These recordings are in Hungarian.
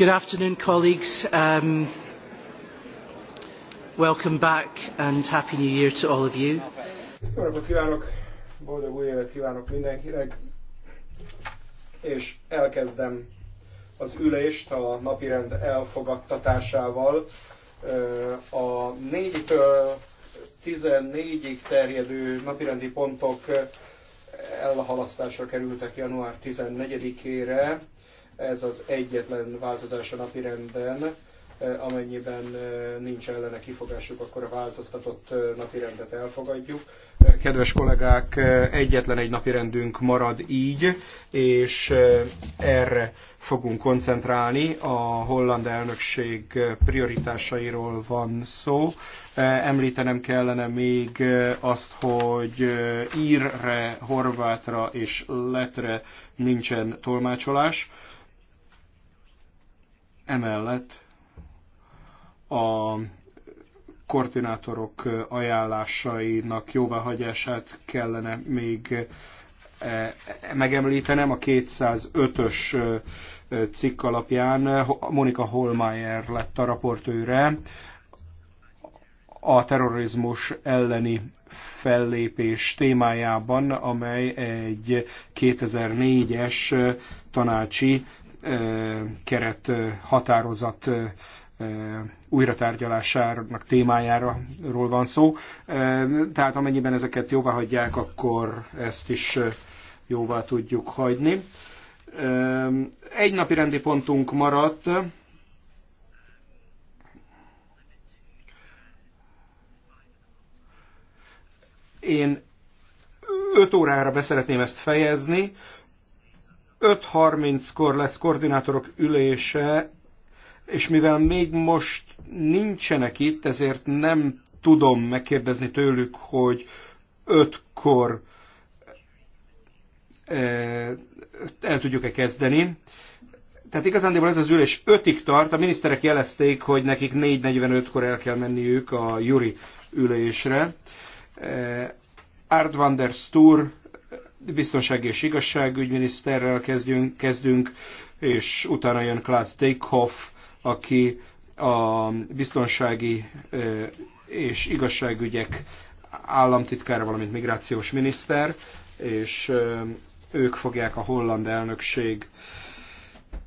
Good afternoon, colleagues. Um, welcome back and Happy New Year to all of you. boldog új évet és elkezdem az ülést a napirend elfogadtatásával. A 4-től 14-ig terjedő napirendi pontok elhalasztásra kerültek január 14-ére. Ez az egyetlen változás a napi renden, eh, amennyiben eh, nincs ellene kifogásuk, akkor a változtatott eh, napi rendet elfogadjuk. Kedves kollégák, egyetlen egy napi rendünk marad így, és erre fogunk koncentrálni. A holland elnökség prioritásairól van szó. Említenem kellene még azt, hogy írre, horvátra és letre nincsen tolmácsolás. Emellett a koordinátorok ajánlásainak jóváhagyását kellene még e, megemlítenem a 205-ös e, cikk alapján. Monika Holmeyer lett a raportőre a terrorizmus elleni fellépés témájában, amely egy 2004-es tanácsi keret határozat újratárgyalásának témájára ról van szó. Tehát amennyiben ezeket jóvá hagyják, akkor ezt is jóvá tudjuk hagyni. Egy napi rendi pontunk maradt. Én 5 órára beszeretném ezt fejezni. 5.30-kor lesz koordinátorok ülése, és mivel még most nincsenek itt, ezért nem tudom megkérdezni tőlük, hogy 5-kor eh, el tudjuk-e kezdeni. Tehát igazándiból ez az ülés 5-ig tart, a miniszterek jelezték, hogy nekik 4.45-kor el kell menniük a Juri ülésre. Eh, Art van der Stur biztonsági és igazságügyminiszterrel kezdjünk, kezdünk, és utána jön Klaas Dijkhoff, aki a biztonsági és igazságügyek államtitkára, valamint migrációs miniszter, és ők fogják a holland elnökség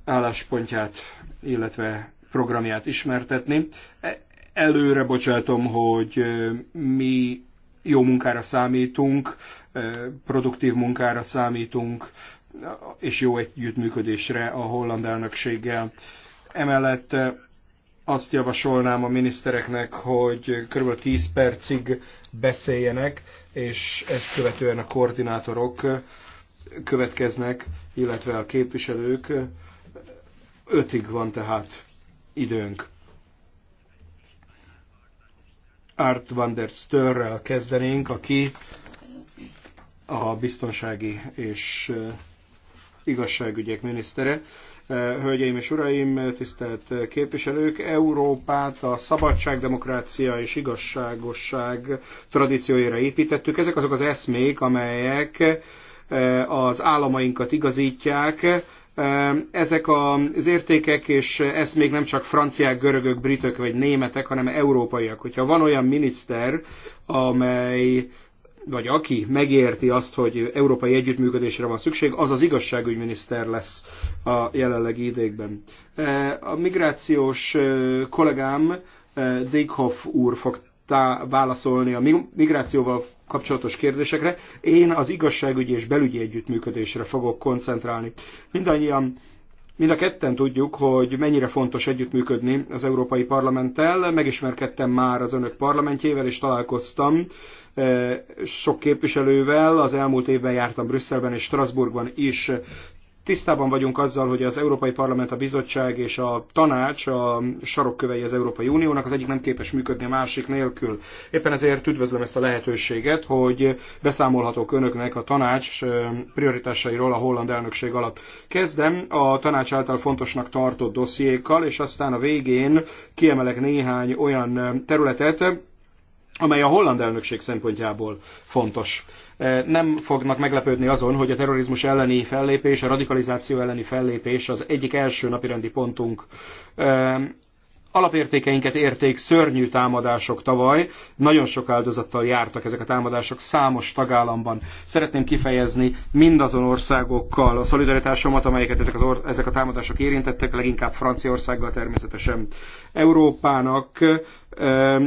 álláspontját, illetve programját ismertetni. E, előre bocsátom, hogy mi jó munkára számítunk, produktív munkára számítunk, és jó együttműködésre a holland elnökséggel. Emellett azt javasolnám a minisztereknek, hogy kb. 10 percig beszéljenek, és ezt követően a koordinátorok következnek, illetve a képviselők. Ötig van tehát időnk. Art van der Störrel kezdenénk, aki a biztonsági és igazságügyek minisztere. Hölgyeim és uraim, tisztelt képviselők, Európát a szabadság, demokrácia és igazságosság tradíciójára építettük. Ezek azok az eszmék, amelyek az államainkat igazítják, ezek az értékek, és ez még nem csak franciák, görögök, britök vagy németek, hanem európaiak. Hogyha van olyan miniszter, amely vagy aki megérti azt, hogy európai együttműködésre van szükség, az az igazságügyminiszter lesz a jelenlegi idékben. E, a migrációs e, kollégám e, Dikhoff úr fog válaszolni a migrációval kapcsolatos kérdésekre. Én az igazságügyi és belügyi együttműködésre fogok koncentrálni. Mindannyian Mind a ketten tudjuk, hogy mennyire fontos együttműködni az Európai Parlamenttel. Megismerkedtem már az önök parlamentjével, és találkoztam sok képviselővel. Az elmúlt évben jártam Brüsszelben és Strasbourgban is. Tisztában vagyunk azzal, hogy az Európai Parlament, a Bizottság és a Tanács a sarokkövei az Európai Uniónak, az egyik nem képes működni a másik nélkül. Éppen ezért üdvözlöm ezt a lehetőséget, hogy beszámolhatok önöknek a tanács prioritásairól a holland elnökség alatt. Kezdem a tanács által fontosnak tartott dossziékkal, és aztán a végén kiemelek néhány olyan területet, amely a holland elnökség szempontjából fontos. E, nem fognak meglepődni azon, hogy a terrorizmus elleni fellépés, a radikalizáció elleni fellépés az egyik első napirendi pontunk e, alapértékeinket érték szörnyű támadások tavaly. Nagyon sok áldozattal jártak ezek a támadások számos tagállamban. Szeretném kifejezni mindazon országokkal a szolidaritásomat, amelyeket ezek, az or- ezek a támadások érintettek, leginkább Franciaországgal természetesen. Európának e,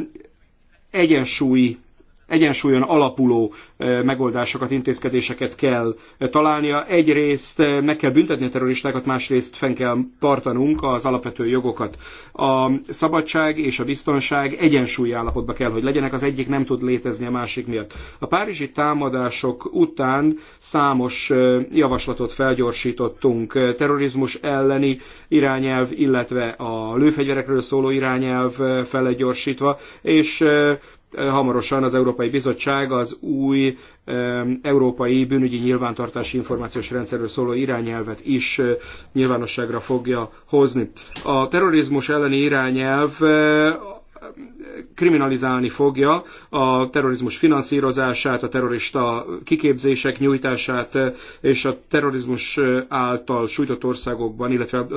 egyensúlyi egyensúlyon alapuló eh, megoldásokat, intézkedéseket kell eh, találnia. Egyrészt eh, meg kell büntetni a terroristákat, másrészt fenn kell tartanunk az alapvető jogokat. A szabadság és a biztonság egyensúlyi állapotba kell, hogy legyenek, az egyik nem tud létezni a másik miatt. A párizsi támadások után számos javaslatot felgyorsítottunk. Terrorizmus elleni irányelv, illetve a lőfegyverekről szóló irányelv felgyorsítva, és hamarosan az Európai Bizottság az új európai bűnügyi nyilvántartási információs rendszerről szóló irányelvet is nyilvánosságra fogja hozni. A terrorizmus elleni irányelv kriminalizálni fogja a terrorizmus finanszírozását, a terrorista kiképzések nyújtását és a terrorizmus által sújtott országokban, illetve a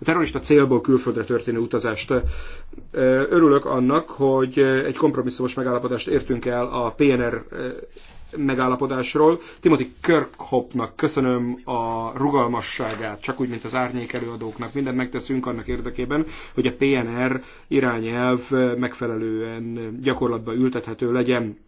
terrorista célból külföldre történő utazást. Örülök annak, hogy egy kompromisszumos megállapodást értünk el a PNR megállapodásról. Timothy Kirkhopnak köszönöm a rugalmasságát, csak úgy, mint az árnyék előadóknak. Mindent megteszünk annak érdekében, hogy a PNR irányelv megfelelően gyakorlatba ültethető legyen.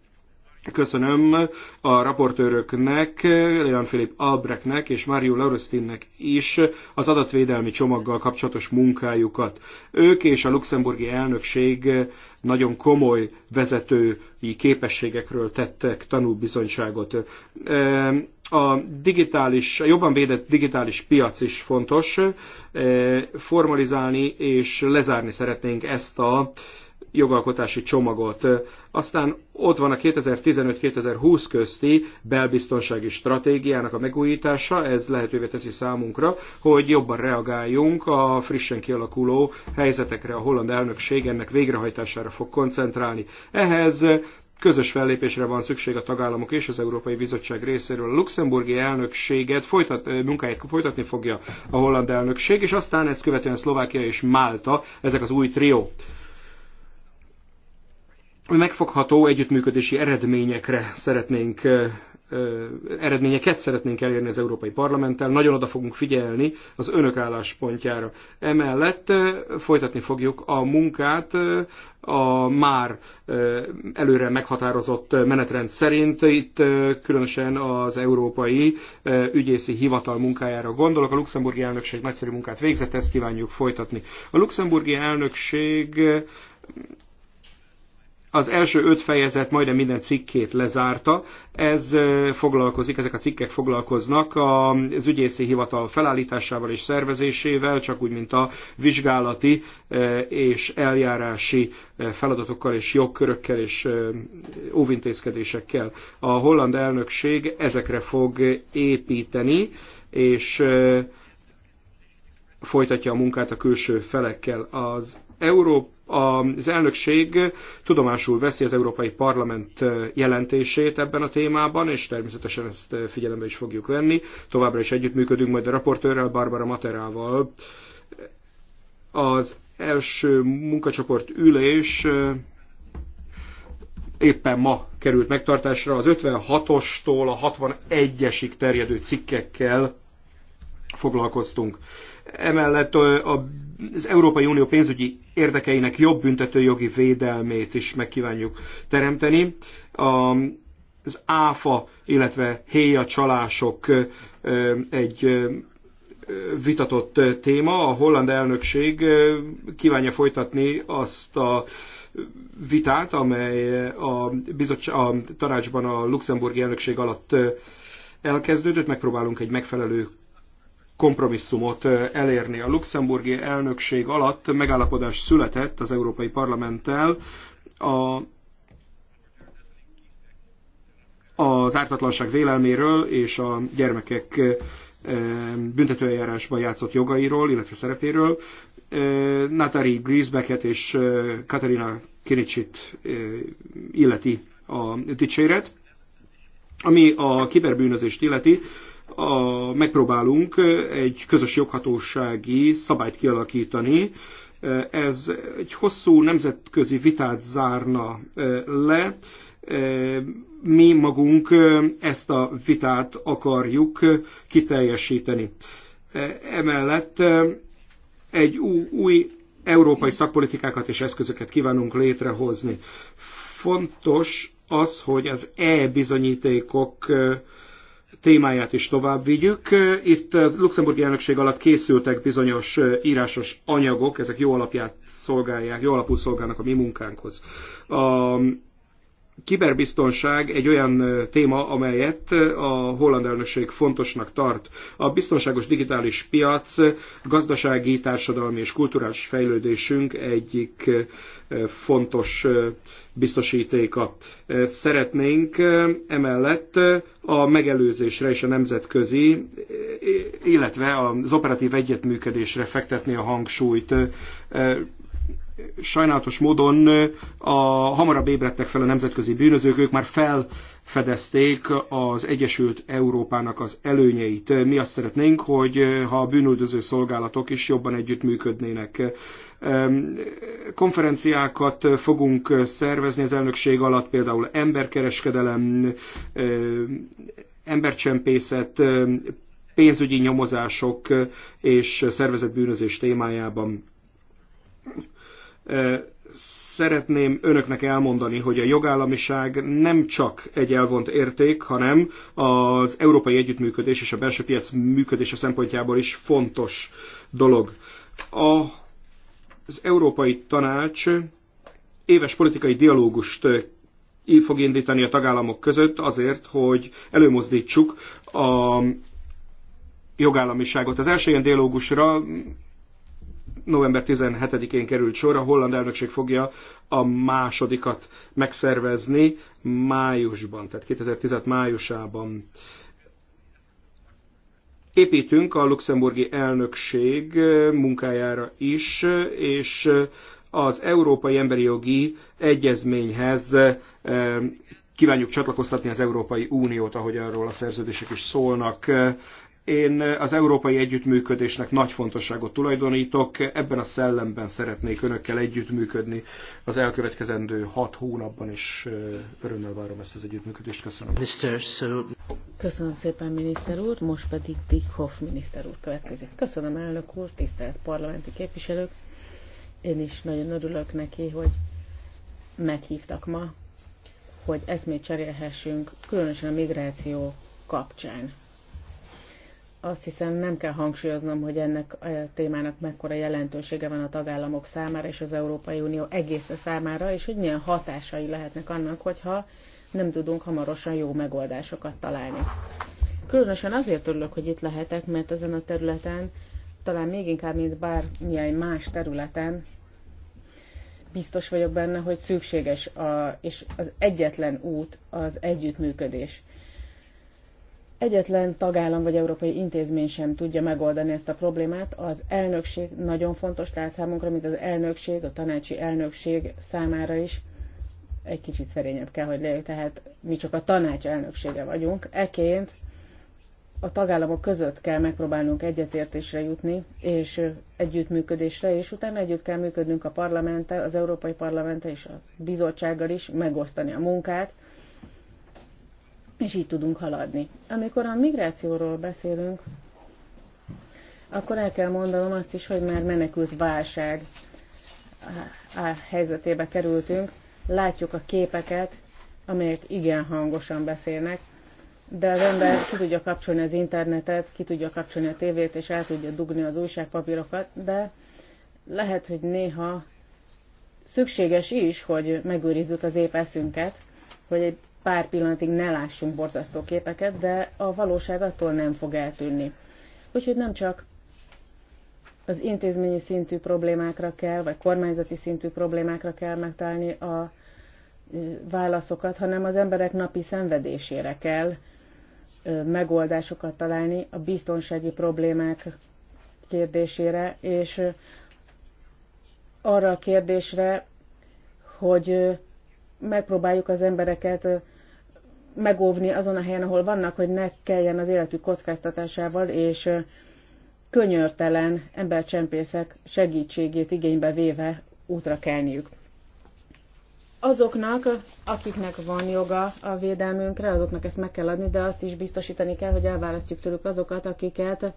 Köszönöm a raportőröknek, Leon Filip Albrechtnek és Mário Laurustinnek is az adatvédelmi csomaggal kapcsolatos munkájukat. Ők és a luxemburgi elnökség nagyon komoly vezetői képességekről tettek tanúbizonyságot. A digitális, a jobban védett digitális piac is fontos. Formalizálni és lezárni szeretnénk ezt a jogalkotási csomagot. Aztán ott van a 2015-2020 közti belbiztonsági stratégiának a megújítása, ez lehetővé teszi számunkra, hogy jobban reagáljunk a frissen kialakuló helyzetekre. A holland elnökség ennek végrehajtására fog koncentrálni. Ehhez Közös fellépésre van szükség a tagállamok és az Európai Bizottság részéről. A luxemburgi elnökséget folytat, munkáját folytatni fogja a holland elnökség, és aztán ezt követően Szlovákia és Málta, ezek az új trió megfogható együttműködési eredményekre szeretnénk eredményeket szeretnénk elérni az Európai Parlamenttel, nagyon oda fogunk figyelni az önök álláspontjára. Emellett folytatni fogjuk a munkát a már előre meghatározott menetrend szerint, itt különösen az Európai Ügyészi Hivatal munkájára gondolok. A luxemburgi elnökség nagyszerű munkát végzett, ezt kívánjuk folytatni. A luxemburgi elnökség az első öt fejezet majdnem minden cikkét lezárta. Ez foglalkozik, ezek a cikkek foglalkoznak az ügyészi hivatal felállításával és szervezésével, csak úgy, mint a vizsgálati és eljárási feladatokkal és jogkörökkel és óvintézkedésekkel. A holland elnökség ezekre fog építeni, és folytatja a munkát a külső felekkel. Az Európa az elnökség tudomásul veszi az Európai Parlament jelentését ebben a témában, és természetesen ezt figyelembe is fogjuk venni. Továbbra is együttműködünk majd a raportőrrel, Barbara Materával. Az első munkacsoport ülés éppen ma került megtartásra az 56-ostól a 61-esig terjedő cikkekkel foglalkoztunk. Emellett az Európai Unió pénzügyi érdekeinek jobb büntetőjogi védelmét is megkívánjuk teremteni. Az áfa, illetve héja csalások egy vitatott téma. A holland elnökség kívánja folytatni azt a vitát, amely a, bizottság, a tanácsban a luxemburgi elnökség alatt elkezdődött. Megpróbálunk egy megfelelő kompromisszumot elérni. A luxemburgi elnökség alatt megállapodás született az Európai Parlamenttel a az ártatlanság vélelméről és a gyermekek büntetőeljárásban játszott jogairól, illetve szerepéről. Natari Griesbecket és Katarina Kiricsit illeti a dicséret. Ami a kiberbűnözést illeti, a, megpróbálunk egy közös joghatósági szabályt kialakítani. Ez egy hosszú nemzetközi vitát zárna le. Mi magunk ezt a vitát akarjuk kiteljesíteni. Emellett egy új európai szakpolitikákat és eszközöket kívánunk létrehozni. Fontos az, hogy az e-bizonyítékok témáját is tovább vigyük. Itt az luxemburgi elnökség alatt készültek bizonyos írásos anyagok, ezek jó alapját szolgálják, jó alapú szolgálnak a mi munkánkhoz. A kiberbiztonság egy olyan téma, amelyet a holland elnökség fontosnak tart. A biztonságos digitális piac gazdasági, társadalmi és kulturális fejlődésünk egyik fontos biztosítéka. Szeretnénk emellett a megelőzésre és a nemzetközi, illetve az operatív egyetműködésre fektetni a hangsúlyt sajnálatos módon a hamarabb ébredtek fel a nemzetközi bűnözők, ők már felfedezték az Egyesült Európának az előnyeit. Mi azt szeretnénk, hogy ha a bűnüldöző szolgálatok is jobban együttműködnének. Konferenciákat fogunk szervezni az elnökség alatt, például emberkereskedelem, embercsempészet, pénzügyi nyomozások és szervezetbűnözés témájában szeretném önöknek elmondani, hogy a jogállamiság nem csak egy elvont érték, hanem az európai együttműködés és a belső piac működése szempontjából is fontos dolog. A, az Európai Tanács éves politikai dialógust fog indítani a tagállamok között azért, hogy előmozdítsuk a jogállamiságot. Az első ilyen dialógusra november 17-én került sor, a holland elnökség fogja a másodikat megszervezni májusban, tehát 2010 májusában. Építünk a luxemburgi elnökség munkájára is, és az Európai Emberi Jogi Egyezményhez eh, kívánjuk csatlakoztatni az Európai Uniót, ahogy arról a szerződések is szólnak. Én eh, az európai együttműködésnek nagy fontosságot tulajdonítok, ebben a szellemben szeretnék önökkel együttműködni az elkövetkezendő hat hónapban, és eh, örömmel várom ezt az együttműködést. Köszönöm. Köszönöm szépen, miniszter úr, most pedig Dick Hoff miniszter úr következik. Köszönöm, elnök úr, tisztelt parlamenti képviselők. Én is nagyon örülök neki, hogy meghívtak ma, hogy eszmét cserélhessünk, különösen a migráció kapcsán azt hiszem nem kell hangsúlyoznom, hogy ennek a témának mekkora jelentősége van a tagállamok számára és az Európai Unió egésze számára, és hogy milyen hatásai lehetnek annak, hogyha nem tudunk hamarosan jó megoldásokat találni. Különösen azért örülök, hogy itt lehetek, mert ezen a területen, talán még inkább, mint bármilyen más területen, biztos vagyok benne, hogy szükséges, a, és az egyetlen út az együttműködés egyetlen tagállam vagy európai intézmény sem tudja megoldani ezt a problémát. Az elnökség nagyon fontos, lehet számunkra, mint az elnökség, a tanácsi elnökség számára is. Egy kicsit szerényebb kell, hogy legyen, tehát mi csak a tanács elnöksége vagyunk. Eként a tagállamok között kell megpróbálnunk egyetértésre jutni, és együttműködésre, és utána együtt kell működnünk a parlamenttel, az Európai Parlamenttel és a bizottsággal is, megosztani a munkát, és így tudunk haladni. Amikor a migrációról beszélünk, akkor el kell mondanom azt is, hogy már menekült válság helyzetébe kerültünk. Látjuk a képeket, amelyek igen hangosan beszélnek, de az ember ki tudja kapcsolni az internetet, ki tudja kapcsolni a tévét, és el tudja dugni az újságpapírokat, de lehet, hogy néha szükséges is, hogy megőrizzük az épp eszünket, hogy egy pár pillanatig ne lássunk borzasztó képeket, de a valóság attól nem fog eltűnni. Úgyhogy nem csak az intézményi szintű problémákra kell, vagy kormányzati szintű problémákra kell megtalálni a válaszokat, hanem az emberek napi szenvedésére kell megoldásokat találni a biztonsági problémák kérdésére, és arra a kérdésre, hogy megpróbáljuk az embereket megóvni azon a helyen, ahol vannak, hogy ne kelljen az életük kockáztatásával és könyörtelen embercsempészek segítségét igénybe véve útra kelniük. Azoknak, akiknek van joga a védelmünkre, azoknak ezt meg kell adni, de azt is biztosítani kell, hogy elválasztjuk tőlük azokat, akiket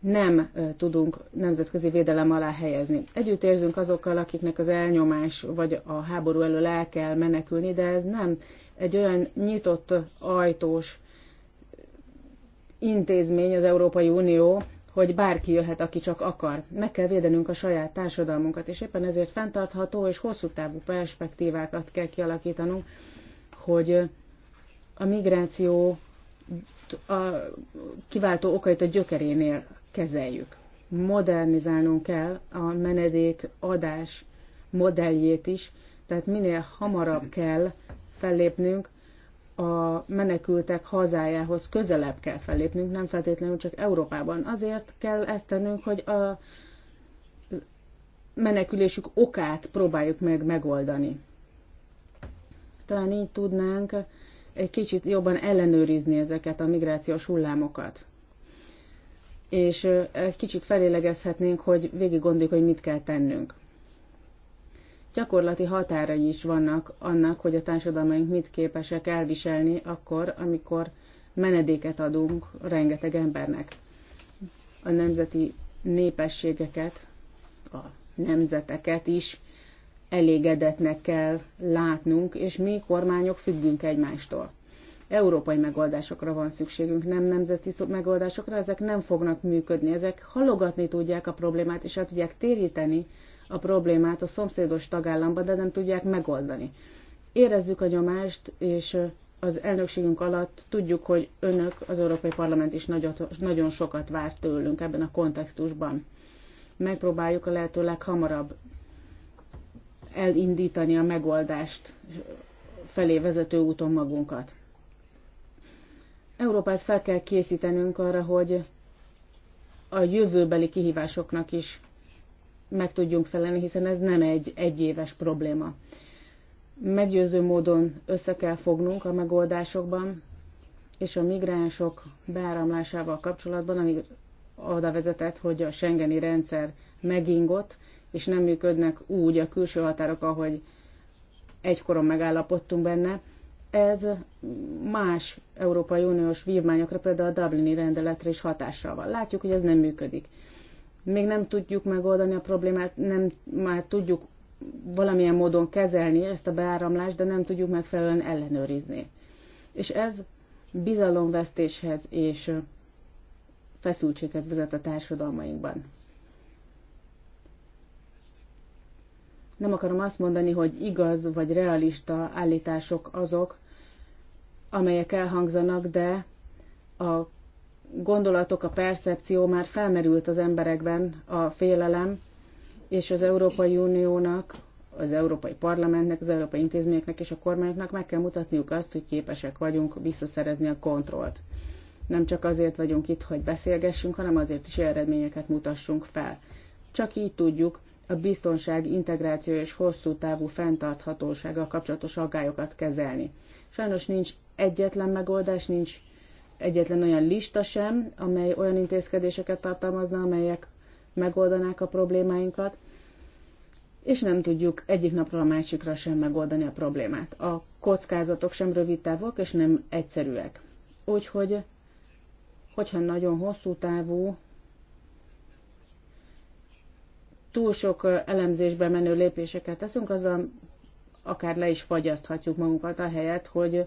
nem tudunk nemzetközi védelem alá helyezni. Együtt érzünk azokkal, akiknek az elnyomás vagy a háború elől el kell menekülni, de ez nem egy olyan nyitott ajtós intézmény az Európai Unió, hogy bárki jöhet, aki csak akar. Meg kell védenünk a saját társadalmunkat, és éppen ezért fenntartható és hosszú távú perspektívákat kell kialakítanunk, hogy a migráció a kiváltó okait a gyökerénél kezeljük. Modernizálnunk kell a menedék adás modelljét is, tehát minél hamarabb kell fellépnünk, a menekültek hazájához közelebb kell fellépnünk, nem feltétlenül csak Európában. Azért kell ezt tennünk, hogy a menekülésük okát próbáljuk meg megoldani. Talán így tudnánk egy kicsit jobban ellenőrizni ezeket a migrációs hullámokat. És egy kicsit felélegezhetnénk, hogy végig gondoljuk, hogy mit kell tennünk gyakorlati határai is vannak annak, hogy a társadalmaink mit képesek elviselni akkor, amikor menedéket adunk rengeteg embernek. A nemzeti népességeket, a nemzeteket is elégedetnek kell látnunk, és mi kormányok függünk egymástól. Európai megoldásokra van szükségünk, nem nemzeti megoldásokra, ezek nem fognak működni, ezek halogatni tudják a problémát, és el tudják téríteni a problémát a szomszédos tagállamban, de nem tudják megoldani. Érezzük a nyomást, és az elnökségünk alatt tudjuk, hogy önök, az Európai Parlament is nagyot, nagyon sokat várt tőlünk ebben a kontextusban. Megpróbáljuk a lehető leghamarabb elindítani a megoldást felé vezető úton magunkat. Európát fel kell készítenünk arra, hogy a jövőbeli kihívásoknak is meg tudjunk felelni, hiszen ez nem egy egyéves probléma. Meggyőző módon össze kell fognunk a megoldásokban, és a migránsok beáramlásával kapcsolatban, ami oda vezetett, hogy a Schengeni rendszer megingott, és nem működnek úgy a külső határok, ahogy egykoron megállapodtunk benne. Ez más Európai Uniós vívmányokra, például a Dublini rendeletre is hatással van. Látjuk, hogy ez nem működik még nem tudjuk megoldani a problémát, nem már tudjuk valamilyen módon kezelni ezt a beáramlást, de nem tudjuk megfelelően ellenőrizni. És ez bizalomvesztéshez és feszültséghez vezet a társadalmainkban. Nem akarom azt mondani, hogy igaz vagy realista állítások azok, amelyek elhangzanak, de a gondolatok, a percepció már felmerült az emberekben, a félelem, és az Európai Uniónak, az Európai Parlamentnek, az Európai Intézményeknek és a kormányoknak meg kell mutatniuk azt, hogy képesek vagyunk visszaszerezni a kontrollt. Nem csak azért vagyunk itt, hogy beszélgessünk, hanem azért is eredményeket mutassunk fel. Csak így tudjuk a biztonság, integráció és hosszú távú fenntarthatósággal kapcsolatos aggályokat kezelni. Sajnos nincs egyetlen megoldás, nincs egyetlen olyan lista sem, amely olyan intézkedéseket tartalmazna, amelyek megoldanák a problémáinkat, és nem tudjuk egyik napról a másikra sem megoldani a problémát. A kockázatok sem rövid távok, és nem egyszerűek. Úgyhogy, hogyha nagyon hosszú távú, túl sok elemzésbe menő lépéseket teszünk, azzal akár le is fagyaszthatjuk magunkat a helyet, hogy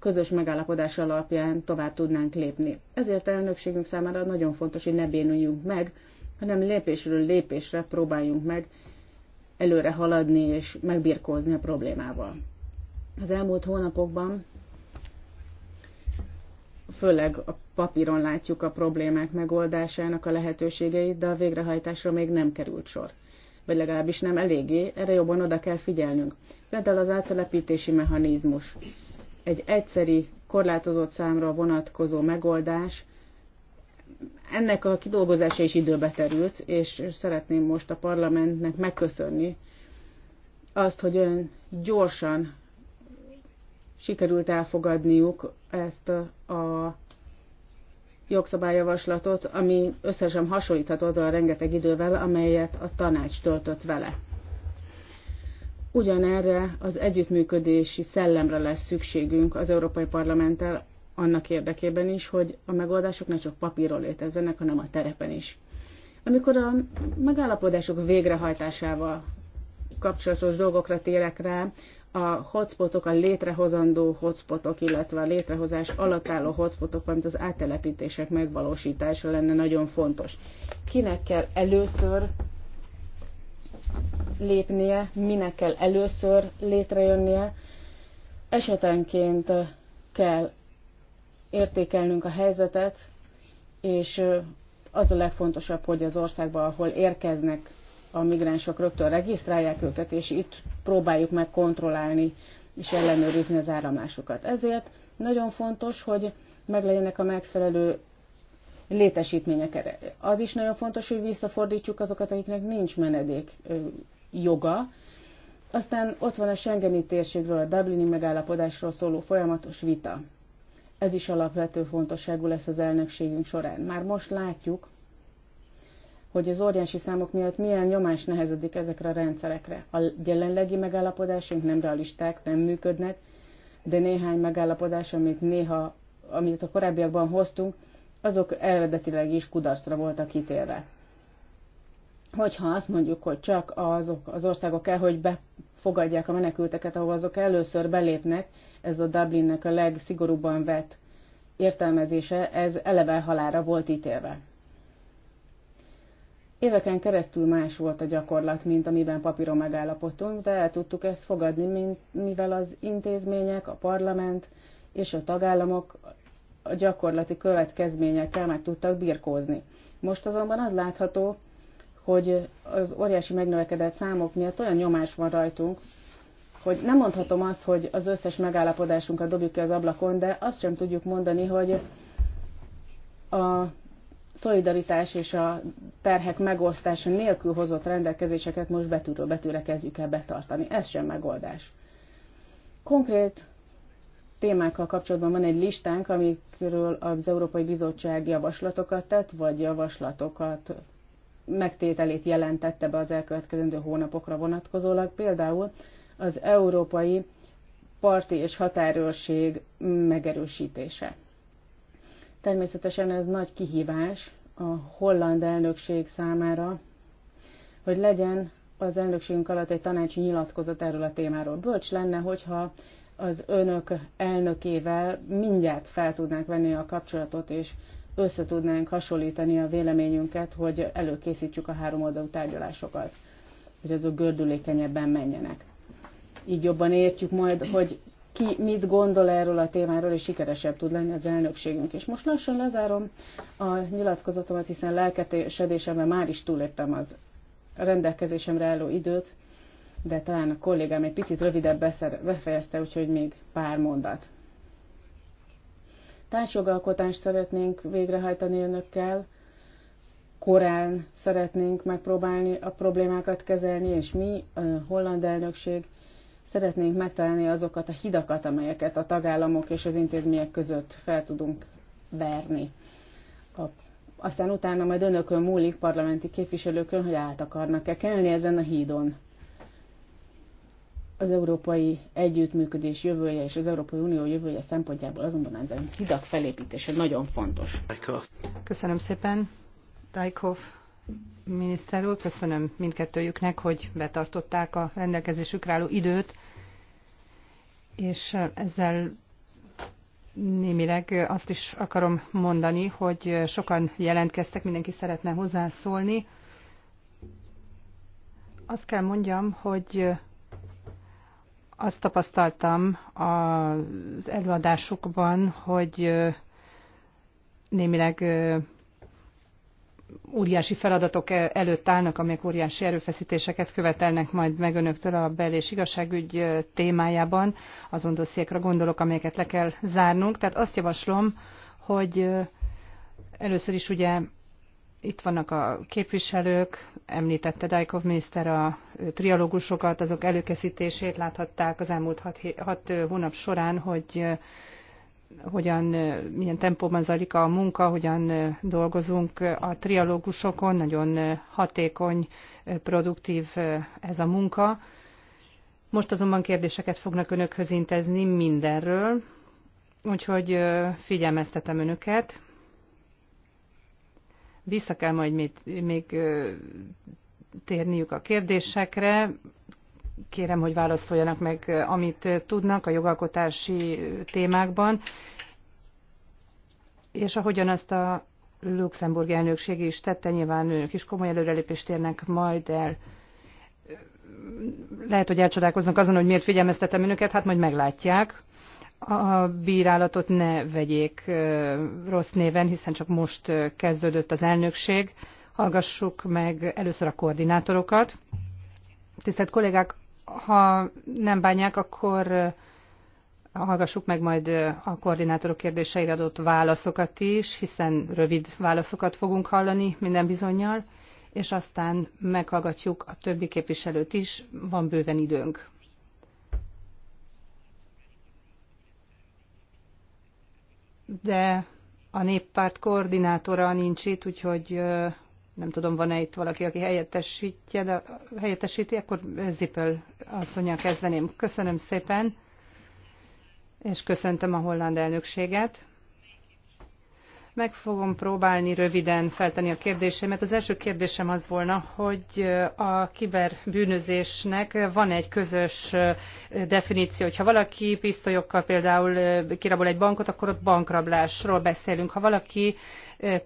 közös megállapodás alapján tovább tudnánk lépni. Ezért a elnökségünk számára nagyon fontos, hogy ne bénuljunk meg, hanem lépésről lépésre próbáljunk meg előre haladni és megbirkózni a problémával. Az elmúlt hónapokban főleg a papíron látjuk a problémák megoldásának a lehetőségeit, de a végrehajtásra még nem került sor. Vagy legalábbis nem eléggé, erre jobban oda kell figyelnünk. Például az áttelepítési mechanizmus egy egyszeri korlátozott számra vonatkozó megoldás, ennek a kidolgozása is időbe terült, és szeretném most a parlamentnek megköszönni azt, hogy ön gyorsan sikerült elfogadniuk ezt a jogszabályjavaslatot, ami összesen hasonlítható azzal a rengeteg idővel, amelyet a tanács töltött vele. Ugyanerre az együttműködési szellemre lesz szükségünk az Európai Parlamenttel annak érdekében is, hogy a megoldások ne csak papíron létezzenek, hanem a terepen is. Amikor a megállapodások végrehajtásával kapcsolatos dolgokra térek rá, a hotspotok, a létrehozandó hotspotok, illetve a létrehozás alatt álló hotspotok, valamint az áttelepítések megvalósítása lenne nagyon fontos. Kinek kell először lépnie, minek kell először létrejönnie. Esetenként kell értékelnünk a helyzetet, és az a legfontosabb, hogy az országban, ahol érkeznek a migránsok, rögtön regisztrálják őket, és itt próbáljuk meg kontrollálni és ellenőrizni az áramlásukat. Ezért nagyon fontos, hogy meglegyenek a megfelelő létesítmények. Az is nagyon fontos, hogy visszafordítsuk azokat, akiknek nincs menedék joga. Aztán ott van a Schengeni térségről, a Dublini megállapodásról szóló folyamatos vita. Ez is alapvető fontosságú lesz az elnökségünk során. Már most látjuk, hogy az óriási számok miatt milyen nyomás nehezedik ezekre a rendszerekre. A jelenlegi megállapodásunk nem realisták, nem működnek, de néhány megállapodás, amit néha, amit a korábbiakban hoztunk, azok eredetileg is kudarcra voltak ítélve. Hogyha azt mondjuk, hogy csak azok az országok kell, hogy befogadják a menekülteket, ahol azok először belépnek, ez a Dublinnek a legszigorúbban vett értelmezése, ez eleve halára volt ítélve. Éveken keresztül más volt a gyakorlat, mint amiben papíron megállapodtunk, de el tudtuk ezt fogadni, mint, mivel az intézmények, a parlament és a tagállamok a gyakorlati következményekkel meg tudtak birkózni. Most azonban az látható, hogy az óriási megnövekedett számok miatt olyan nyomás van rajtunk, hogy nem mondhatom azt, hogy az összes megállapodásunkat dobjuk ki az ablakon, de azt sem tudjuk mondani, hogy a szolidaritás és a terhek megosztása nélkül hozott rendelkezéseket most betűről betűre kezdjük el betartani. Ez sem megoldás. Konkrét témákkal kapcsolatban van egy listánk, amikről az Európai Bizottság javaslatokat tett, vagy javaslatokat megtételét jelentette be az elkövetkezendő hónapokra vonatkozólag. Például az Európai Parti és Határőrség megerősítése. Természetesen ez nagy kihívás a holland elnökség számára, hogy legyen az elnökségünk alatt egy tanácsi nyilatkozat erről a témáról. Bölcs lenne, hogyha az önök elnökével mindjárt fel tudnánk venni a kapcsolatot, és össze tudnánk hasonlítani a véleményünket, hogy előkészítsük a három oldalú tárgyalásokat, hogy azok gördülékenyebben menjenek. Így jobban értjük majd, hogy ki mit gondol erről a témáról, és sikeresebb tud lenni az elnökségünk. És most lassan lezárom a nyilatkozatomat, hiszen lelkesedésemben már is túléptem az rendelkezésemre álló időt de talán a kollégám egy picit rövidebb befejezte, úgyhogy még pár mondat. Társjogalkotást szeretnénk végrehajtani önökkel, korán szeretnénk megpróbálni a problémákat kezelni, és mi, a holland elnökség, szeretnénk megtalálni azokat a hidakat, amelyeket a tagállamok és az intézmények között fel tudunk verni. A, aztán utána majd önökön múlik parlamenti képviselőkön, hogy át akarnak-e kelni ezen a hídon. Az európai együttműködés jövője és az Európai Unió jövője szempontjából azonban ez a hidak felépítése nagyon fontos. Köszönöm szépen, Dajkov miniszter úr, köszönöm mindkettőjüknek, hogy betartották a rendelkezésükre álló időt, és ezzel némileg azt is akarom mondani, hogy sokan jelentkeztek, mindenki szeretne hozzászólni. Azt kell mondjam, hogy azt tapasztaltam az előadásukban, hogy némileg óriási feladatok e, előtt állnak, amelyek óriási erőfeszítéseket követelnek majd meg önöktől a bel- és igazságügy témájában, azon dossziékra gondolok, amelyeket le kell zárnunk. Tehát azt javaslom, hogy először is ugye itt vannak a képviselők, említette Dajkov miniszter a trialógusokat, azok előkészítését láthatták az elmúlt hat, hat hónap során, hogy hogyan, milyen tempóban zajlik a munka, hogyan dolgozunk a trialógusokon, nagyon hatékony, produktív ez a munka. Most azonban kérdéseket fognak önökhöz intézni mindenről, úgyhogy figyelmeztetem önöket, vissza kell majd még, még térniük a kérdésekre. Kérem, hogy válaszoljanak meg, amit tudnak a jogalkotási témákban. És ahogyan azt a Luxemburg elnökség is tette, nyilván önök is komoly előrelépést érnek majd el. Lehet, hogy elcsodálkoznak azon, hogy miért figyelmeztetem önöket, hát majd meglátják a bírálatot ne vegyék rossz néven, hiszen csak most kezdődött az elnökség. Hallgassuk meg először a koordinátorokat. Tisztelt kollégák, ha nem bánják, akkor hallgassuk meg majd a koordinátorok kérdéseire adott válaszokat is, hiszen rövid válaszokat fogunk hallani minden bizonyal, és aztán meghallgatjuk a többi képviselőt is, van bőven időnk. de a néppárt koordinátora nincs itt, úgyhogy nem tudom, van-e itt valaki, aki helyettesítje, de helyettesíti, akkor Zippel asszonyjal kezdeném. Köszönöm szépen, és köszöntöm a holland elnökséget. Meg fogom próbálni röviden feltenni a kérdésemet. Az első kérdésem az volna, hogy a kiberbűnözésnek van egy közös definíció. Ha valaki pisztolyokkal például kirabol egy bankot, akkor ott bankrablásról beszélünk. Ha valaki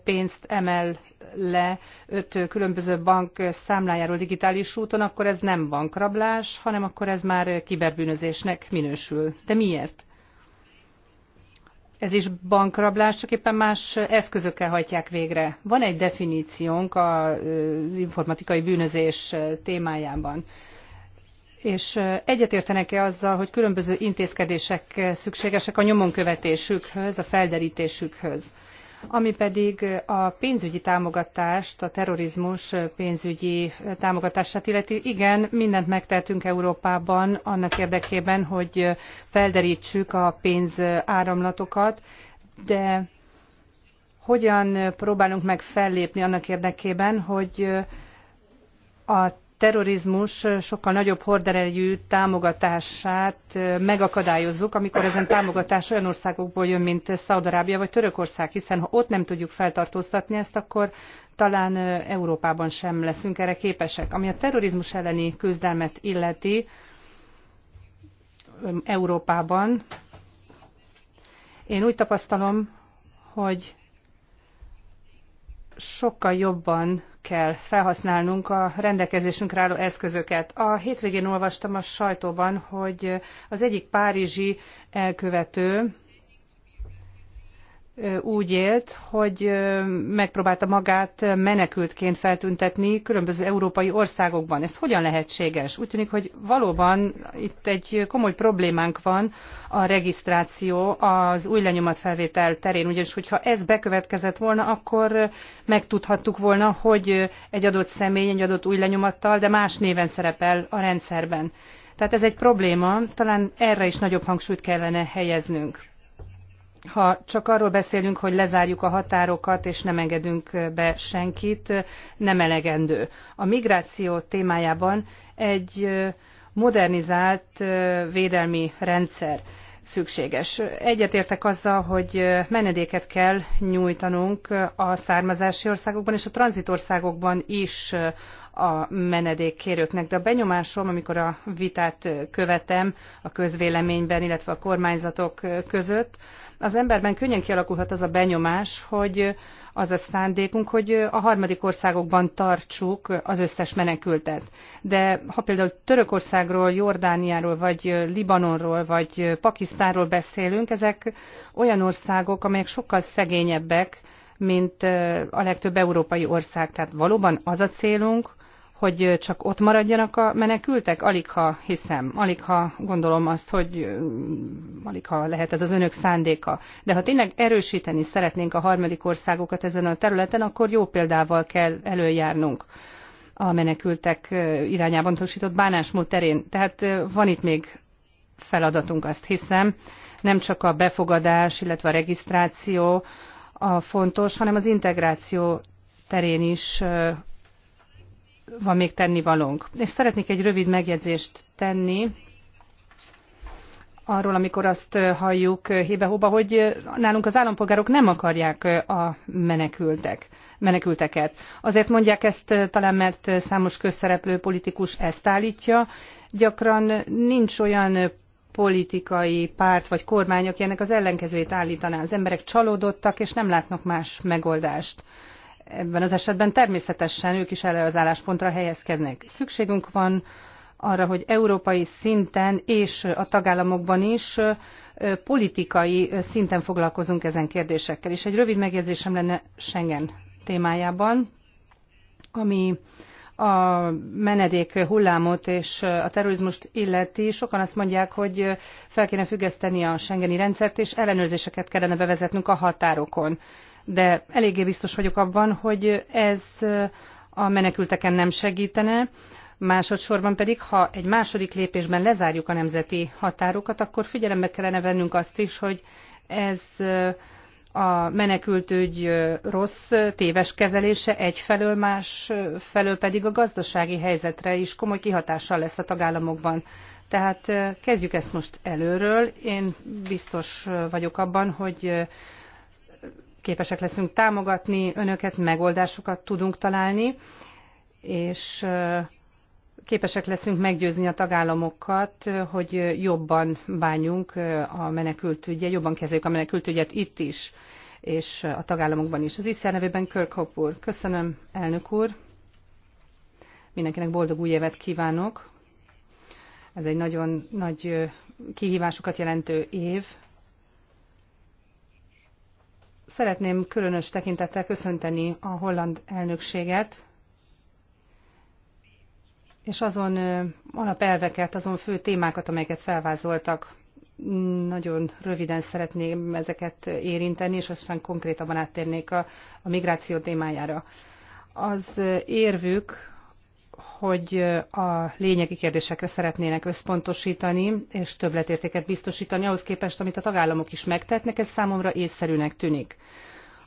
pénzt emel le öt különböző bank számlájáról digitális úton, akkor ez nem bankrablás, hanem akkor ez már kiberbűnözésnek minősül. De miért? ez is bankrablás, csak éppen más eszközökkel hajtják végre. Van egy definíciónk az informatikai bűnözés témájában. És egyetértenek-e azzal, hogy különböző intézkedések szükségesek a nyomonkövetésükhöz, a felderítésükhöz? ami pedig a pénzügyi támogatást, a terrorizmus pénzügyi támogatását illeti. Igen, mindent megtehetünk Európában annak érdekében, hogy felderítsük a pénzáramlatokat, de hogyan próbálunk meg fellépni annak érdekében, hogy a terrorizmus sokkal nagyobb horderejű támogatását megakadályozzuk, amikor ezen támogatás olyan országokból jön, mint Szaudarábia vagy Törökország, hiszen ha ott nem tudjuk feltartóztatni ezt, akkor talán Európában sem leszünk erre képesek. Ami a terrorizmus elleni küzdelmet illeti Európában, én úgy tapasztalom, hogy sokkal jobban kell felhasználnunk a rendelkezésünkre álló eszközöket. A hétvégén olvastam a sajtóban, hogy az egyik párizsi elkövető úgy élt, hogy megpróbálta magát menekültként feltüntetni különböző európai országokban. Ez hogyan lehetséges? Úgy tűnik, hogy valóban itt egy komoly problémánk van a regisztráció az új lenyomatfelvétel terén, ugyanis hogyha ez bekövetkezett volna, akkor megtudhattuk volna, hogy egy adott személy egy adott új lenyomattal, de más néven szerepel a rendszerben. Tehát ez egy probléma, talán erre is nagyobb hangsúlyt kellene helyeznünk ha csak arról beszélünk, hogy lezárjuk a határokat és nem engedünk be senkit, nem elegendő. A migráció témájában egy modernizált védelmi rendszer szükséges. Egyetértek azzal, hogy menedéket kell nyújtanunk a származási országokban és a tranzitországokban is a menedékkérőknek. De a benyomásom, amikor a vitát követem a közvéleményben, illetve a kormányzatok között, az emberben könnyen kialakulhat az a benyomás, hogy az a szándékunk, hogy a harmadik országokban tartsuk az összes menekültet. De ha például Törökországról, Jordániáról, vagy Libanonról, vagy Pakisztánról beszélünk, ezek olyan országok, amelyek sokkal szegényebbek, mint a legtöbb európai ország. Tehát valóban az a célunk, hogy csak ott maradjanak a menekültek? Alig ha hiszem, alig ha gondolom azt, hogy alig ha lehet ez az önök szándéka. De ha tényleg erősíteni szeretnénk a harmadik országokat ezen a területen, akkor jó példával kell előjárnunk a menekültek irányában tosított bánásmód terén. Tehát van itt még feladatunk, azt hiszem. Nem csak a befogadás, illetve a regisztráció a fontos, hanem az integráció terén is van még tennivalónk. És szeretnék egy rövid megjegyzést tenni arról, amikor azt halljuk hébe-hóba, hogy nálunk az állampolgárok nem akarják a menekültek, menekülteket. Azért mondják ezt talán, mert számos közszereplő politikus ezt állítja. Gyakran nincs olyan politikai párt vagy kormány, aki ennek az ellenkezőjét állítaná. Az emberek csalódottak, és nem látnak más megoldást ebben az esetben természetesen ők is erre az álláspontra helyezkednek. Szükségünk van arra, hogy európai szinten és a tagállamokban is politikai szinten foglalkozunk ezen kérdésekkel. És egy rövid megjegyzésem lenne Schengen témájában, ami a menedék hullámot és a terrorizmust illeti. Sokan azt mondják, hogy fel kéne függeszteni a Schengeni rendszert, és ellenőrzéseket kellene bevezetnünk a határokon de eléggé biztos vagyok abban, hogy ez a menekülteken nem segítene, Másodszorban pedig, ha egy második lépésben lezárjuk a nemzeti határokat, akkor figyelembe kellene vennünk azt is, hogy ez eh, a menekültügy eh, rossz téves kezelése egyfelől, másfelől pedig a gazdasági helyzetre is komoly kihatással lesz a tagállamokban. Tehát eh, kezdjük ezt most előről. Én biztos vagyok abban, hogy képesek leszünk támogatni önöket, megoldásokat tudunk találni, és képesek leszünk meggyőzni a tagállamokat, hogy jobban bánjunk a menekültügyet, jobban kezeljük a menekültügyet itt is, és a tagállamokban is. Az ICR nevében Kirkhope úr. Köszönöm, elnök úr. Mindenkinek boldog új évet kívánok. Ez egy nagyon nagy kihívásokat jelentő év Szeretném különös tekintettel köszönteni a holland elnökséget, és azon alapelveket, azon fő témákat, amelyeket felvázoltak. Nagyon röviden szeretném ezeket érinteni, és aztán konkrétabban áttérnék a, a migráció témájára. Az érvük, hogy a lényegi kérdésekre szeretnének összpontosítani, és többletértéket biztosítani ahhoz képest, amit a tagállamok is megtetnek, ez számomra észszerűnek tűnik.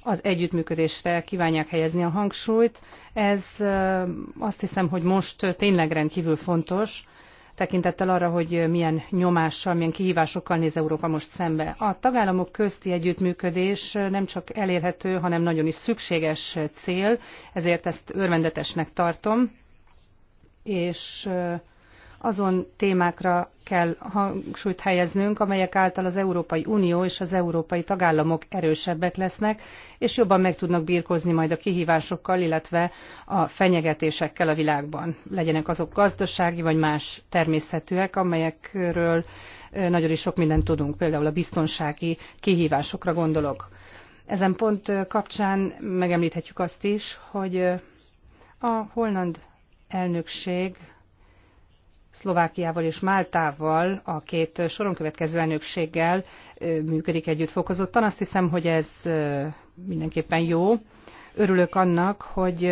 Az együttműködésre kívánják helyezni a hangsúlyt. Ez azt hiszem, hogy most tényleg rendkívül fontos, tekintettel arra, hogy milyen nyomással, milyen kihívásokkal néz Európa most szembe. A tagállamok közti együttműködés nem csak elérhető, hanem nagyon is szükséges cél, ezért ezt örvendetesnek tartom és azon témákra kell hangsúlyt helyeznünk, amelyek által az Európai Unió és az európai tagállamok erősebbek lesznek, és jobban meg tudnak birkozni majd a kihívásokkal, illetve a fenyegetésekkel a világban. Legyenek azok gazdasági vagy más természetűek, amelyekről nagyon is sok mindent tudunk, például a biztonsági kihívásokra gondolok. Ezen pont kapcsán megemlíthetjük azt is, hogy a holland elnökség Szlovákiával és Máltával, a két soron következő elnökséggel működik együtt fokozottan. Azt hiszem, hogy ez mindenképpen jó. Örülök annak, hogy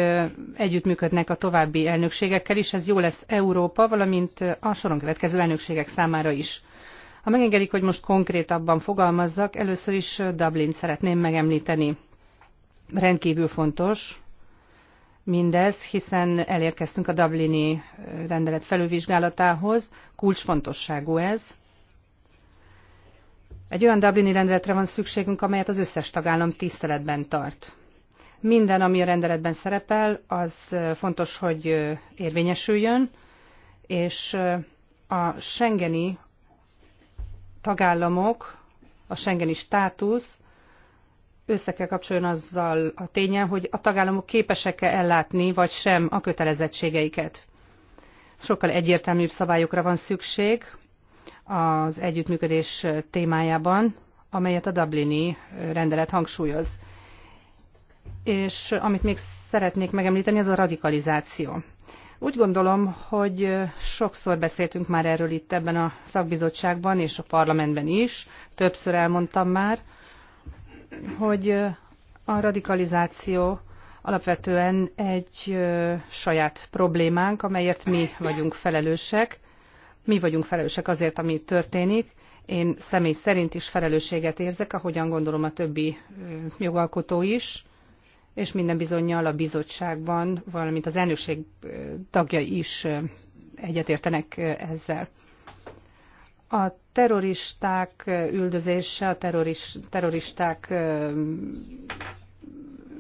együttműködnek a további elnökségekkel is, ez jó lesz Európa, valamint a soron következő elnökségek számára is. Ha megengedik, hogy most konkrétabban fogalmazzak, először is Dublin szeretném megemlíteni. Rendkívül fontos, mindez, hiszen elérkeztünk a Dublini rendelet felülvizsgálatához, kulcsfontosságú ez. Egy olyan Dublini rendeletre van szükségünk, amelyet az összes tagállam tiszteletben tart. Minden, ami a rendeletben szerepel, az fontos, hogy érvényesüljön, és a Schengeni tagállamok, a Schengeni státusz össze kell kapcsoljon azzal a tényel, hogy a tagállamok képesek-e ellátni, vagy sem a kötelezettségeiket. Sokkal egyértelműbb szabályokra van szükség az együttműködés témájában, amelyet a Dublini rendelet hangsúlyoz. És amit még szeretnék megemlíteni, az a radikalizáció. Úgy gondolom, hogy sokszor beszéltünk már erről itt ebben a szakbizottságban és a parlamentben is, többször elmondtam már, hogy a radikalizáció alapvetően egy saját problémánk, amelyért mi vagyunk felelősek. Mi vagyunk felelősek azért, ami történik. Én személy szerint is felelősséget érzek, ahogyan gondolom a többi jogalkotó is, és minden bizonyal a bizottságban, valamint az elnökség tagja is egyetértenek ezzel a terroristák üldözése, a terroris, terroristák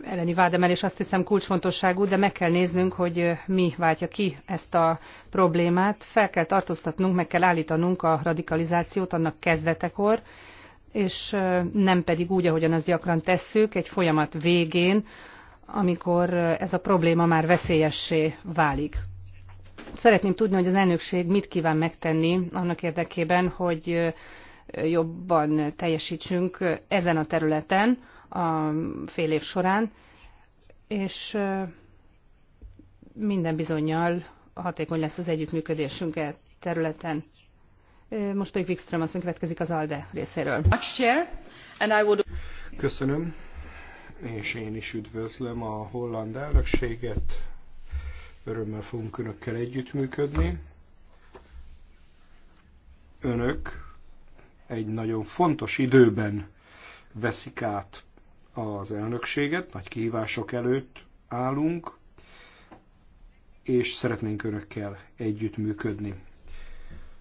elleni vádemelés azt hiszem kulcsfontosságú, de meg kell néznünk, hogy mi váltja ki ezt a problémát. Fel kell tartóztatnunk, meg kell állítanunk a radikalizációt annak kezdetekor, és nem pedig úgy, ahogyan az gyakran tesszük, egy folyamat végén, amikor ez a probléma már veszélyessé válik. Szeretném tudni, hogy az elnökség mit kíván megtenni annak érdekében, hogy jobban teljesítsünk ezen a területen a fél év során, és minden bizonyal hatékony lesz az együttműködésünk e területen. Most pedig Wikström azt következik az ALDE részéről. Köszönöm, és én is üdvözlöm a holland elnökséget, Örömmel fogunk önökkel együttműködni. Önök egy nagyon fontos időben veszik át az elnökséget, nagy kihívások előtt állunk, és szeretnénk önökkel együttműködni.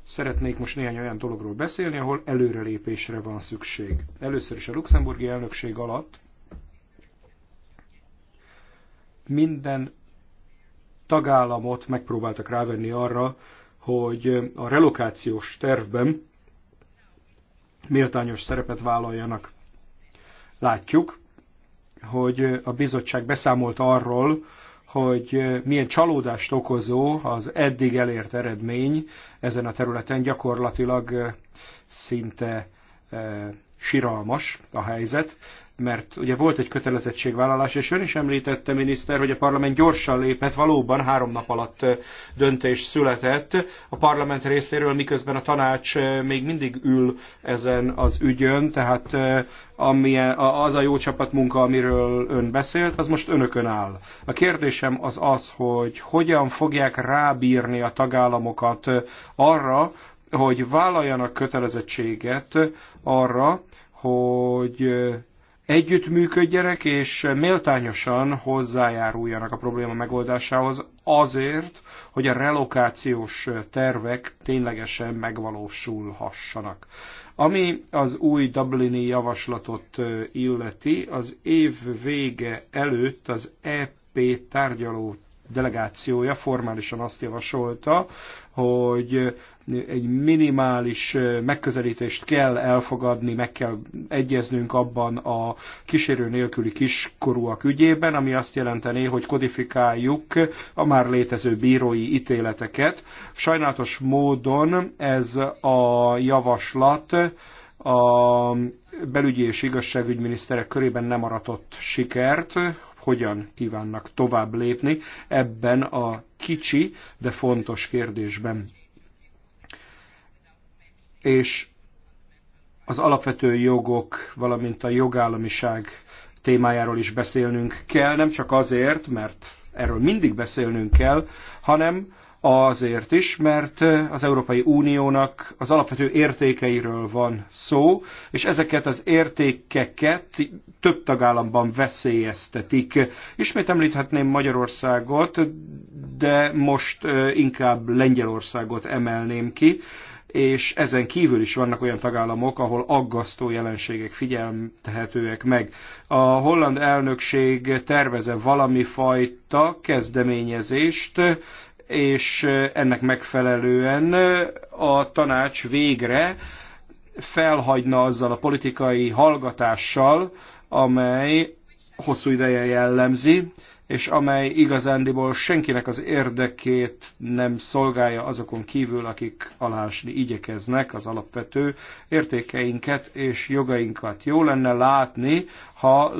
Szeretnék most néhány olyan dologról beszélni, ahol előrelépésre van szükség. Először is a luxemburgi elnökség alatt minden tagállamot megpróbáltak rávenni arra, hogy a relokációs tervben méltányos szerepet vállaljanak. Látjuk, hogy a bizottság beszámolt arról, hogy milyen csalódást okozó az eddig elért eredmény ezen a területen, gyakorlatilag szinte eh, siralmas a helyzet mert ugye volt egy kötelezettségvállalás, és ön is említette, miniszter, hogy a parlament gyorsan lépett, valóban három nap alatt döntés született a parlament részéről, miközben a tanács még mindig ül ezen az ügyön, tehát amilyen, az a jó csapatmunka, amiről ön beszélt, az most önökön áll. A kérdésem az az, hogy hogyan fogják rábírni a tagállamokat arra, hogy vállaljanak kötelezettséget arra, hogy együttműködjenek és méltányosan hozzájáruljanak a probléma megoldásához azért, hogy a relokációs tervek ténylegesen megvalósulhassanak. Ami az új Dublini javaslatot illeti, az év vége előtt az EP tárgyaló delegációja formálisan azt javasolta, hogy egy minimális megközelítést kell elfogadni, meg kell egyeznünk abban a kísérő nélküli kiskorúak ügyében, ami azt jelenteni, hogy kodifikáljuk a már létező bírói ítéleteket. Sajnálatos módon ez a javaslat a belügyi és igazságügyminiszterek körében nem aratott sikert, hogyan kívánnak tovább lépni ebben a kicsi, de fontos kérdésben. És az alapvető jogok, valamint a jogállamiság témájáról is beszélnünk kell, nem csak azért, mert erről mindig beszélnünk kell, hanem Azért is, mert az Európai Uniónak az alapvető értékeiről van szó, és ezeket az értékeket több tagállamban veszélyeztetik. Ismét említhetném Magyarországot, de most inkább Lengyelországot emelném ki és ezen kívül is vannak olyan tagállamok, ahol aggasztó jelenségek figyelmtehetőek meg. A holland elnökség terveze valami fajta kezdeményezést és ennek megfelelően a tanács végre felhagyna azzal a politikai hallgatással, amely hosszú ideje jellemzi és amely igazándiból senkinek az érdekét nem szolgálja azokon kívül, akik alásni igyekeznek az alapvető értékeinket és jogainkat. Jó lenne látni, ha,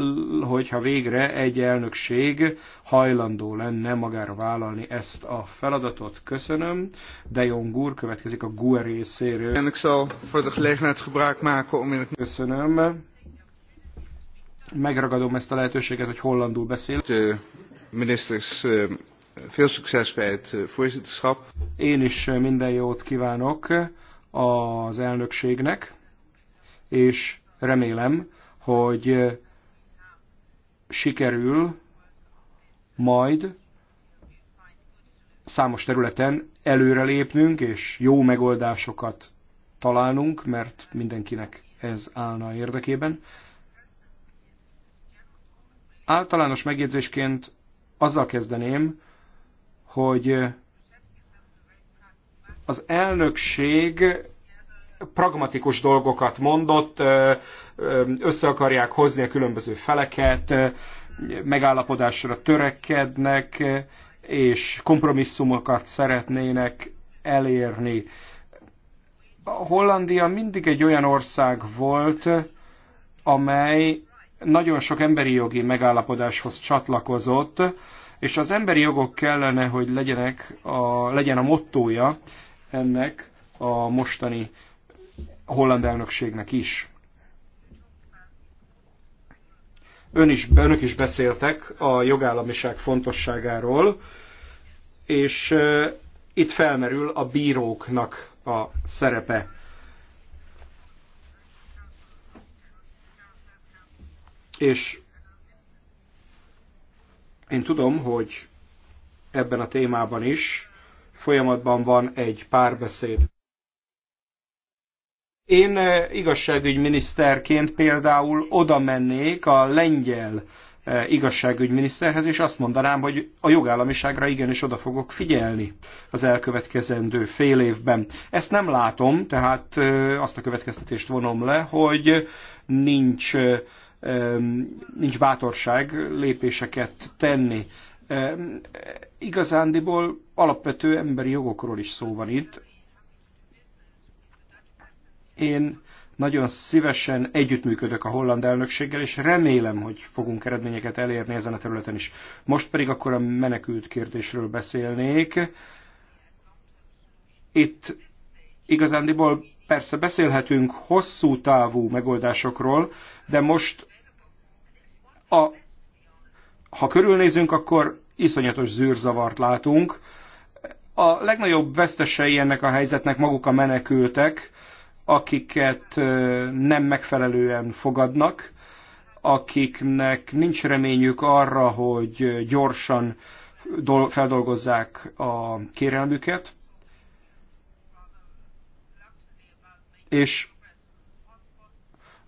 hogyha végre egy elnökség hajlandó lenne magára vállalni ezt a feladatot. Köszönöm. De Jong úr következik a GUE részéről. Köszönöm megragadom ezt a lehetőséget, hogy hollandul beszél. Ministers, eh, veel succes bij het eh, voorzitterschap. Én is eh, minden jót kívánok az elnökségnek, és remélem, hogy sikerül majd számos területen előrelépnünk, és jó megoldásokat találnunk, mert mindenkinek ez állna érdekében. Általános megjegyzésként azzal kezdeném, hogy az elnökség pragmatikus dolgokat mondott, össze akarják hozni a különböző feleket, megállapodásra törekednek, és kompromisszumokat szeretnének elérni. A Hollandia mindig egy olyan ország volt, amely nagyon sok emberi jogi megállapodáshoz csatlakozott, és az emberi jogok kellene, hogy legyenek a, legyen a mottója ennek a mostani holland elnökségnek is. Ön is, önök is beszéltek a jogállamiság fontosságáról, és itt felmerül a bíróknak a szerepe. És én tudom, hogy ebben a témában is folyamatban van egy párbeszéd. Én eh, igazságügyminiszterként például oda mennék a lengyel eh, igazságügyminiszterhez, és azt mondanám, hogy a jogállamiságra igenis oda fogok figyelni az elkövetkezendő fél évben. Ezt nem látom, tehát eh, azt a következtetést vonom le, hogy nincs nincs bátorság lépéseket tenni. Igazándiból alapvető emberi jogokról is szó van itt. Én nagyon szívesen együttműködök a holland elnökséggel, és remélem, hogy fogunk eredményeket elérni ezen a területen is. Most pedig akkor a menekült kérdésről beszélnék. Itt igazándiból persze beszélhetünk hosszú távú megoldásokról, de most a, ha körülnézünk, akkor iszonyatos zűrzavart látunk. A legnagyobb vesztesei ennek a helyzetnek maguk a menekültek, akiket nem megfelelően fogadnak, akiknek nincs reményük arra, hogy gyorsan feldolgozzák a kérelmüket, és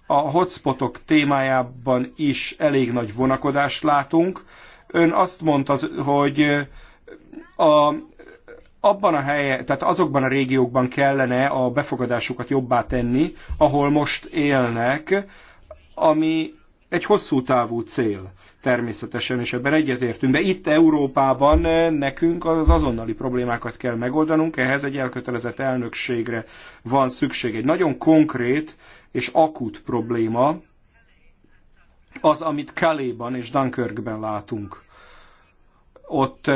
a hotspotok témájában is elég nagy vonakodást látunk. Ön azt mondta, hogy a, abban a helye, tehát azokban a régiókban kellene a befogadásukat jobbá tenni, ahol most élnek, ami egy hosszú távú cél természetesen, és ebben egyetértünk. De itt Európában nekünk az azonnali problémákat kell megoldanunk, ehhez egy elkötelezett elnökségre van szükség. Egy nagyon konkrét és akut probléma az, amit calais és Dunkirkben látunk. Ott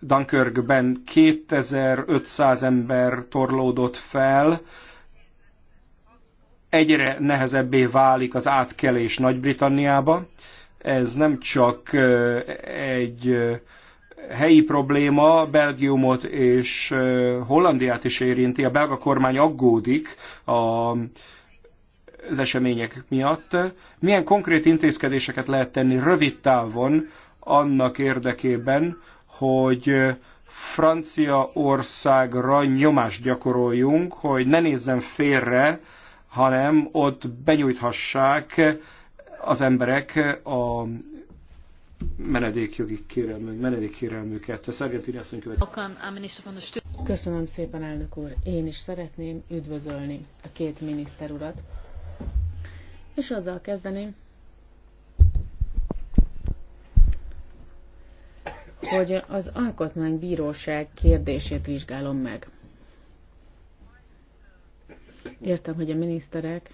Dunkirkben 2500 ember torlódott fel, egyre nehezebbé válik az átkelés Nagy-Britanniába. Ez nem csak egy helyi probléma Belgiumot és Hollandiát is érinti. A belga kormány aggódik a az események miatt. Milyen konkrét intézkedéseket lehet tenni rövid távon annak érdekében, hogy Franciaországra nyomást gyakoroljunk, hogy ne nézzen félre, hanem ott benyújthassák az emberek a menedékjogi kérelmük, menedékkérelmüket. Szergentini asszony következik. Köszönöm szépen, elnök úr. Én is szeretném üdvözölni a két miniszter urat, és azzal kezdeném, hogy az Alkotmánybíróság kérdését vizsgálom meg. Értem, hogy a miniszterek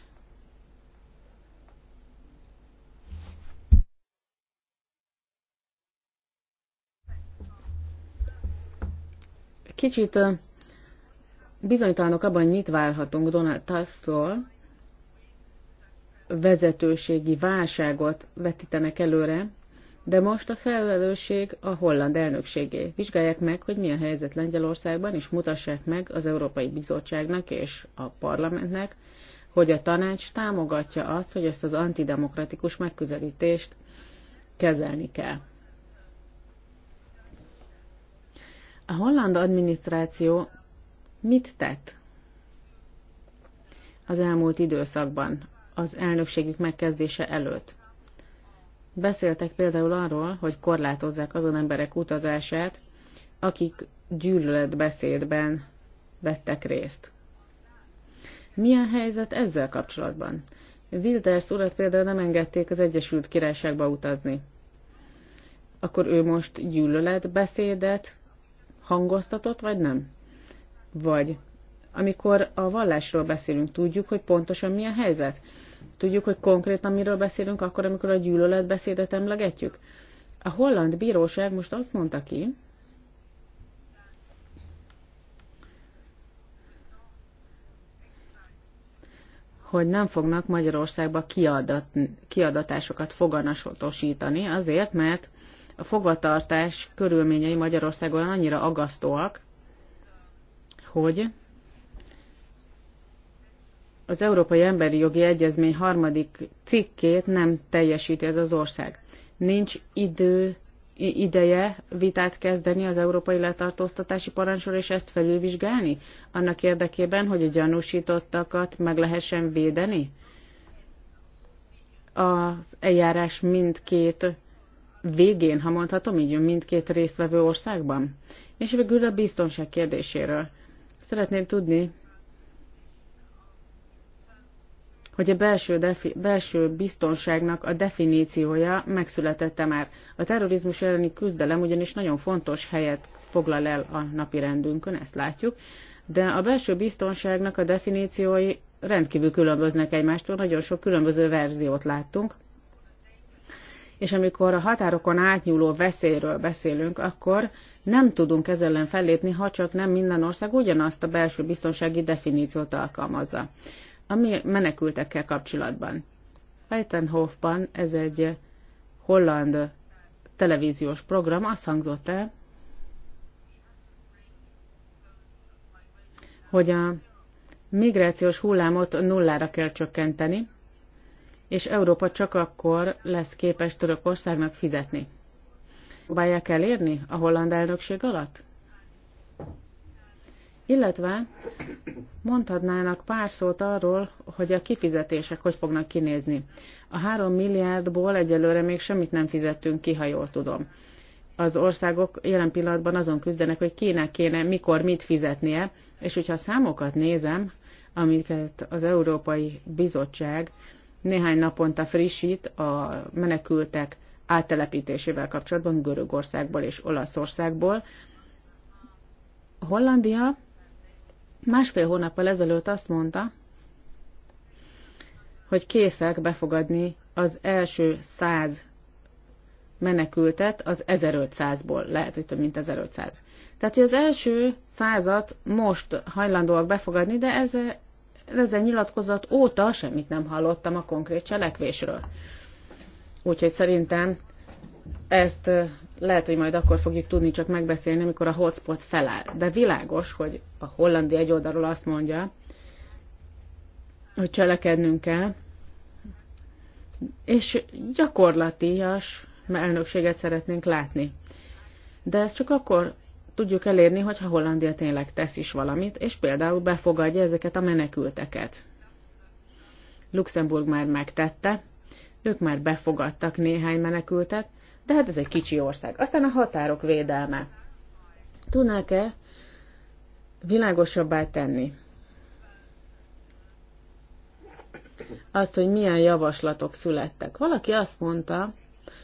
kicsit bizonytalanok abban, hogy mit várhatunk Donald Tusk-tól, vezetőségi válságot vetítenek előre, de most a felelősség a holland elnökségé. Vizsgálják meg, hogy milyen helyzet Lengyelországban, és mutassák meg az Európai Bizottságnak és a parlamentnek, hogy a tanács támogatja azt, hogy ezt az antidemokratikus megközelítést kezelni kell. A holland adminisztráció mit tett az elmúlt időszakban az elnökségük megkezdése előtt. Beszéltek például arról, hogy korlátozzák azon emberek utazását, akik gyűlöletbeszédben vettek részt. Milyen helyzet ezzel kapcsolatban? Wilders urat például nem engedték az Egyesült Királyságba utazni. Akkor ő most gyűlöletbeszédet hangoztatott, vagy nem? Vagy amikor a vallásról beszélünk, tudjuk, hogy pontosan mi a helyzet. Tudjuk, hogy konkrétan miről beszélünk akkor, amikor a gyűlöletbeszédet emlegetjük. A holland bíróság most azt mondta ki, hogy nem fognak Magyarországba kiadat, kiadatásokat foganatosítani, azért, mert a fogvatartás körülményei Magyarországon annyira agasztóak, hogy az Európai Emberi Jogi Egyezmény harmadik cikkét nem teljesíti ez az ország. Nincs idő, ideje vitát kezdeni az európai letartóztatási parancsról, és ezt felülvizsgálni? Annak érdekében, hogy a gyanúsítottakat meg lehessen védeni? Az eljárás mindkét végén, ha mondhatom így, mindkét résztvevő országban? És végül a biztonság kérdéséről. Szeretném tudni, hogy a belső, defi- belső biztonságnak a definíciója megszületette már. A terrorizmus elleni küzdelem ugyanis nagyon fontos helyet foglal el a napi rendünkön, ezt látjuk, de a belső biztonságnak a definíciói rendkívül különböznek egymástól, nagyon sok különböző verziót láttunk, és amikor a határokon átnyúló veszélyről beszélünk, akkor nem tudunk ezzel ellen fellépni, ha csak nem minden ország ugyanazt a belső biztonsági definíciót alkalmazza a menekültekkel kapcsolatban. Weitenhofban ez egy holland televíziós program, azt hangzott el, hogy a migrációs hullámot nullára kell csökkenteni, és Európa csak akkor lesz képes Törökországnak fizetni. Próbálják elérni a holland elnökség alatt? Illetve mondhatnának pár szót arról, hogy a kifizetések hogy fognak kinézni. A három milliárdból egyelőre még semmit nem fizettünk ki, ha jól tudom. Az országok jelen pillanatban azon küzdenek, hogy kinek kéne, mikor mit fizetnie, és hogyha a számokat nézem, amiket az Európai Bizottság néhány naponta frissít a menekültek áttelepítésével kapcsolatban Görögországból és Olaszországból. Hollandia másfél hónappal ezelőtt azt mondta, hogy készek befogadni az első száz menekültet az 1500-ból, lehet, hogy több mint 1500. Tehát, hogy az első százat most hajlandóak befogadni, de ez, ezzel nyilatkozat óta semmit nem hallottam a konkrét cselekvésről. Úgyhogy szerintem ezt lehet, hogy majd akkor fogjuk tudni csak megbeszélni, amikor a hotspot feláll. De világos, hogy a hollandi egy oldalról azt mondja, hogy cselekednünk kell, és gyakorlatias elnökséget szeretnénk látni. De ezt csak akkor tudjuk elérni, hogyha Hollandia tényleg tesz is valamit, és például befogadja ezeket a menekülteket. Luxemburg már megtette, ők már befogadtak néhány menekültet, de hát ez egy kicsi ország. Aztán a határok védelme. Tudnák-e világosabbá tenni azt, hogy milyen javaslatok születtek? Valaki azt mondta,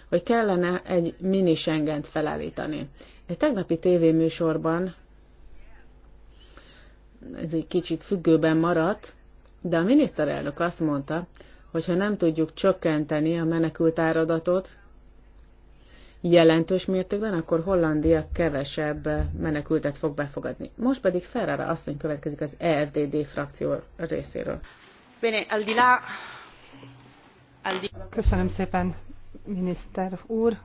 hogy kellene egy mini Schengent felállítani. Egy tegnapi tévéműsorban ez egy kicsit függőben maradt, de a miniszterelnök azt mondta, hogy ha nem tudjuk csökkenteni a menekült áradatot, jelentős mértékben, akkor Hollandia kevesebb menekültet fog befogadni. Most pedig Ferrara asszony következik az RDD e frakció részéről. Bene, Köszönöm szépen, miniszter úr.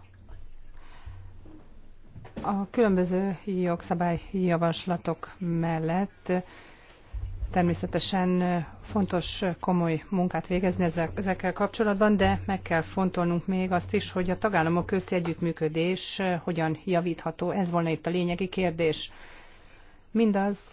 A különböző jogszabályjavaslatok mellett természetesen fontos komoly munkát végezni ezekkel kapcsolatban, de meg kell fontolnunk még azt is, hogy a tagállamok közti együttműködés hogyan javítható. Ez volna itt a lényegi kérdés. Mindaz,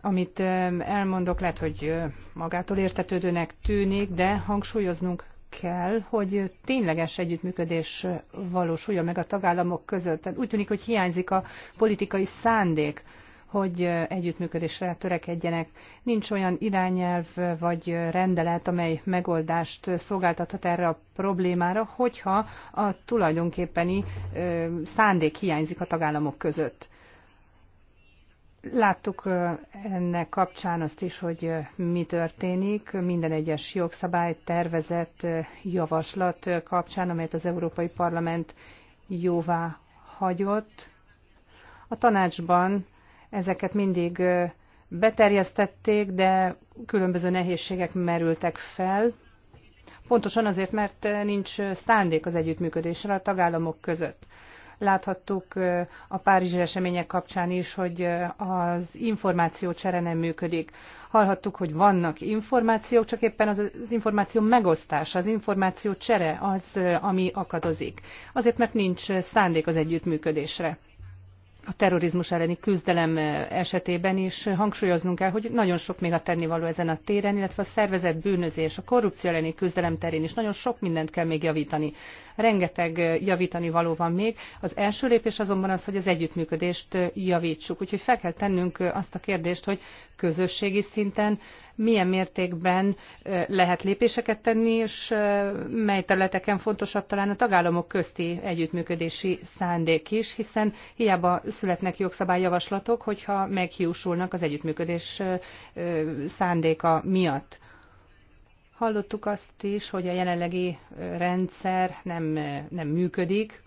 amit elmondok, lehet, hogy magától értetődőnek tűnik, de hangsúlyoznunk kell, hogy tényleges együttműködés valósuljon meg a tagállamok között. Úgy tűnik, hogy hiányzik a politikai szándék hogy együttműködésre törekedjenek. Nincs olyan irányelv vagy rendelet, amely megoldást szolgáltathat erre a problémára, hogyha a tulajdonképpeni szándék hiányzik a tagállamok között. Láttuk ennek kapcsán azt is, hogy mi történik minden egyes jogszabály tervezett javaslat kapcsán, amelyet az Európai Parlament jóvá hagyott. A tanácsban Ezeket mindig beterjesztették, de különböző nehézségek merültek fel, pontosan azért, mert nincs szándék az együttműködésre a tagállamok között. Láthattuk a párizsi események kapcsán is, hogy az információ csere nem működik. Hallhattuk, hogy vannak információk, csak éppen az, az információ megosztása, az információ csere az, ami akadozik. Azért, mert nincs szándék az együttműködésre a terrorizmus elleni küzdelem esetében is hangsúlyoznunk kell, hogy nagyon sok még a tennivaló ezen a téren, illetve a szervezett bűnözés, a korrupció elleni küzdelem terén is nagyon sok mindent kell még javítani. Rengeteg javítani való van még. Az első lépés azonban az, hogy az együttműködést javítsuk. Úgyhogy fel kell tennünk azt a kérdést, hogy közösségi szinten milyen mértékben lehet lépéseket tenni, és mely területeken fontosabb talán a tagállamok közti együttműködési szándék is, hiszen hiába születnek jogszabályjavaslatok, hogyha meghiúsulnak az együttműködés szándéka miatt. Hallottuk azt is, hogy a jelenlegi rendszer nem, nem működik,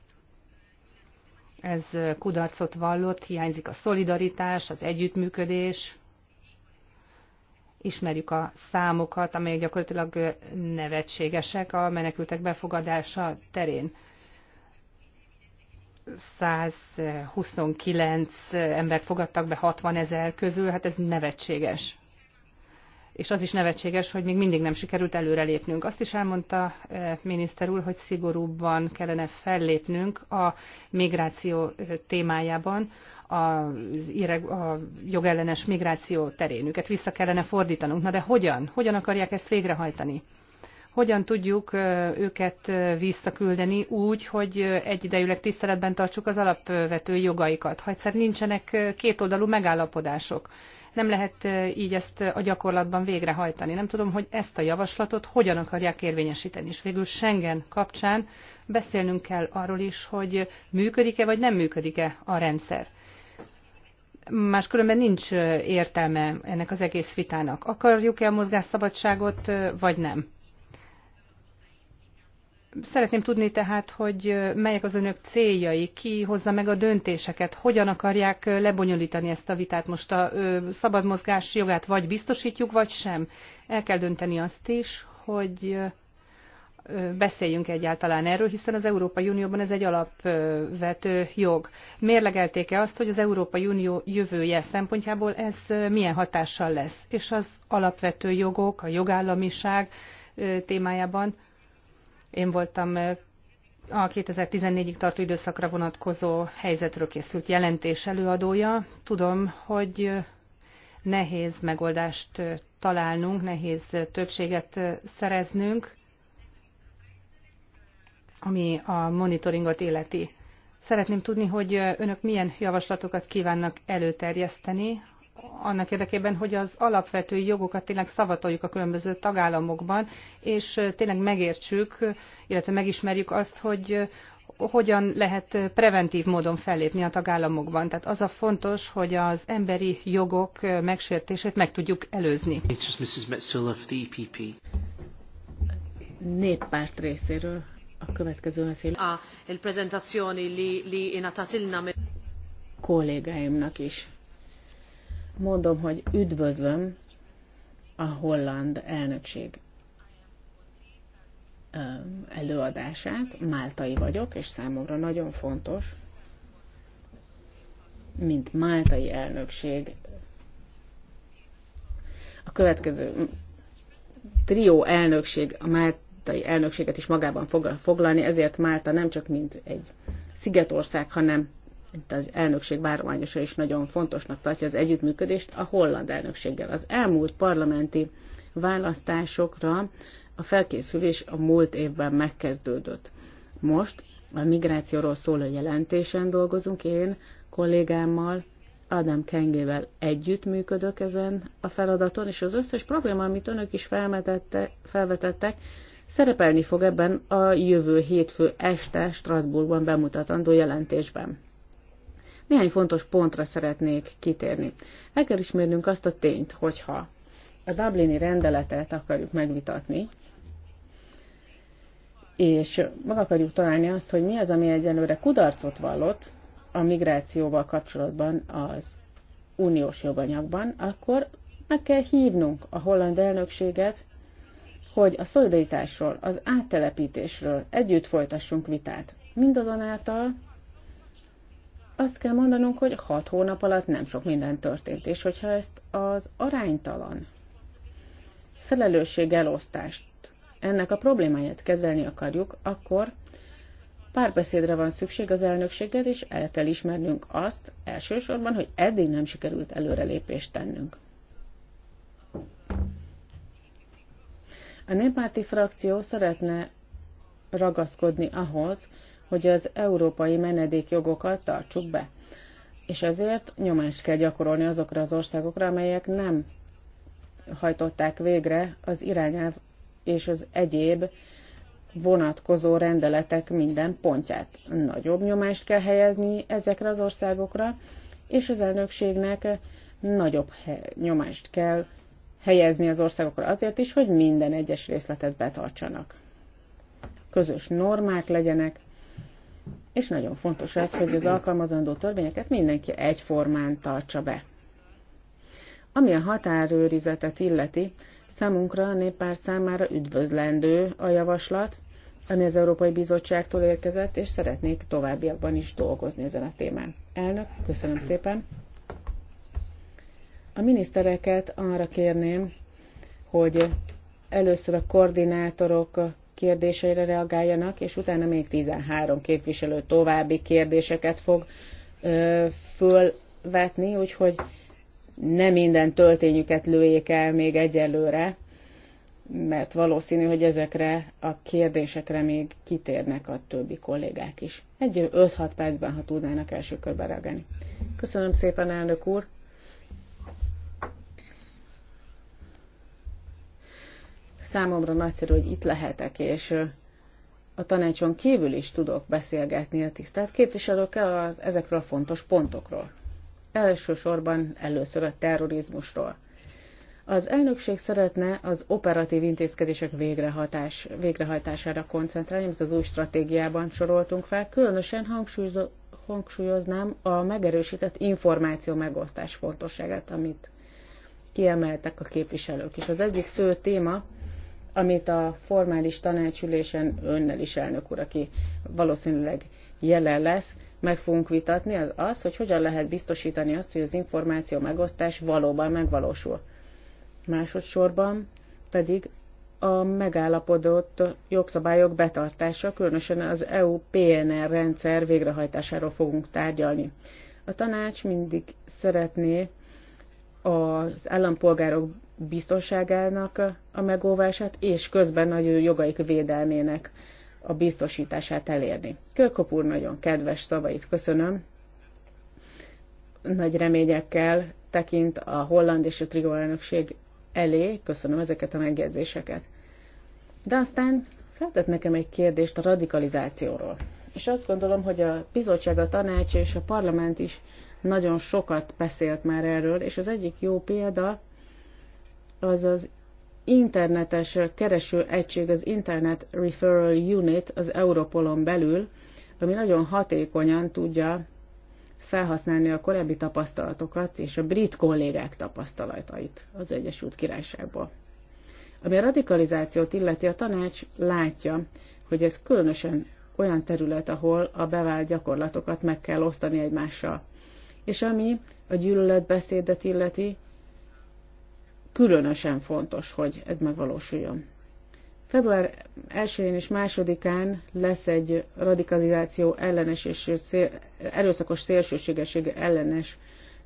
ez kudarcot vallott, hiányzik a szolidaritás, az együttműködés, ismerjük a számokat, amelyek gyakorlatilag nevetségesek a menekültek befogadása terén. 129 ember fogadtak be 60 ezer közül, hát ez nevetséges és az is nevetséges, hogy még mindig nem sikerült előrelépnünk. Azt is elmondta eh, miniszter úr, hogy szigorúbban kellene fellépnünk a migráció eh, témájában, az a jogellenes migráció terén. Őket vissza kellene fordítanunk. Na de hogyan? Hogyan akarják ezt végrehajtani? Hogyan tudjuk eh, őket visszaküldeni úgy, hogy egyidejűleg tiszteletben tartsuk az alapvető jogaikat? Ha egyszer nincsenek kétoldalú megállapodások, nem lehet így ezt a gyakorlatban végrehajtani. Nem tudom, hogy ezt a javaslatot hogyan akarják érvényesíteni. És végül Schengen kapcsán beszélnünk kell arról is, hogy működik-e vagy nem működik-e a rendszer máskülönben nincs értelme ennek az egész vitának. Akarjuk-e a mozgásszabadságot, vagy nem? Szeretném tudni tehát, hogy melyek az önök céljai, ki hozza meg a döntéseket, hogyan akarják lebonyolítani ezt a vitát. Most a szabad mozgás jogát vagy biztosítjuk, vagy sem. El kell dönteni azt is, hogy beszéljünk egyáltalán erről, hiszen az Európai Unióban ez egy alapvető jog. Mérlegelték-e azt, hogy az Európai Unió jövője szempontjából ez milyen hatással lesz? És az alapvető jogok, a jogállamiság témájában én voltam a 2014-ig tartó időszakra vonatkozó helyzetről készült jelentés előadója. Tudom, hogy nehéz megoldást találnunk, nehéz többséget szereznünk, ami a monitoringot életi. Szeretném tudni, hogy önök milyen javaslatokat kívánnak előterjeszteni annak érdekében, hogy az alapvető jogokat tényleg szavatoljuk a különböző tagállamokban, és tényleg megértsük, illetve megismerjük azt, hogy hogyan lehet preventív módon fellépni a tagállamokban. Tehát az a fontos, hogy az emberi jogok megsértését meg tudjuk előzni. E Néppárt részéről a következő beszél. A, presentazioni li, li kollégáimnak is mondom, hogy üdvözlöm a holland elnökség um, előadását. Máltai vagyok, és számomra nagyon fontos, mint máltai elnökség a következő trió elnökség, a máltai elnökséget is magában fog foglalni, ezért Málta nem csak mint egy szigetország, hanem itt az elnökség várományosa is nagyon fontosnak tartja az együttműködést a holland elnökséggel. Az elmúlt parlamenti választásokra a felkészülés a múlt évben megkezdődött. Most a migrációról szóló jelentésen dolgozunk, én kollégámmal, Adam Kengével együttműködök ezen a feladaton, és az összes probléma, amit önök is felvetettek, szerepelni fog ebben a jövő hétfő este Strasbourgban bemutatandó jelentésben. Néhány fontos pontra szeretnék kitérni. El kell ismernünk azt a tényt, hogyha a Dublini rendeletet akarjuk megvitatni, és meg akarjuk találni azt, hogy mi az, ami egyelőre kudarcot vallott a migrációval kapcsolatban az uniós joganyagban, akkor meg kell hívnunk a holland elnökséget, hogy a szolidaritásról, az áttelepítésről együtt folytassunk vitát. Mindazonáltal azt kell mondanunk, hogy hat hónap alatt nem sok minden történt, és hogyha ezt az aránytalan felelősségelosztást, ennek a problémáját kezelni akarjuk, akkor párbeszédre van szükség az elnökséggel, és el kell ismernünk azt elsősorban, hogy eddig nem sikerült előrelépést tennünk. A néppárti frakció szeretne ragaszkodni ahhoz, hogy az európai menedékjogokat tartsuk be. És ezért nyomást kell gyakorolni azokra az országokra, amelyek nem hajtották végre az irányelv és az egyéb vonatkozó rendeletek minden pontját. Nagyobb nyomást kell helyezni ezekre az országokra, és az elnökségnek nagyobb nyomást kell helyezni az országokra azért is, hogy minden egyes részletet betartsanak. Közös normák legyenek, és nagyon fontos ez, hogy az alkalmazandó törvényeket mindenki egyformán tartsa be. Ami a határőrizetet illeti, számunkra a néppárt számára üdvözlendő a javaslat, ami az Európai Bizottságtól érkezett, és szeretnék továbbiakban is dolgozni ezen a témán. Elnök, köszönöm szépen! A minisztereket arra kérném, hogy először a koordinátorok kérdéseire reagáljanak, és utána még 13 képviselő további kérdéseket fog ö, fölvetni, úgyhogy nem minden töltényüket lőjék el még egyelőre, mert valószínű, hogy ezekre a kérdésekre még kitérnek a többi kollégák is. Egy 5-6 percben, ha tudnának első körben reagálni. Köszönöm szépen, elnök úr! Számomra nagyszerű, hogy itt lehetek, és a tanácson kívül is tudok beszélgetni a tisztelt képviselőkkel az, ezekről a fontos pontokról. Elsősorban először a terrorizmusról. Az elnökség szeretne az operatív intézkedések végrehatás, végrehajtására koncentrálni, amit az új stratégiában soroltunk fel. Különösen hangsúlyoznám a megerősített információ megosztás fontosságát, amit kiemeltek a képviselők is. Az egyik fő téma amit a formális tanácsülésen önnel is elnök úr, aki valószínűleg jelen lesz, meg fogunk vitatni, az az, hogy hogyan lehet biztosítani azt, hogy az információ megosztás valóban megvalósul. Másodszorban pedig a megállapodott jogszabályok betartása, különösen az EU PNR rendszer végrehajtásáról fogunk tárgyalni. A tanács mindig szeretné az állampolgárok biztonságának a megóvását, és közben a jogaik védelmének a biztosítását elérni. Kölkop úr nagyon kedves szavait köszönöm. Nagy reményekkel tekint a holland és a trigóelnökség elé. Köszönöm ezeket a megjegyzéseket. De aztán feltett nekem egy kérdést a radikalizációról. És azt gondolom, hogy a bizottság, a tanács és a parlament is nagyon sokat beszélt már erről, és az egyik jó példa az az internetes kereső egység, az Internet Referral Unit az Europolon belül, ami nagyon hatékonyan tudja felhasználni a korábbi tapasztalatokat és a brit kollégák tapasztalatait az Egyesült Királyságból. Ami a radikalizációt illeti, a tanács látja, hogy ez különösen olyan terület, ahol a bevált gyakorlatokat meg kell osztani egymással. És ami a gyűlöletbeszédet illeti, különösen fontos, hogy ez megvalósuljon. Február 1-én és 2-án lesz egy radikalizáció ellenes és szél, erőszakos szélsőségeség ellenes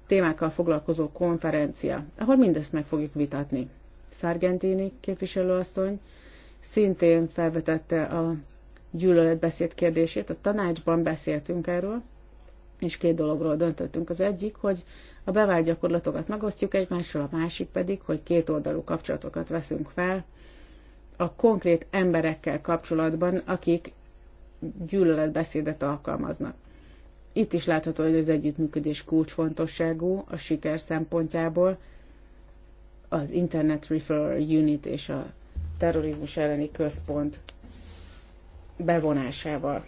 témákkal foglalkozó konferencia, ahol mindezt meg fogjuk vitatni. Szargentini képviselőasszony szintén felvetette a gyűlöletbeszéd kérdését, a tanácsban beszéltünk erről, és két dologról döntöttünk. Az egyik, hogy a bevált gyakorlatokat megosztjuk egymással, a másik pedig, hogy két oldalú kapcsolatokat veszünk fel a konkrét emberekkel kapcsolatban, akik gyűlöletbeszédet alkalmaznak. Itt is látható, hogy az együttműködés kulcsfontosságú a siker szempontjából, az Internet Referral Unit és a terrorizmus elleni központ bevonásával.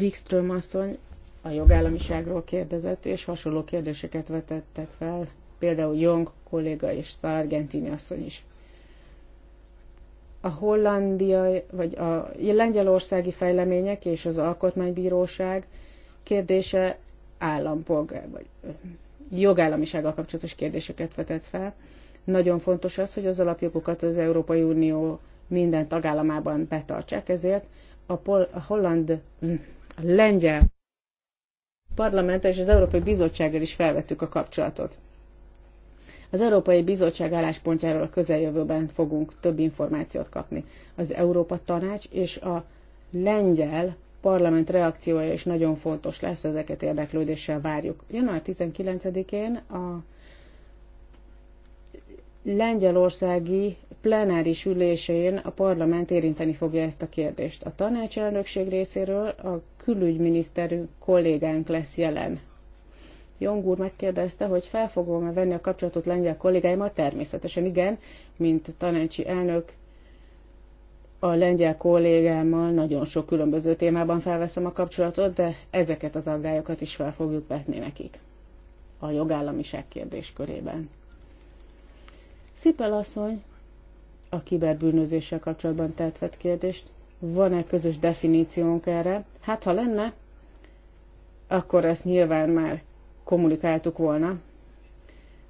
Wikström asszony a jogállamiságról kérdezett, és hasonló kérdéseket vetettek fel, például Jong kolléga és Szargentini asszony is. A hollandiai, vagy a lengyelországi fejlemények és az alkotmánybíróság kérdése állampolgár, vagy jogállamisággal kapcsolatos kérdéseket vetett fel. Nagyon fontos az, hogy az alapjogokat az Európai Unió minden tagállamában betartsák, ezért a, pol, a holland, hm, a lengyel parlamenttel és az Európai Bizottsággal is felvettük a kapcsolatot. Az Európai Bizottság álláspontjáról a közeljövőben fogunk több információt kapni. Az Európa Tanács és a lengyel parlament reakciója is nagyon fontos lesz, ezeket érdeklődéssel várjuk. Január 19-én a lengyelországi plenáris ülésén a parlament érinteni fogja ezt a kérdést. A tanácselnökség részéről a külügyminiszterünk kollégánk lesz jelen. Jong úr megkérdezte, hogy fel fogom-e venni a kapcsolatot lengyel kollégáimmal? Természetesen igen, mint tanácsi elnök a lengyel kollégámmal nagyon sok különböző témában felveszem a kapcsolatot, de ezeket az aggályokat is fel fogjuk vetni nekik a jogállamiság körében. Szipel asszony a kiberbűnözéssel kapcsolatban tett kérdést. Van-e közös definíciónk erre? Hát, ha lenne, akkor ezt nyilván már kommunikáltuk volna.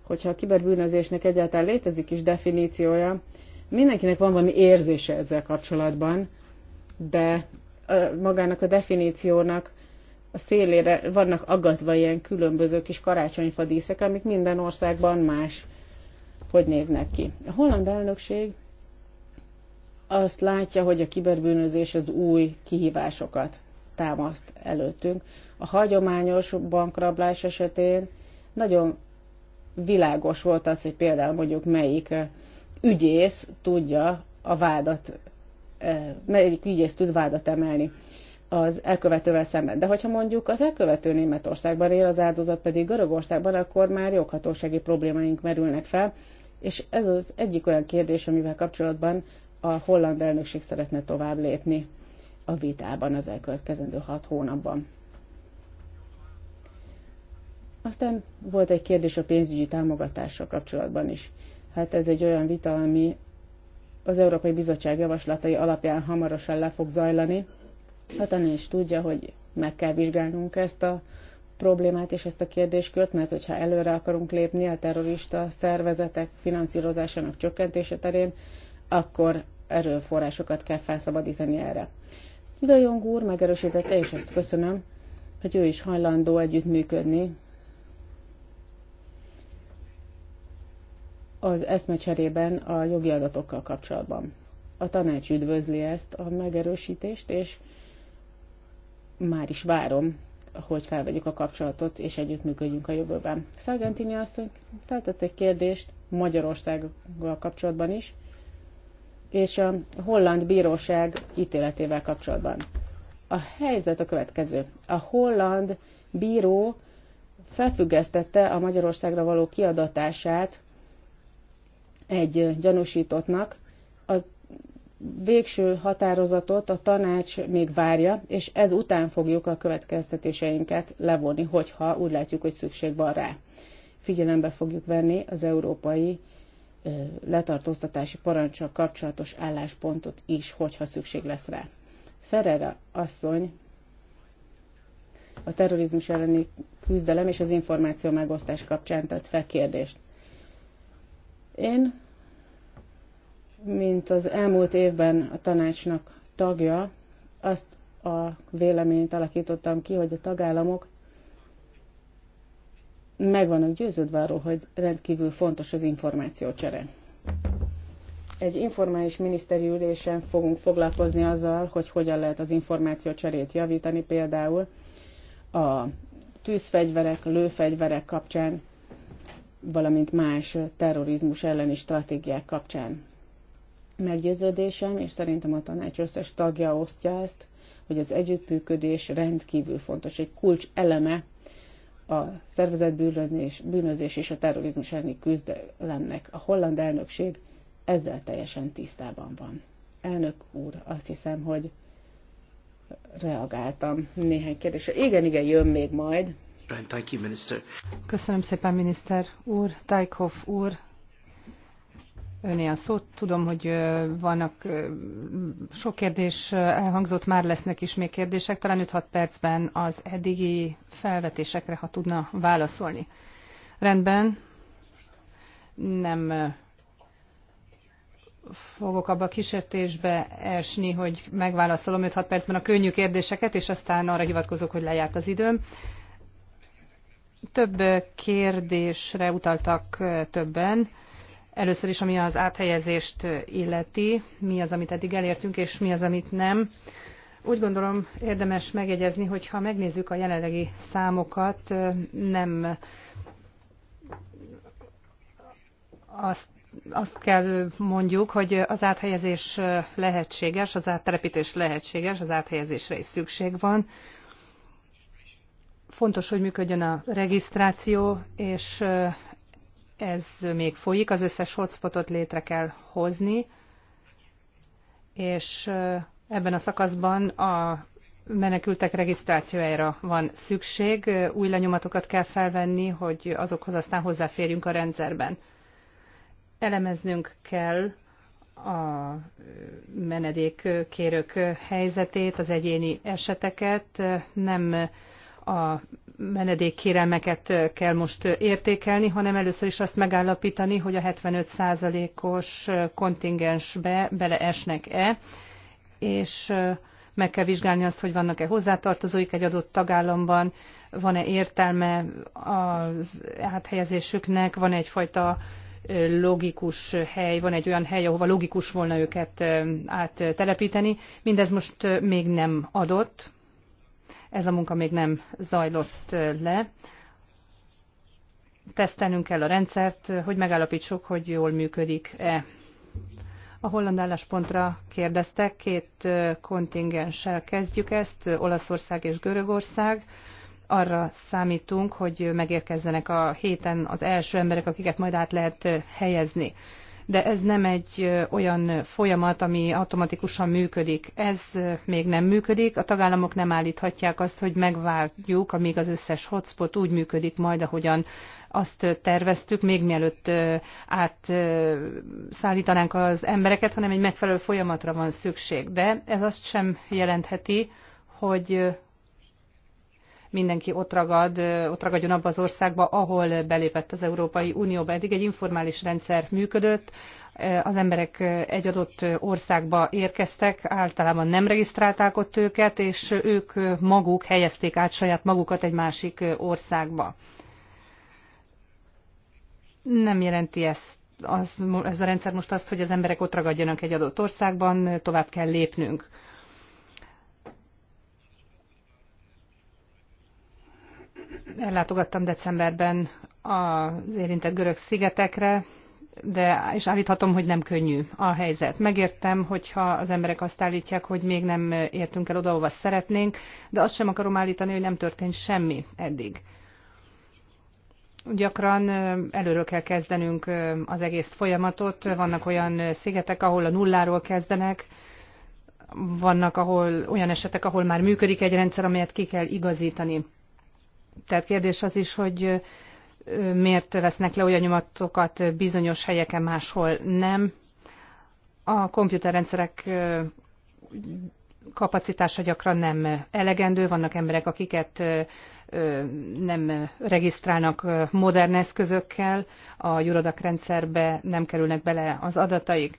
Hogyha a kiberbűnözésnek egyáltalán létezik is definíciója, mindenkinek van valami érzése ezzel kapcsolatban, de magának a definíciónak a szélére vannak aggatva ilyen különböző kis karácsonyfadíszek, amik minden országban más hogy néznek ki. A holland elnökség azt látja, hogy a kiberbűnözés az új kihívásokat támaszt előttünk. A hagyományos bankrablás esetén nagyon világos volt az, hogy például mondjuk melyik eh, ügyész tudja a vádat, eh, melyik ügyész tud vádat emelni az elkövetővel szemben. De hogyha mondjuk az elkövető Németországban él, az áldozat pedig Görögországban, akkor már joghatósági problémáink merülnek fel, és ez az egyik olyan kérdés, amivel kapcsolatban a holland elnökség szeretne tovább lépni a vitában az elkövetkezendő hat hónapban. Aztán volt egy kérdés a pénzügyi támogatással kapcsolatban is. Hát ez egy olyan vita, ami az Európai Bizottság javaslatai alapján hamarosan le fog zajlani. Hát a is tudja, hogy meg kell vizsgálnunk ezt a problémát és ezt a kérdéskört, mert hogyha előre akarunk lépni a terrorista szervezetek finanszírozásának csökkentése terén, akkor erőforrásokat kell felszabadítani erre. De Jong úr megerősítette, és ezt köszönöm, hogy ő is hajlandó együttműködni az eszmecserében a jogi adatokkal kapcsolatban. A tanács üdvözli ezt a megerősítést, és már is várom hogy felvegyük a kapcsolatot és együttműködjünk a jövőben. Szargentini asszony feltett egy kérdést Magyarországgal kapcsolatban is, és a holland bíróság ítéletével kapcsolatban. A helyzet a következő. A holland bíró felfüggesztette a Magyarországra való kiadatását egy gyanúsítottnak a végső határozatot a tanács még várja, és ez után fogjuk a következtetéseinket levonni, hogyha úgy látjuk, hogy szükség van rá. Figyelembe fogjuk venni az európai letartóztatási parancsal kapcsolatos álláspontot is, hogyha szükség lesz rá. Ferrera asszony a terrorizmus elleni küzdelem és az információ megosztás kapcsán tett fel kérdést. Én mint az elmúlt évben a tanácsnak tagja, azt a véleményt alakítottam ki, hogy a tagállamok meg vannak győződve arról, hogy rendkívül fontos az információcsere. Egy informális miniszteri ülésen fogunk foglalkozni azzal, hogy hogyan lehet az információcserét javítani, például a tűzfegyverek, lőfegyverek kapcsán, valamint más terrorizmus elleni stratégiák kapcsán. Meggyőződésem, és szerintem a tanács összes tagja osztja ezt, hogy az együttműködés rendkívül fontos, egy kulcs eleme a szervezetbűnözés bűnözés, és a terrorizmus elleni küzdelemnek. A holland elnökség ezzel teljesen tisztában van. Elnök úr, azt hiszem, hogy reagáltam néhány kérdésre. Igen, igen, jön még majd. Köszönöm szépen, miniszter úr, Tajkov úr, öné a szót. Tudom, hogy vannak sok kérdés elhangzott, már lesznek is még kérdések. Talán 5-6 percben az eddigi felvetésekre, ha tudna válaszolni. Rendben. Nem fogok abba a kísértésbe esni, hogy megválaszolom 5-6 percben a könnyű kérdéseket, és aztán arra hivatkozok, hogy lejárt az időm. Több kérdésre utaltak többen Először is, ami az áthelyezést illeti, mi az, amit eddig elértünk, és mi az, amit nem. Úgy gondolom érdemes megjegyezni, hogy ha megnézzük a jelenlegi számokat, nem azt, azt kell mondjuk, hogy az áthelyezés lehetséges, az áttelepítés lehetséges, az áthelyezésre is szükség van. Fontos, hogy működjön a regisztráció, és ez még folyik, az összes hotspotot létre kell hozni, és ebben a szakaszban a menekültek regisztrációjára van szükség, új lenyomatokat kell felvenni, hogy azokhoz aztán hozzáférjünk a rendszerben. Elemeznünk kell a menedékkérők helyzetét, az egyéni eseteket, nem a menedékkérelmeket kell most értékelni, hanem először is azt megállapítani, hogy a 75%-os kontingensbe beleesnek-e, és meg kell vizsgálni azt, hogy vannak-e hozzátartozóik egy adott tagállamban, van-e értelme az áthelyezésüknek, van -e egyfajta logikus hely, van egy olyan hely, ahova logikus volna őket áttelepíteni. Mindez most még nem adott, ez a munka még nem zajlott le. Tesztelnünk kell a rendszert, hogy megállapítsuk, hogy jól működik-e. A holland álláspontra kérdeztek, két kontingenssel kezdjük ezt, Olaszország és Görögország arra számítunk, hogy megérkezzenek a héten az első emberek, akiket majd át lehet helyezni de ez nem egy olyan folyamat, ami automatikusan működik. Ez még nem működik, a tagállamok nem állíthatják azt, hogy megvárjuk, amíg az összes hotspot úgy működik majd, ahogyan azt terveztük, még mielőtt átszállítanánk az embereket, hanem egy megfelelő folyamatra van szükség. De ez azt sem jelentheti, hogy mindenki ott, ragad, ott ragadjon abba az országba, ahol belépett az Európai Unióba. Eddig egy informális rendszer működött, az emberek egy adott országba érkeztek, általában nem regisztrálták ott őket, és ők maguk helyezték át saját magukat egy másik országba. Nem jelenti ezt az, ez a rendszer most azt, hogy az emberek ott ragadjanak egy adott országban, tovább kell lépnünk. ellátogattam decemberben az érintett görög szigetekre, de és állíthatom, hogy nem könnyű a helyzet. Megértem, hogyha az emberek azt állítják, hogy még nem értünk el oda, ahova szeretnénk, de azt sem akarom állítani, hogy nem történt semmi eddig. Gyakran előről kell kezdenünk az egész folyamatot. Vannak olyan szigetek, ahol a nulláról kezdenek, vannak ahol olyan esetek, ahol már működik egy rendszer, amelyet ki kell igazítani. Tehát kérdés az is, hogy miért vesznek le olyan nyomatokat bizonyos helyeken, máshol nem. A komputerrendszerek kapacitása gyakran nem elegendő, vannak emberek, akiket nem regisztrálnak modern eszközökkel, a jurodak rendszerbe nem kerülnek bele az adataik.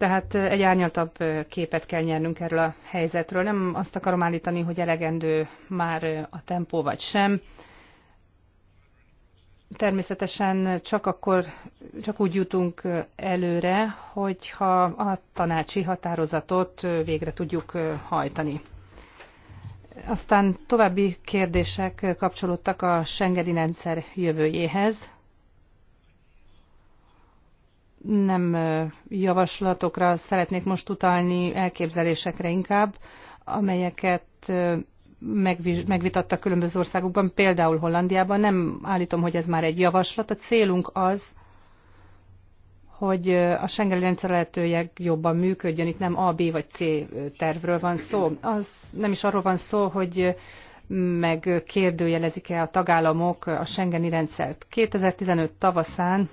Tehát egy árnyaltabb képet kell nyernünk erről a helyzetről. Nem azt akarom állítani, hogy elegendő már a tempó vagy sem. Természetesen csak akkor, csak úgy jutunk előre, hogyha a tanácsi határozatot végre tudjuk hajtani. Aztán további kérdések kapcsolódtak a Schengeni rendszer jövőjéhez nem javaslatokra szeretnék most utalni, elképzelésekre inkább, amelyeket megvitattak különböző országokban, például Hollandiában. Nem állítom, hogy ez már egy javaslat. A célunk az, hogy a Schengeni rendszer lehetőleg jobban működjön. Itt nem A, B vagy C tervről van szó. Az nem is arról van szó, hogy kérdőjelezik e a tagállamok a Schengeni rendszert. 2015 tavaszán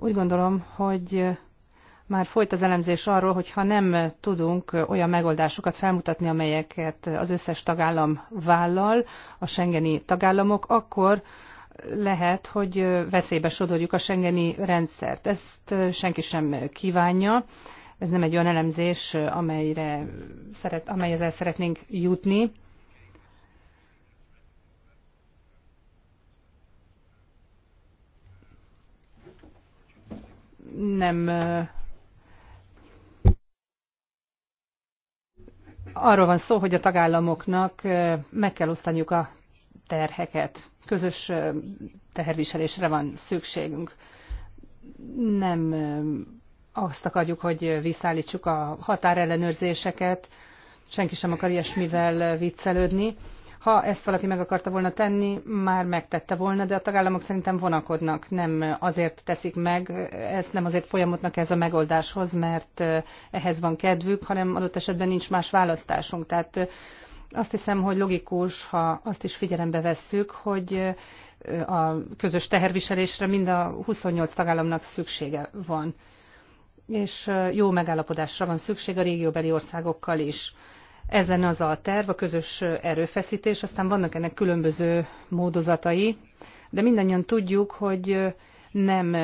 úgy gondolom, hogy már folyt az elemzés arról, hogy ha nem tudunk olyan megoldásokat felmutatni, amelyeket az összes tagállam vállal, a Schengeni tagállamok, akkor lehet, hogy veszélybe sodorjuk a Schengeni rendszert. Ezt senki sem kívánja. Ez nem egy olyan elemzés, amelyre szeret, amelyhez el szeretnénk jutni nem arról van szó, hogy a tagállamoknak meg kell osztaniuk a terheket. Közös teherviselésre van szükségünk. Nem azt akarjuk, hogy visszaállítsuk a határellenőrzéseket, senki sem akar ilyesmivel viccelődni, ha ezt valaki meg akarta volna tenni, már megtette volna, de a tagállamok szerintem vonakodnak. Nem azért teszik meg, ezt nem azért folyamodnak ez a megoldáshoz, mert eh, ehhez van kedvük, hanem adott esetben nincs más választásunk. Tehát eh, azt hiszem, hogy logikus, ha azt is figyelembe vesszük, hogy eh, a közös teherviselésre mind a 28 tagállamnak szüksége van és jó megállapodásra van szükség a régióbeli országokkal is. Ez lenne az a terv, a közös erőfeszítés, aztán vannak ennek különböző módozatai, de mindannyian tudjuk, hogy nem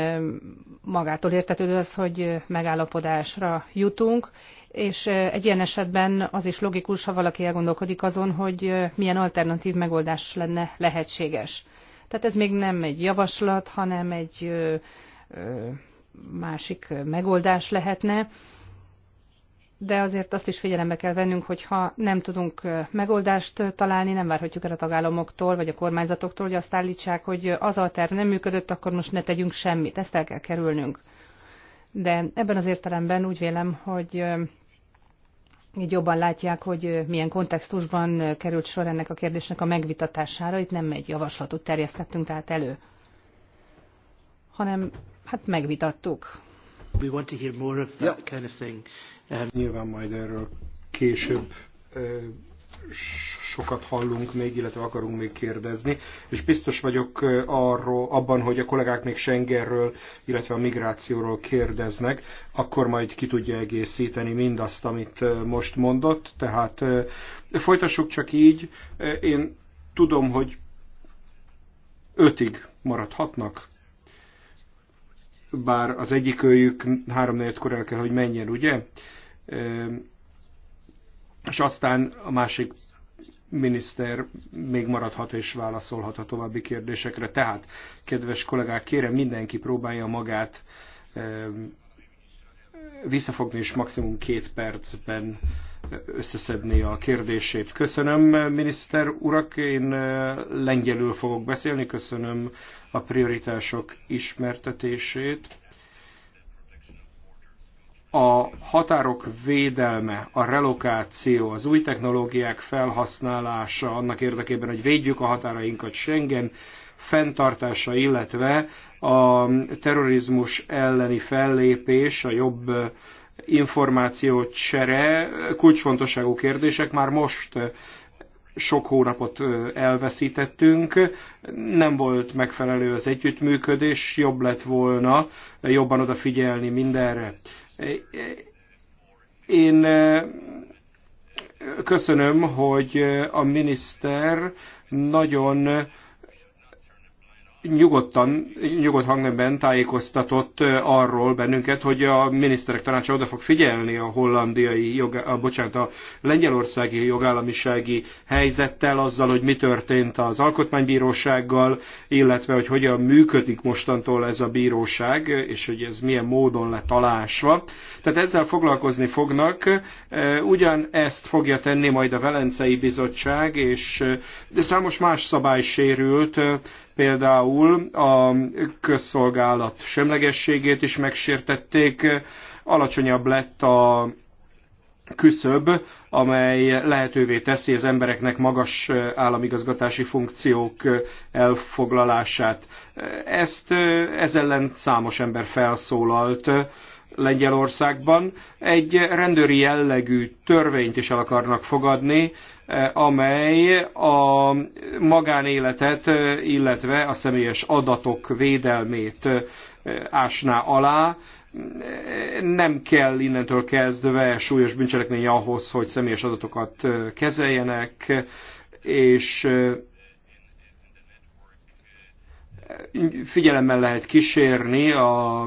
magától értetődő az, hogy megállapodásra jutunk, és egy ilyen esetben az is logikus, ha valaki elgondolkodik azon, hogy milyen alternatív megoldás lenne lehetséges. Tehát ez még nem egy javaslat, hanem egy másik megoldás lehetne, de azért azt is figyelembe kell vennünk, hogy ha nem tudunk megoldást találni, nem várhatjuk el a tagállamoktól vagy a kormányzatoktól, hogy azt állítsák, hogy az a terv nem működött, akkor most ne tegyünk semmit, ezt el kell kerülnünk. De ebben az értelemben úgy vélem, hogy így jobban látják, hogy milyen kontextusban került sor ennek a kérdésnek a megvitatására. Itt nem egy javaslatot terjesztettünk tehát elő, hanem hát megvitattuk We want to hear more of that kind of thing. Um... Nyilván majd erről később sokat hallunk még, illetve akarunk még kérdezni, és biztos vagyok arról, abban, hogy a kollégák még Schengenről, illetve a migrációról kérdeznek, akkor majd ki tudja egészíteni mindazt, amit most mondott, tehát folytassuk csak így, én tudom, hogy ötig maradhatnak, bár az egyik őjük kor el kell, hogy menjen, ugye? És aztán a másik miniszter még maradhat és válaszolhat a további kérdésekre. Tehát, kedves kollégák, kérem mindenki próbálja magát visszafogni, és maximum két percben összeszedni a kérdését. Köszönöm, miniszter urak, én lengyelül fogok beszélni, köszönöm a prioritások ismertetését. A határok védelme, a relokáció, az új technológiák felhasználása annak érdekében, hogy védjük a határainkat Schengen, fenntartása, illetve a terrorizmus elleni fellépés, a jobb információcsere kulcsfontosságú kérdések már most eh, sok hónapot eh, elveszítettünk, nem volt megfelelő az együttműködés, jobb lett volna eh, jobban odafigyelni mindenre. Én köszönöm, hogy a miniszter nagyon nyugodtan, nyugodt hangnemben tájékoztatott arról bennünket, hogy a miniszterek tanácsa oda fog figyelni a hollandiai, jog, a, bocsánat, a lengyelországi jogállamisági helyzettel, azzal, hogy mi történt az alkotmánybírósággal, illetve, hogy hogyan működik mostantól ez a bíróság, és hogy ez milyen módon lett alásva. Tehát ezzel foglalkozni fognak, ugyan ezt fogja tenni majd a Velencei Bizottság, és de számos más szabály sérült, Például a közszolgálat semlegességét is megsértették, alacsonyabb lett a küszöb, amely lehetővé teszi az embereknek magas államigazgatási funkciók elfoglalását. Ezt eh, ez ellen számos ember felszólalt Lengyelországban egy rendőri jellegű törvényt is el akarnak fogadni, eh, amely a magánéletet, eh, illetve a személyes adatok védelmét eh, ásná alá. Nem kell innentől kezdve súlyos bűncselekmény ahhoz, hogy személyes adatokat kezeljenek, és figyelemmel lehet kísérni a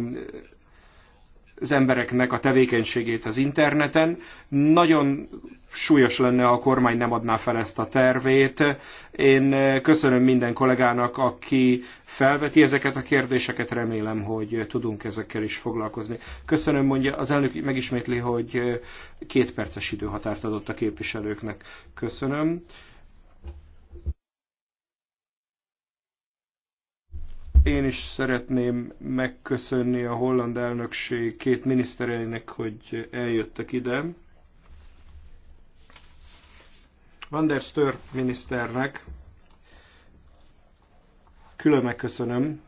az embereknek a tevékenységét az interneten. Nagyon súlyos lenne, ha a kormány nem adná fel ezt a tervét. Én eh, köszönöm minden kollégának, aki felveti ezeket a kérdéseket, remélem, hogy tudunk ezekkel is foglalkozni. Köszönöm, mondja, az elnök megismétli, hogy eh, két perces időhatárt adott a képviselőknek. Köszönöm. Én is szeretném megköszönni a holland elnökség két minisztereinek, hogy eljöttek ide. Van der Stör miniszternek külön megköszönöm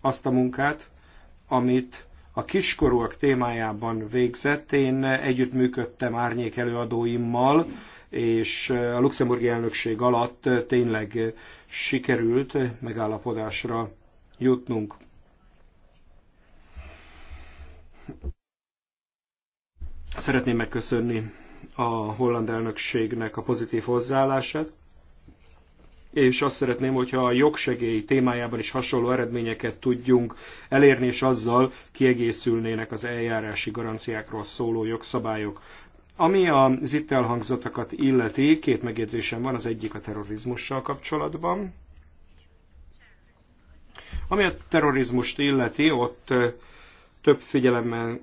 azt a munkát, amit a kiskorúak témájában végzett. Én együttműködtem árnyék előadóimmal, és a luxemburgi elnökség alatt tényleg sikerült megállapodásra jutnunk. Szeretném megköszönni a holland elnökségnek a pozitív hozzáállását, és azt szeretném, hogyha a jogsegély témájában is hasonló eredményeket tudjunk elérni, és azzal kiegészülnének az eljárási garanciákról szóló jogszabályok. Ami az itt elhangzottakat illeti, két megjegyzésem van, az egyik a terrorizmussal kapcsolatban. Ami a terrorizmust illeti, ott több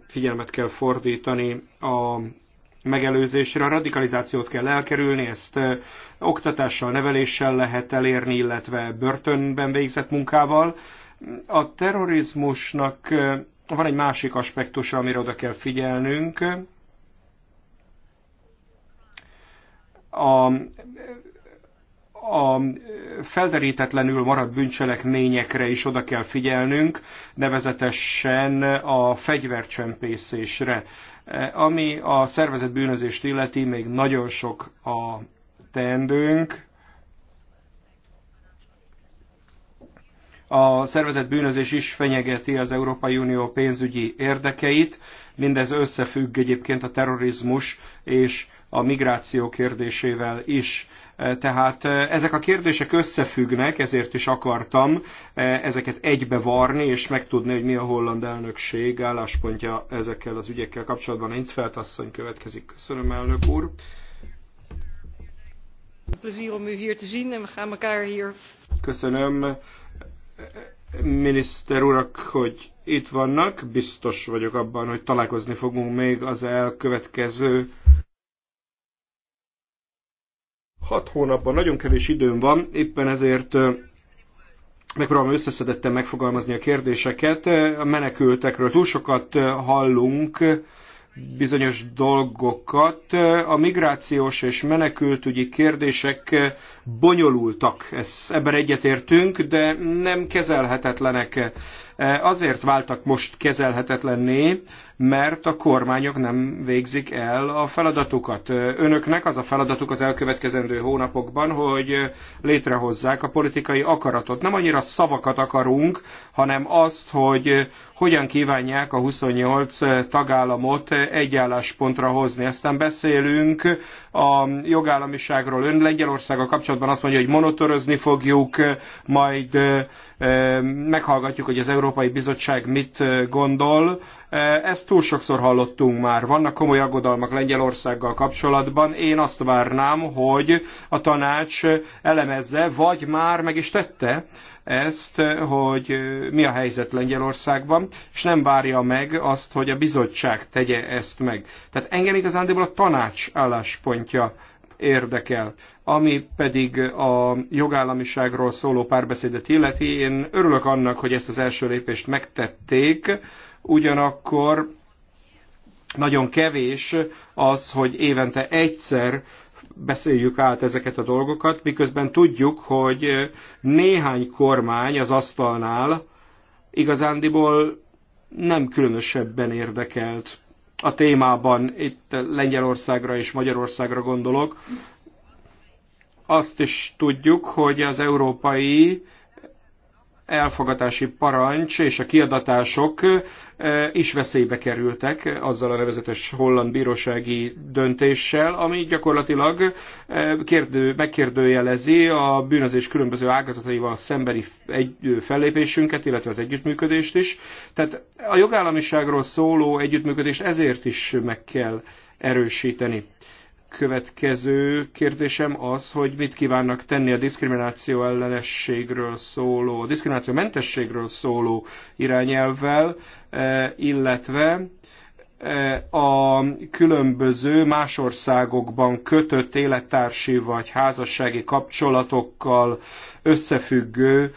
figyelmet kell fordítani a megelőzésre, a radikalizációt kell elkerülni, ezt oktatással, neveléssel lehet elérni, illetve börtönben végzett munkával. A terrorizmusnak van egy másik aspektusa, amire oda kell figyelnünk, a a felderítetlenül maradt bűncselekményekre is oda kell figyelnünk, nevezetesen a fegyvercsempészésre. Ami a szervezet bűnözést illeti, még nagyon sok a teendőnk. A szervezett bűnözés is fenyegeti az Európai Unió pénzügyi érdekeit, mindez összefügg egyébként a terrorizmus és a migráció kérdésével is. E, tehát e, ezek a kérdések összefüggnek, ezért is akartam e, ezeket egybevarni, és megtudni, hogy mi a holland elnökség álláspontja ezekkel az ügyekkel kapcsolatban. Itt feltasszony következik. Köszönöm, elnök úr. Köszönöm miniszter urak, hogy itt vannak. Biztos vagyok abban, hogy találkozni fogunk még az elkövetkező hat hónapban nagyon kevés időm van, éppen ezért megpróbálom összeszedetten megfogalmazni a kérdéseket. A menekültekről túl sokat hallunk, bizonyos dolgokat. A migrációs és menekültügyi kérdések bonyolultak, Ezt, ebben egyetértünk, de nem kezelhetetlenek. Azért váltak most kezelhetetlenné, mert a kormányok nem végzik el a feladatukat. Önöknek az a feladatuk az elkövetkezendő hónapokban, hogy létrehozzák a politikai akaratot. Nem annyira szavakat akarunk, hanem azt, hogy hogyan kívánják a 28 tagállamot egyálláspontra hozni. Aztán beszélünk a jogállamiságról. Ön Lengyelországgal kapcsolatban azt mondja, hogy monitorozni fogjuk, majd meghallgatjuk, hogy az Európai Bizottság mit gondol. Ezt túl sokszor hallottunk már. Vannak komoly aggodalmak Lengyelországgal kapcsolatban. Én azt várnám, hogy a tanács elemezze, vagy már meg is tette, ezt, hogy mi a helyzet Lengyelországban, és nem várja meg azt, hogy a bizottság tegye ezt meg. Tehát engem igazándiból a tanács álláspontja érdekel. Ami pedig a jogállamiságról szóló párbeszédet illeti, én örülök annak, hogy ezt az első lépést megtették, ugyanakkor nagyon kevés az, hogy évente egyszer beszéljük át ezeket a dolgokat, miközben tudjuk, hogy néhány kormány az asztalnál igazándiból nem különösebben érdekelt a témában, itt Lengyelországra és Magyarországra gondolok, azt is tudjuk, hogy az európai elfogatási parancs és a kiadatások is veszélybe kerültek azzal a nevezetes holland bírósági döntéssel, ami gyakorlatilag kérdő, megkérdőjelezi a bűnözés különböző ágazataival szembeni egy, fellépésünket, illetve az együttműködést is. Tehát a jogállamiságról szóló együttműködést ezért is meg kell erősíteni következő kérdésem az, hogy mit kívánnak tenni a diszkrimináció ellenességről szóló, diszkrimináció mentességről szóló irányelvvel, eh, illetve a különböző más országokban kötött élettársi vagy házassági kapcsolatokkal összefüggő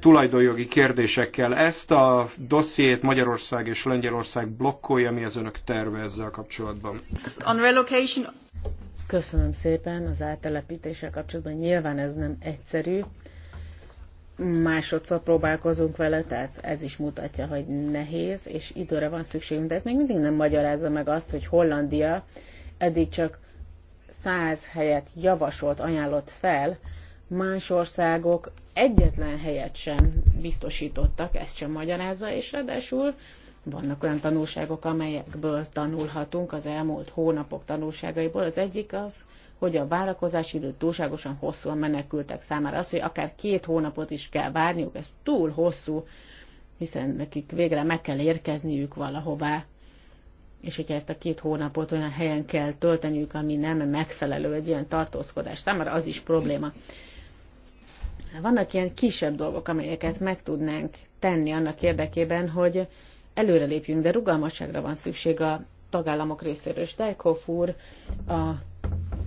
tulajdonjogi kérdésekkel. Ezt a dossziét Magyarország és Lengyelország blokkolja, mi az önök terve ezzel kapcsolatban? Köszönöm szépen az áttelepítéssel kapcsolatban. Nyilván ez nem egyszerű, másodszor próbálkozunk vele, tehát ez is mutatja, hogy nehéz, és időre van szükségünk, de ez még mindig nem magyarázza meg azt, hogy Hollandia eddig csak 100 helyet javasolt, ajánlott fel, más országok egyetlen helyet sem biztosítottak, ezt sem magyarázza, és ráadásul vannak olyan tanulságok, amelyekből tanulhatunk az elmúlt hónapok tanulságaiból. Az egyik az, hogy a várakozási idő túlságosan hosszú a menekültek számára. Az, hogy akár két hónapot is kell várniuk, ez túl hosszú, hiszen nekik végre meg kell érkezniük valahová, és hogyha ezt a két hónapot olyan helyen kell tölteniük, ami nem megfelelő egy ilyen tartózkodás számára, az is probléma. Vannak ilyen kisebb dolgok, amelyeket meg tudnánk tenni annak érdekében, hogy előrelépjünk, de rugalmasságra van szükség a tagállamok részéről. És úr a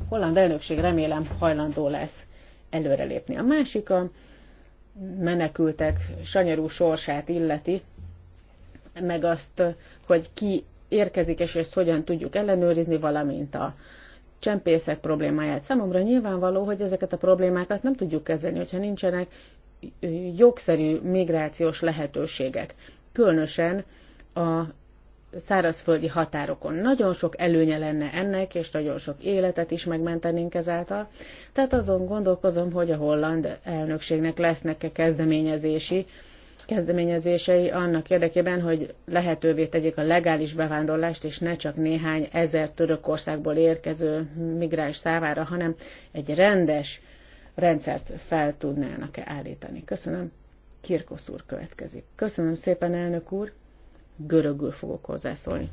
holland elnökség remélem hajlandó lesz előrelépni. A másik a menekültek sanyarú sorsát illeti, meg azt, hogy ki érkezik, és ezt hogyan tudjuk ellenőrizni, valamint a csempészek problémáját. Számomra nyilvánvaló, hogy ezeket a problémákat nem tudjuk kezelni, hogyha nincsenek jogszerű migrációs lehetőségek. Különösen a szárazföldi határokon. Nagyon sok előnye lenne ennek, és nagyon sok életet is megmentenénk ezáltal. Tehát azon gondolkozom, hogy a holland elnökségnek lesznek-e kezdeményezési kezdeményezései annak érdekében, hogy lehetővé tegyék a legális bevándorlást, és ne csak néhány ezer Törökországból érkező migráns számára, hanem egy rendes rendszert fel tudnának-e állítani. Köszönöm. Kirkosz úr következik. Köszönöm szépen, elnök úr görögül fogok hozzászólni.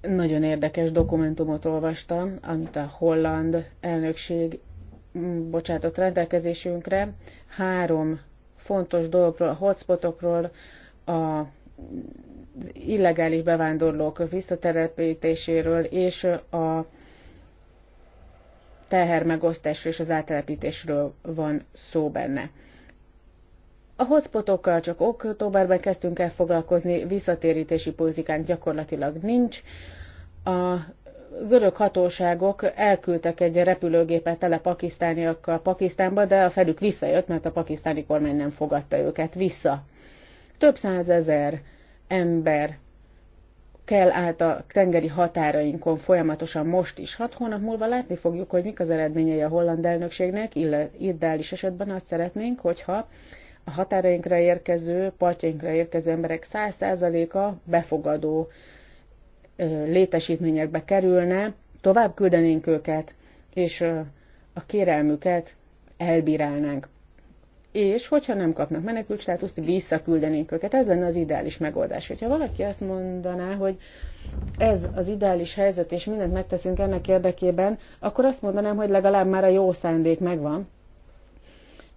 Nagyon érdekes dokumentumot olvastam, amit a holland elnökség bocsátott rendelkezésünkre. Három fontos dologról, a hotspotokról, a illegális bevándorlók visszatelepítéséről és a tehermegosztásról és az áttelepítésről van szó benne. A hotspotokkal csak októberben kezdtünk el foglalkozni, visszatérítési politikánk gyakorlatilag nincs. A görög hatóságok elküldtek egy repülőgépet tele pakisztániakkal Pakisztánba, de a felük visszajött, mert a pakisztáni kormány nem fogadta őket vissza. Több százezer ember kell át a tengeri határainkon folyamatosan most is. Hat hónap múlva látni fogjuk, hogy mik az eredményei a holland elnökségnek, ideális esetben azt szeretnénk, hogyha a határainkra érkező, partjainkra érkező emberek 100%-a befogadó létesítményekbe kerülne, tovább küldenénk őket, és a kérelmüket elbírálnánk. És hogyha nem kapnak menekült státuszt, visszaküldenénk őket. Ez lenne az ideális megoldás. Hogyha valaki azt mondaná, hogy ez az ideális helyzet, és mindent megteszünk ennek érdekében, akkor azt mondanám, hogy legalább már a jó szándék megvan,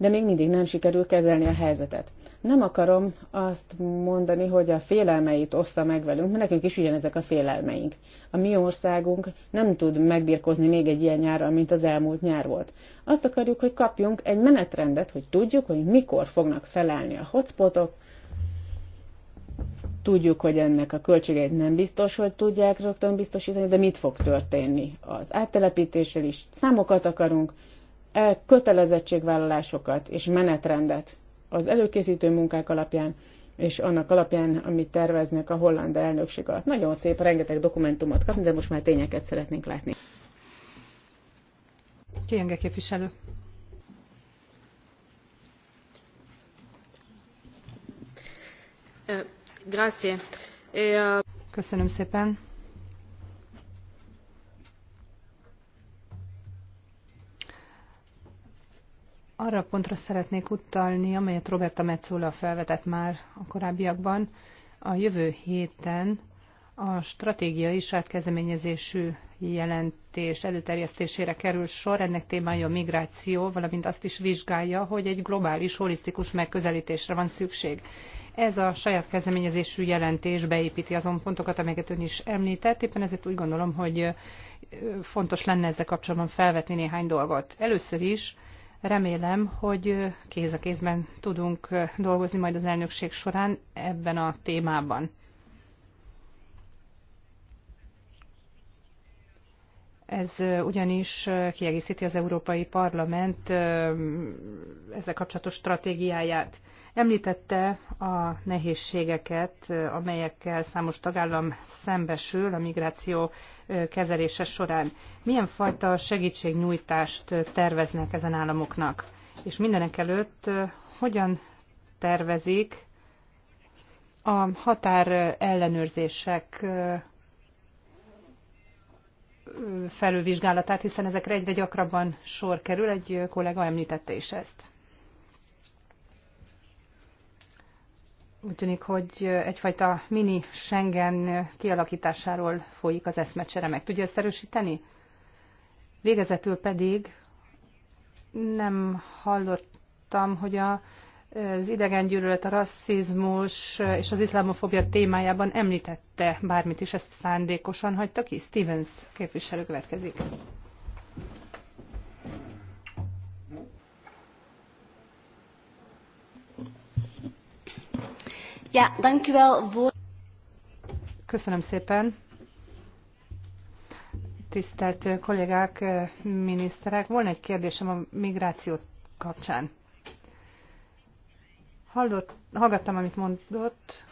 de még mindig nem sikerül kezelni a helyzetet. Nem akarom azt mondani, hogy a félelmeit oszta meg velünk, mert nekünk is ugyanezek a félelmeink. A mi országunk nem tud megbirkozni még egy ilyen nyárral, mint az elmúlt nyár volt. Azt akarjuk, hogy kapjunk egy menetrendet, hogy tudjuk, hogy mikor fognak felállni a hotspotok, tudjuk, hogy ennek a költségeit nem biztos, hogy tudják rögtön biztosítani, de mit fog történni az áttelepítéssel is. Számokat akarunk, e kötelezettségvállalásokat és menetrendet az előkészítő munkák alapján, és annak alapján, amit terveznek a holland elnökség alatt. Nagyon szép, rengeteg dokumentumot kapni, de most már tényeket szeretnénk látni. Kienge képviselő. Grazie. Köszönöm szépen. arra a pontra szeretnék utalni, amelyet Roberta Metzola felvetett már a korábbiakban. A jövő héten a stratégiai sátkezdeményezésű jelentés előterjesztésére kerül sor. Ennek témája a migráció, valamint azt is vizsgálja, hogy egy globális, holisztikus megközelítésre van szükség. Ez a saját kezdeményezésű jelentés beépíti azon pontokat, amelyeket ön is említett. Éppen ezért úgy gondolom, hogy fontos lenne ezzel kapcsolatban felvetni néhány dolgot. Először is Remélem, hogy kéz a kézben tudunk dolgozni majd az elnökség során ebben a témában. Ez ugyanis kiegészíti az Európai Parlament ezzel kapcsolatos stratégiáját. Említette a nehézségeket, amelyekkel számos tagállam szembesül a migráció kezelése során. Milyen fajta segítségnyújtást terveznek ezen államoknak? És mindenek előtt hogyan tervezik a határ ellenőrzések felülvizsgálatát, hiszen ezekre egyre gyakrabban sor kerül, egy kollega említette is ezt. úgy tűnik, hogy egyfajta mini Schengen kialakításáról folyik az eszmecsere. Meg tudja ezt erősíteni? Végezetül pedig nem hallottam, hogy a, az idegengyűlölet, a rasszizmus és az iszlámofobia témájában említette bármit is, ezt szándékosan hagyta ki. Stevens képviselő következik. Ja, dank u wel voor... Köszönöm szépen. Tisztelt eh, kollégák, eh, miniszterek, volna egy kérdésem a migráció kapcsán. Hallott, hallgattam, amit mondott.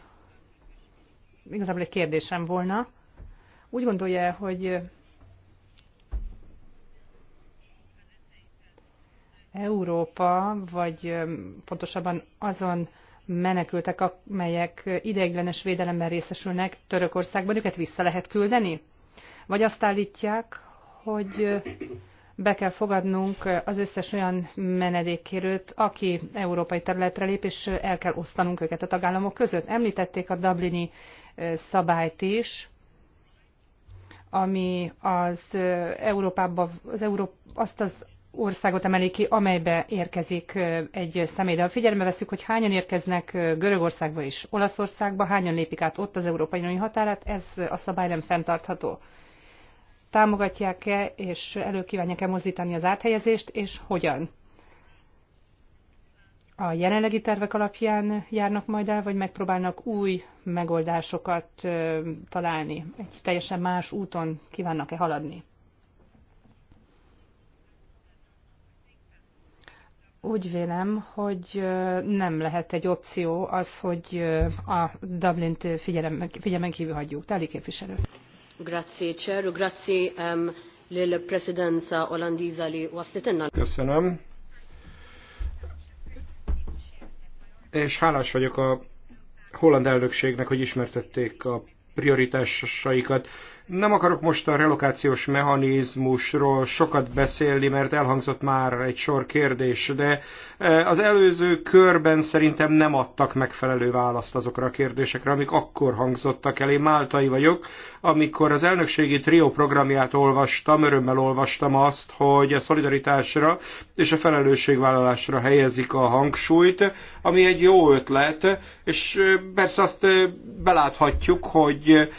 Igazából egy kérdésem volna. Úgy gondolja, hogy eh, Európa, vagy pontosabban azon menekültek, amelyek ideiglenes védelemben részesülnek Törökországban, őket vissza lehet küldeni? Vagy azt állítják, hogy be kell fogadnunk az összes olyan menedékkérőt, aki európai területre lép, és el kell osztanunk őket a tagállamok között. Említették a Dublini szabályt is, ami az Európába, az Európ, azt az országot emelik ki, amelybe érkezik egy személy. De ha figyelembe veszük, hogy hányan érkeznek Görögországba és Olaszországba, hányan lépik át ott az Európai Unió határát, ez a szabály nem fenntartható. Támogatják-e és elő e mozdítani az áthelyezést, és hogyan? A jelenlegi tervek alapján járnak majd el, vagy megpróbálnak új megoldásokat találni? Egy teljesen más úton kívánnak-e haladni? úgy vélem, hogy nem lehet egy opció az, hogy a Dublin-t figyelmen kívül hagyjuk. Táli képviselő. Grazie, Chair. Grazie um, lil presidenza olandiza Köszönöm. És hálás vagyok a holland elnökségnek, hogy ismertették a prioritásaikat. Nem akarok most a relokációs mechanizmusról sokat beszélni, mert elhangzott már egy sor kérdés, de e, az előző körben szerintem nem adtak megfelelő választ azokra a kérdésekre, amik akkor hangzottak el. Én máltai vagyok, amikor az elnökségi trió programját olvastam, örömmel olvastam azt, hogy a szolidaritásra és a felelősségvállalásra helyezik a hangsúlyt, ami egy jó ötlet, és e, persze azt e, beláthatjuk, hogy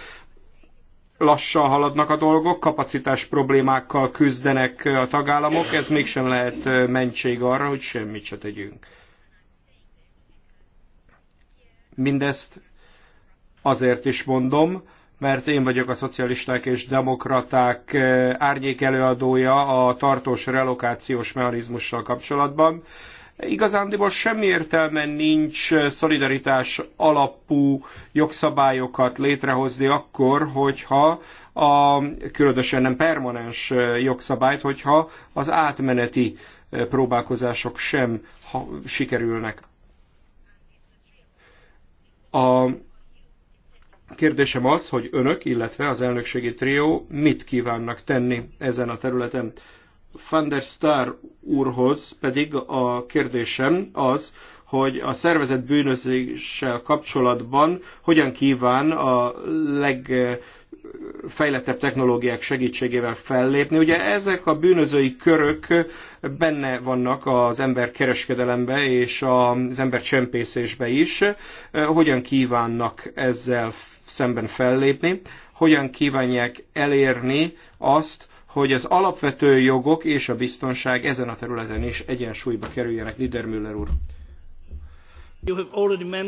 lassan haladnak a dolgok, kapacitás problémákkal küzdenek a tagállamok, ez mégsem lehet mentség arra, hogy semmit se tegyünk. Mindezt azért is mondom, mert én vagyok a szocialisták és demokraták árnyék előadója a tartós relokációs mechanizmussal kapcsolatban igazándiból semmi értelme nincs szolidaritás alapú jogszabályokat létrehozni akkor, hogyha a különösen nem permanens jogszabályt, hogyha az átmeneti próbálkozások sem sikerülnek. A kérdésem az, hogy önök, illetve az elnökségi trió mit kívánnak tenni ezen a területen. Van der Star úrhoz pedig a kérdésem az, hogy a szervezet bűnözéssel kapcsolatban hogyan kíván a legfejlettebb technológiák segítségével fellépni. Ugye ezek a bűnözői körök benne vannak az ember kereskedelembe és az ember csempészésbe is. Hogyan kívánnak ezzel szemben fellépni? Hogyan kívánják elérni azt, hogy az alapvető jogok és a biztonság ezen a területen is egyensúlyba kerüljenek. Niedermüller úr.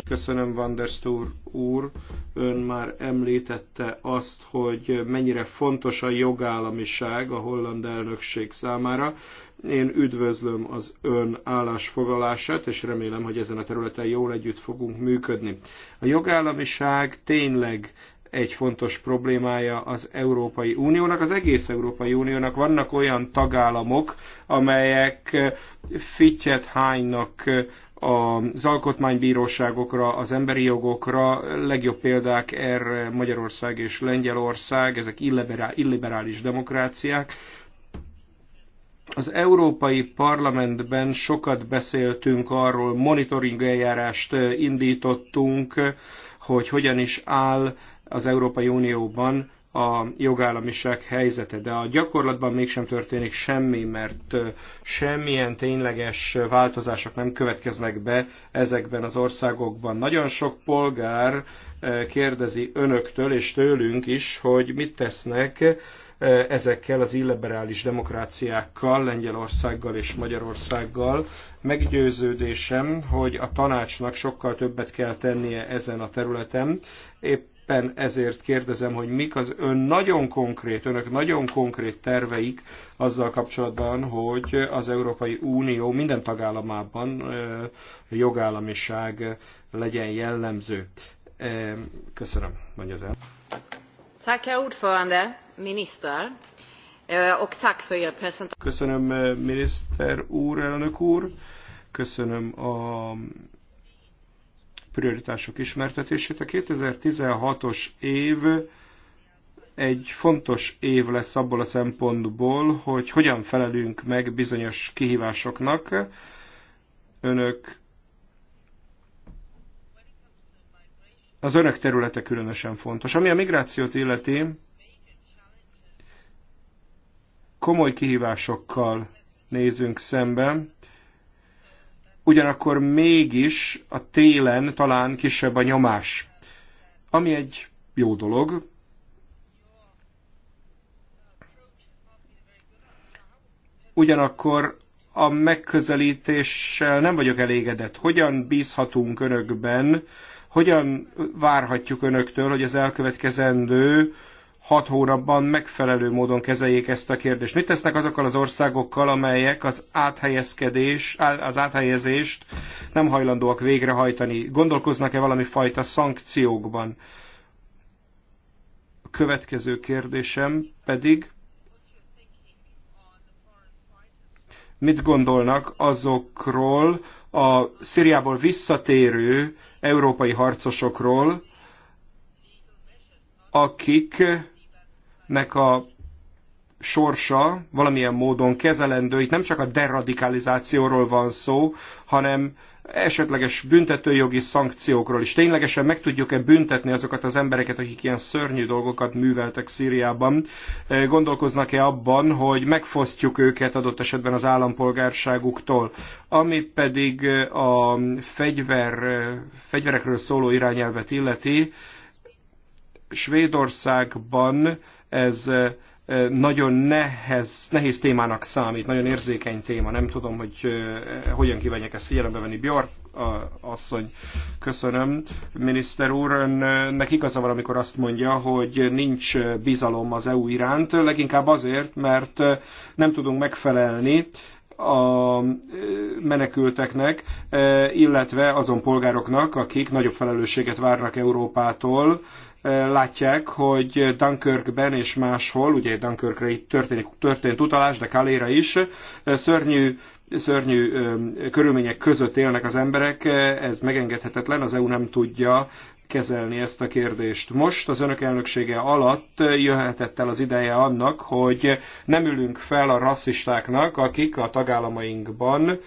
Köszönöm, Van der Stur úr. Ön már említette azt, hogy mennyire fontos a jogállamiság a holland elnökség számára. Én üdvözlöm az ön állásfoglalását, és remélem, hogy ezen a területen jól együtt fogunk működni. A jogállamiság tényleg egy fontos problémája az Európai Uniónak, az egész Európai Uniónak. Vannak olyan tagállamok, amelyek fittyet hánynak az alkotmánybíróságokra, az emberi jogokra, legjobb példák erre Magyarország és Lengyelország, ezek illiberális demokráciák. Az Európai Parlamentben sokat beszéltünk arról, monitoring eljárást indítottunk, hogy hogyan is áll az Európai Unióban a jogállamiság helyzete, de a gyakorlatban mégsem történik semmi, mert semmilyen tényleges változások nem következnek be ezekben az országokban. Nagyon sok polgár kérdezi önöktől és tőlünk is, hogy mit tesznek ezekkel az illiberális demokráciákkal, Lengyelországgal és Magyarországgal. Meggyőződésem, hogy a tanácsnak sokkal többet kell tennie ezen a területen, épp éppen ezért kérdezem, hogy mik az ön nagyon konkrét, önök nagyon konkrét terveik azzal kapcsolatban, hogy az Európai Unió minden tagállamában jogállamiság legyen jellemző. Köszönöm, mondja az el. Tack, herr ordförande, minister. Er köszönöm miniszter úr, elnök úr, köszönöm a prioritások ismertetését. A 2016-os év egy fontos év lesz abból a szempontból, hogy hogyan felelünk meg bizonyos kihívásoknak. Önök az önök területe különösen fontos. Ami a migrációt illeti, komoly kihívásokkal nézünk szemben ugyanakkor mégis a télen talán kisebb a nyomás, ami egy jó dolog. Ugyanakkor a megközelítéssel nem vagyok elégedett. Hogyan bízhatunk önökben, hogyan várhatjuk önöktől, hogy az elkövetkezendő hat hónapban megfelelő módon kezeljék ezt a kérdést. Mit tesznek azokkal az országokkal, amelyek az áthelyezkedés, az áthelyezést nem hajlandóak végrehajtani? Gondolkoznak-e valami fajta szankciókban? A következő kérdésem pedig, mit gondolnak azokról a Szíriából visszatérő európai harcosokról, akik nek a sorsa valamilyen módon kezelendő. Itt nem csak a deradikalizációról van szó, hanem esetleges büntetőjogi szankciókról is. Ténylegesen meg tudjuk-e büntetni azokat az embereket, akik ilyen szörnyű dolgokat műveltek Szíriában? E, gondolkoznak-e abban, hogy megfosztjuk őket adott esetben az állampolgárságuktól? Ami pedig e, a fegyver, e, fegyverekről szóló irányelvet illeti, Svédországban ez nagyon nehez, nehéz témának számít, nagyon érzékeny téma. Nem tudom, hogy hogyan kívánják ezt figyelembe venni. Björk asszony, köszönöm. Miniszter úr, önnek igaza van, amikor azt mondja, hogy nincs bizalom az EU iránt, leginkább azért, mert nem tudunk megfelelni a menekülteknek, illetve azon polgároknak, akik nagyobb felelősséget várnak Európától, látják, hogy Dunkirkben és máshol, ugye Dunkirkre itt történik, történt utalás, de Kaléra is, szörnyű szörnyű körülmények között élnek az emberek, ez megengedhetetlen, az EU nem tudja kezelni ezt a kérdést. Most az önök elnöksége alatt jöhetett el az ideje annak, hogy nem ülünk fel a rasszistáknak, akik a tagállamainkban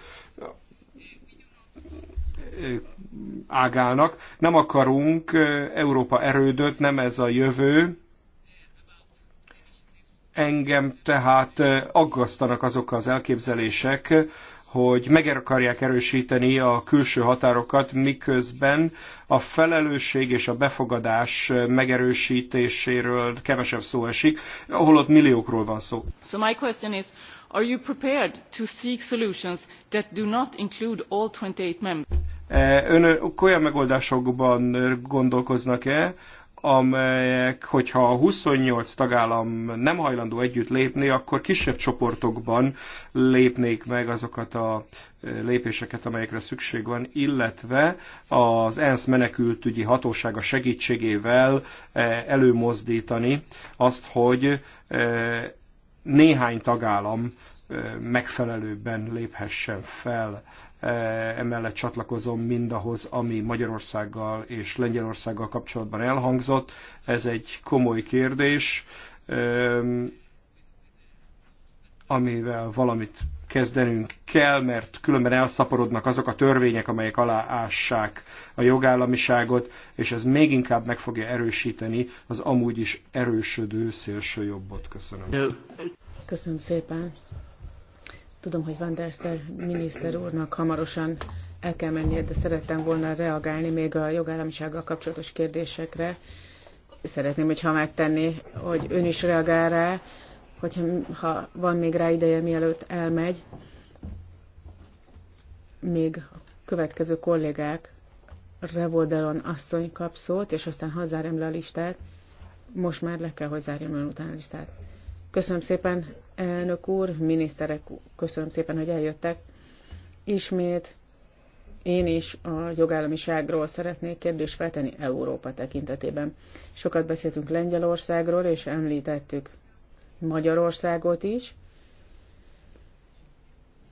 ágálnak. Nem akarunk Európa erődöt, nem ez a jövő. Engem tehát aggasztanak azok az elképzelések, hogy meg akarják erősíteni a külső határokat, miközben a felelősség és a befogadás megerősítéséről kevesebb szó esik, holott milliókról van szó. So my question is, are you prepared to seek solutions that do not include all 28 members? E, Önök olyan megoldásokban gondolkoznak-e, amelyek, hogyha a 28 tagállam nem hajlandó együtt lépni, akkor kisebb csoportokban lépnék meg azokat a e, lépéseket, amelyekre szükség van, illetve az ENSZ menekültügyi hatósága segítségével e, előmozdítani azt, hogy néhány tagállam megfelelőbben léphessen fel E, emellett csatlakozom mindahhoz, ami Magyarországgal és Lengyelországgal kapcsolatban elhangzott. Ez egy komoly kérdés, e, amivel valamit kezdenünk kell, mert különben elszaporodnak azok a törvények, amelyek aláássák a jogállamiságot, és ez még inkább meg fogja erősíteni az amúgy is erősödő szélső jobbot. Köszönöm. Köszönöm szépen. Tudom, hogy Van der miniszter úrnak hamarosan el kell mennie, de szerettem volna reagálni még a jogállamisággal kapcsolatos kérdésekre. Szeretném, hogyha megtenni, hogy ön is reagál rá, hogyha ha van még rá ideje, mielőtt elmegy. Még a következő kollégák, Revoldelon asszony kap szót, és aztán hazárem le a listát. Most már le kell, hogy zárjam el utána a listát. Köszönöm szépen, elnök úr, miniszterek, köszönöm szépen, hogy eljöttek. Ismét én is a jogállamiságról szeretnék kérdést feltenni Európa tekintetében. Sokat beszéltünk Lengyelországról, és említettük Magyarországot is,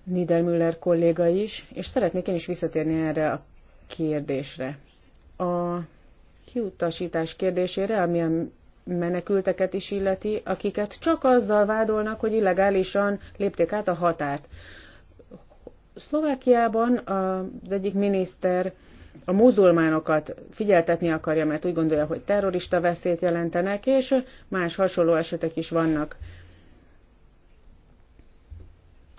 Niedermüller kolléga is, és szeretnék én is visszatérni erre a kérdésre. A kiutasítás kérdésére, ami a menekülteket is illeti, akiket csak azzal vádolnak, hogy illegálisan lépték át a határt. Szlovákiában az egyik miniszter a muzulmánokat figyeltetni akarja, mert úgy gondolja, hogy terrorista veszélyt jelentenek, és más hasonló esetek is vannak.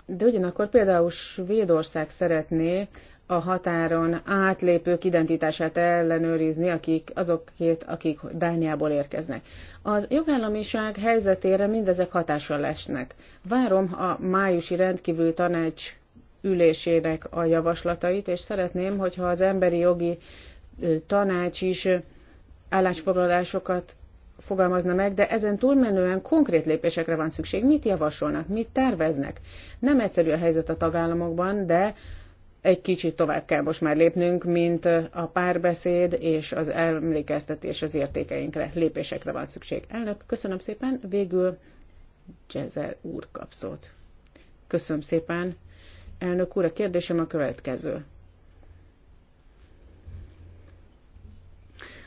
De ugyanakkor például Svédország szeretné a határon átlépők identitását ellenőrizni, akik, azokét, akik Dániából érkeznek. Az jogállamiság helyzetére mindezek hatással lesnek. Várom a májusi rendkívüli tanács ülésének a javaslatait, és szeretném, hogyha az emberi jogi tanács is állásfoglalásokat fogalmazna meg, de ezen túlmenően konkrét lépésekre van szükség. Mit javasolnak, mit terveznek? Nem egyszerű a helyzet a tagállamokban, de egy kicsit tovább kell most már lépnünk, mint a párbeszéd és az emlékeztetés az értékeinkre. Lépésekre van szükség. Elnök, köszönöm szépen. Végül Jezer úr kap Köszönöm szépen. Elnök úr, a kérdésem a következő.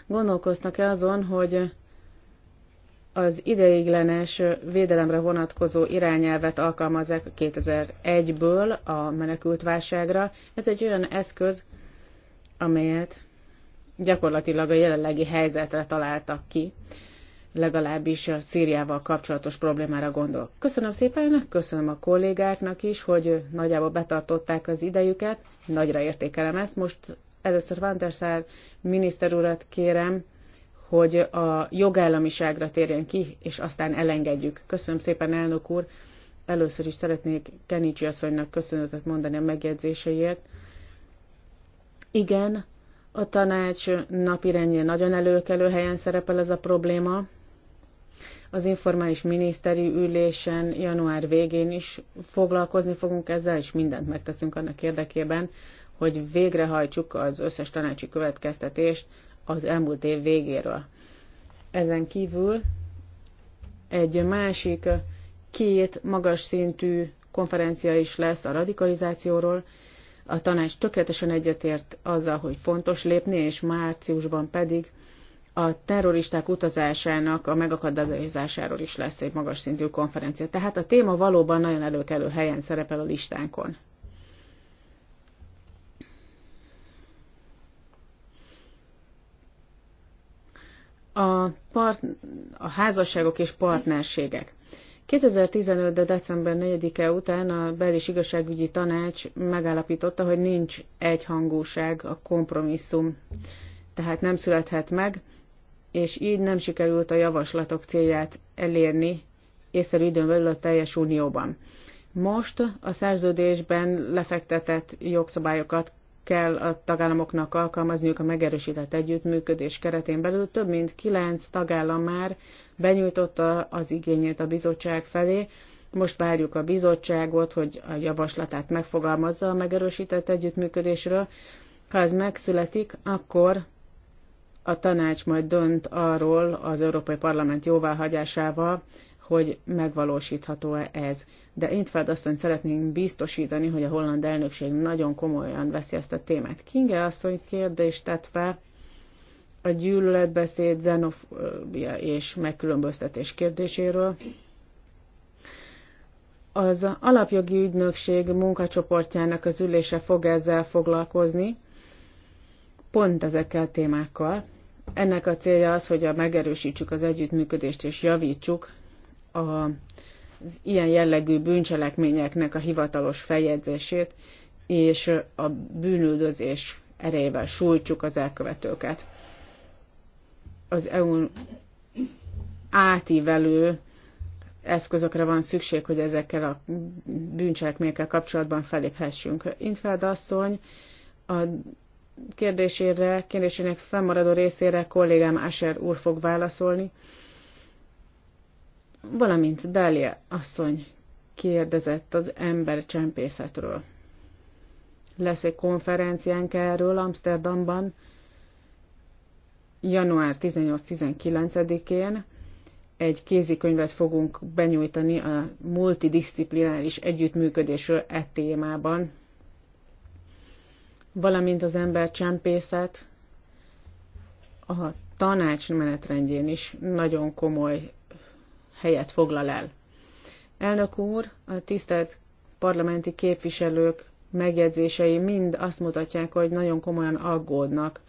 Gondolkoztak-e azon, hogy az ideiglenes védelemre vonatkozó irányelvet alkalmazzák 2001-ből a menekült válságra. Ez egy olyan eszköz, amelyet gyakorlatilag a jelenlegi helyzetre találtak ki, legalábbis a Szíriával kapcsolatos problémára gondol. Köszönöm szépen, köszönöm a kollégáknak is, hogy nagyjából betartották az idejüket, nagyra értékelem ezt. Most először Van der miniszter urat kérem, hogy a jogállamiságra térjen ki, és aztán elengedjük. Köszönöm szépen, elnök úr! Először is szeretnék Kenicsi asszonynak köszönetet mondani a megjegyzéseiért. Igen, a tanács napirendjén nagyon előkelő helyen szerepel ez a probléma. Az informális miniszteri ülésen január végén is foglalkozni fogunk ezzel, és mindent megteszünk annak érdekében, hogy végrehajtsuk az összes tanácsi következtetést az elmúlt év végéről. Ezen kívül egy másik két magas szintű konferencia is lesz a radikalizációról. A tanács tökéletesen egyetért azzal, hogy fontos lépni, és márciusban pedig a terroristák utazásának a megakadályozásáról is lesz egy magas szintű konferencia. Tehát a téma valóban nagyon előkelő helyen szerepel a listánkon. A, part, a házasságok és partnerségek. 2015. De december 4-e után a Bel- és Igazságügyi Tanács megállapította, hogy nincs egyhangúság a kompromisszum, tehát nem születhet meg, és így nem sikerült a javaslatok célját elérni észszerű időn belül a teljes unióban. Most a szerződésben lefektetett jogszabályokat kell a tagállamoknak alkalmazniuk a megerősített együttműködés keretén belül. Több mint kilenc tagállam már benyújtotta az igényét a bizottság felé. Most várjuk a bizottságot, hogy a javaslatát megfogalmazza a megerősített együttműködésről. Ha ez megszületik, akkor a tanács majd dönt arról az Európai Parlament jóváhagyásával, hogy megvalósítható-e ez. De Intfeld asszonyt szeretnénk biztosítani, hogy a holland elnökség nagyon komolyan veszi ezt a témát. Kinge asszony kérdést tett fel a gyűlöletbeszéd, xenofóbia és megkülönböztetés kérdéséről. Az alapjogi ügynökség munkacsoportjának az ülése fog ezzel foglalkozni, pont ezekkel a témákkal. Ennek a célja az, hogy a megerősítsük az együttműködést és javítsuk az ilyen jellegű bűncselekményeknek a hivatalos feljegyzését, és a bűnüldözés erejével sújtjuk az elkövetőket. Az eu átívelő eszközökre van szükség, hogy ezekkel a bűncselekményekkel kapcsolatban feléphessünk. Intfeld asszony a kérdésére, kérdésének fennmaradó részére kollégám Asher úr fog válaszolni, valamint Dália asszony kérdezett az csempészetről. Lesz egy konferenciánk erről Amsterdamban január 18-19-én. Egy kézikönyvet fogunk benyújtani a multidisziplináris együttműködésről e témában, valamint az csempészet a tanács menetrendjén is nagyon komoly helyet foglal el. Elnök úr, a tisztelt parlamenti képviselők megjegyzései mind azt mutatják, hogy nagyon komolyan aggódnak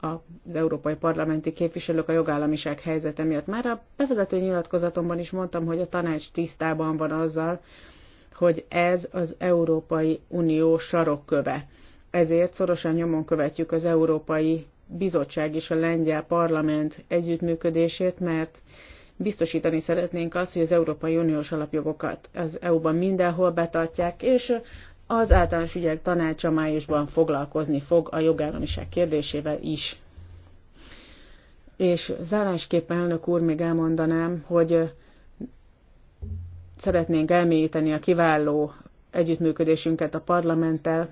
az európai parlamenti képviselők a jogállamiság helyzete miatt. Már a bevezető nyilatkozatomban is mondtam, hogy a tanács tisztában van azzal, hogy ez az Európai Unió sarokköve. Ezért szorosan nyomon követjük az Európai Bizottság és a Lengyel Parlament együttműködését, mert Biztosítani szeretnénk azt, hogy az Európai Uniós alapjogokat az EU-ban mindenhol betartják, és az általános ügyek tanácsa májusban foglalkozni fog a jogállamiság kérdésével is. És zárásképpen elnök úr még elmondanám, hogy szeretnénk elmélyíteni a kiváló együttműködésünket a parlamenttel,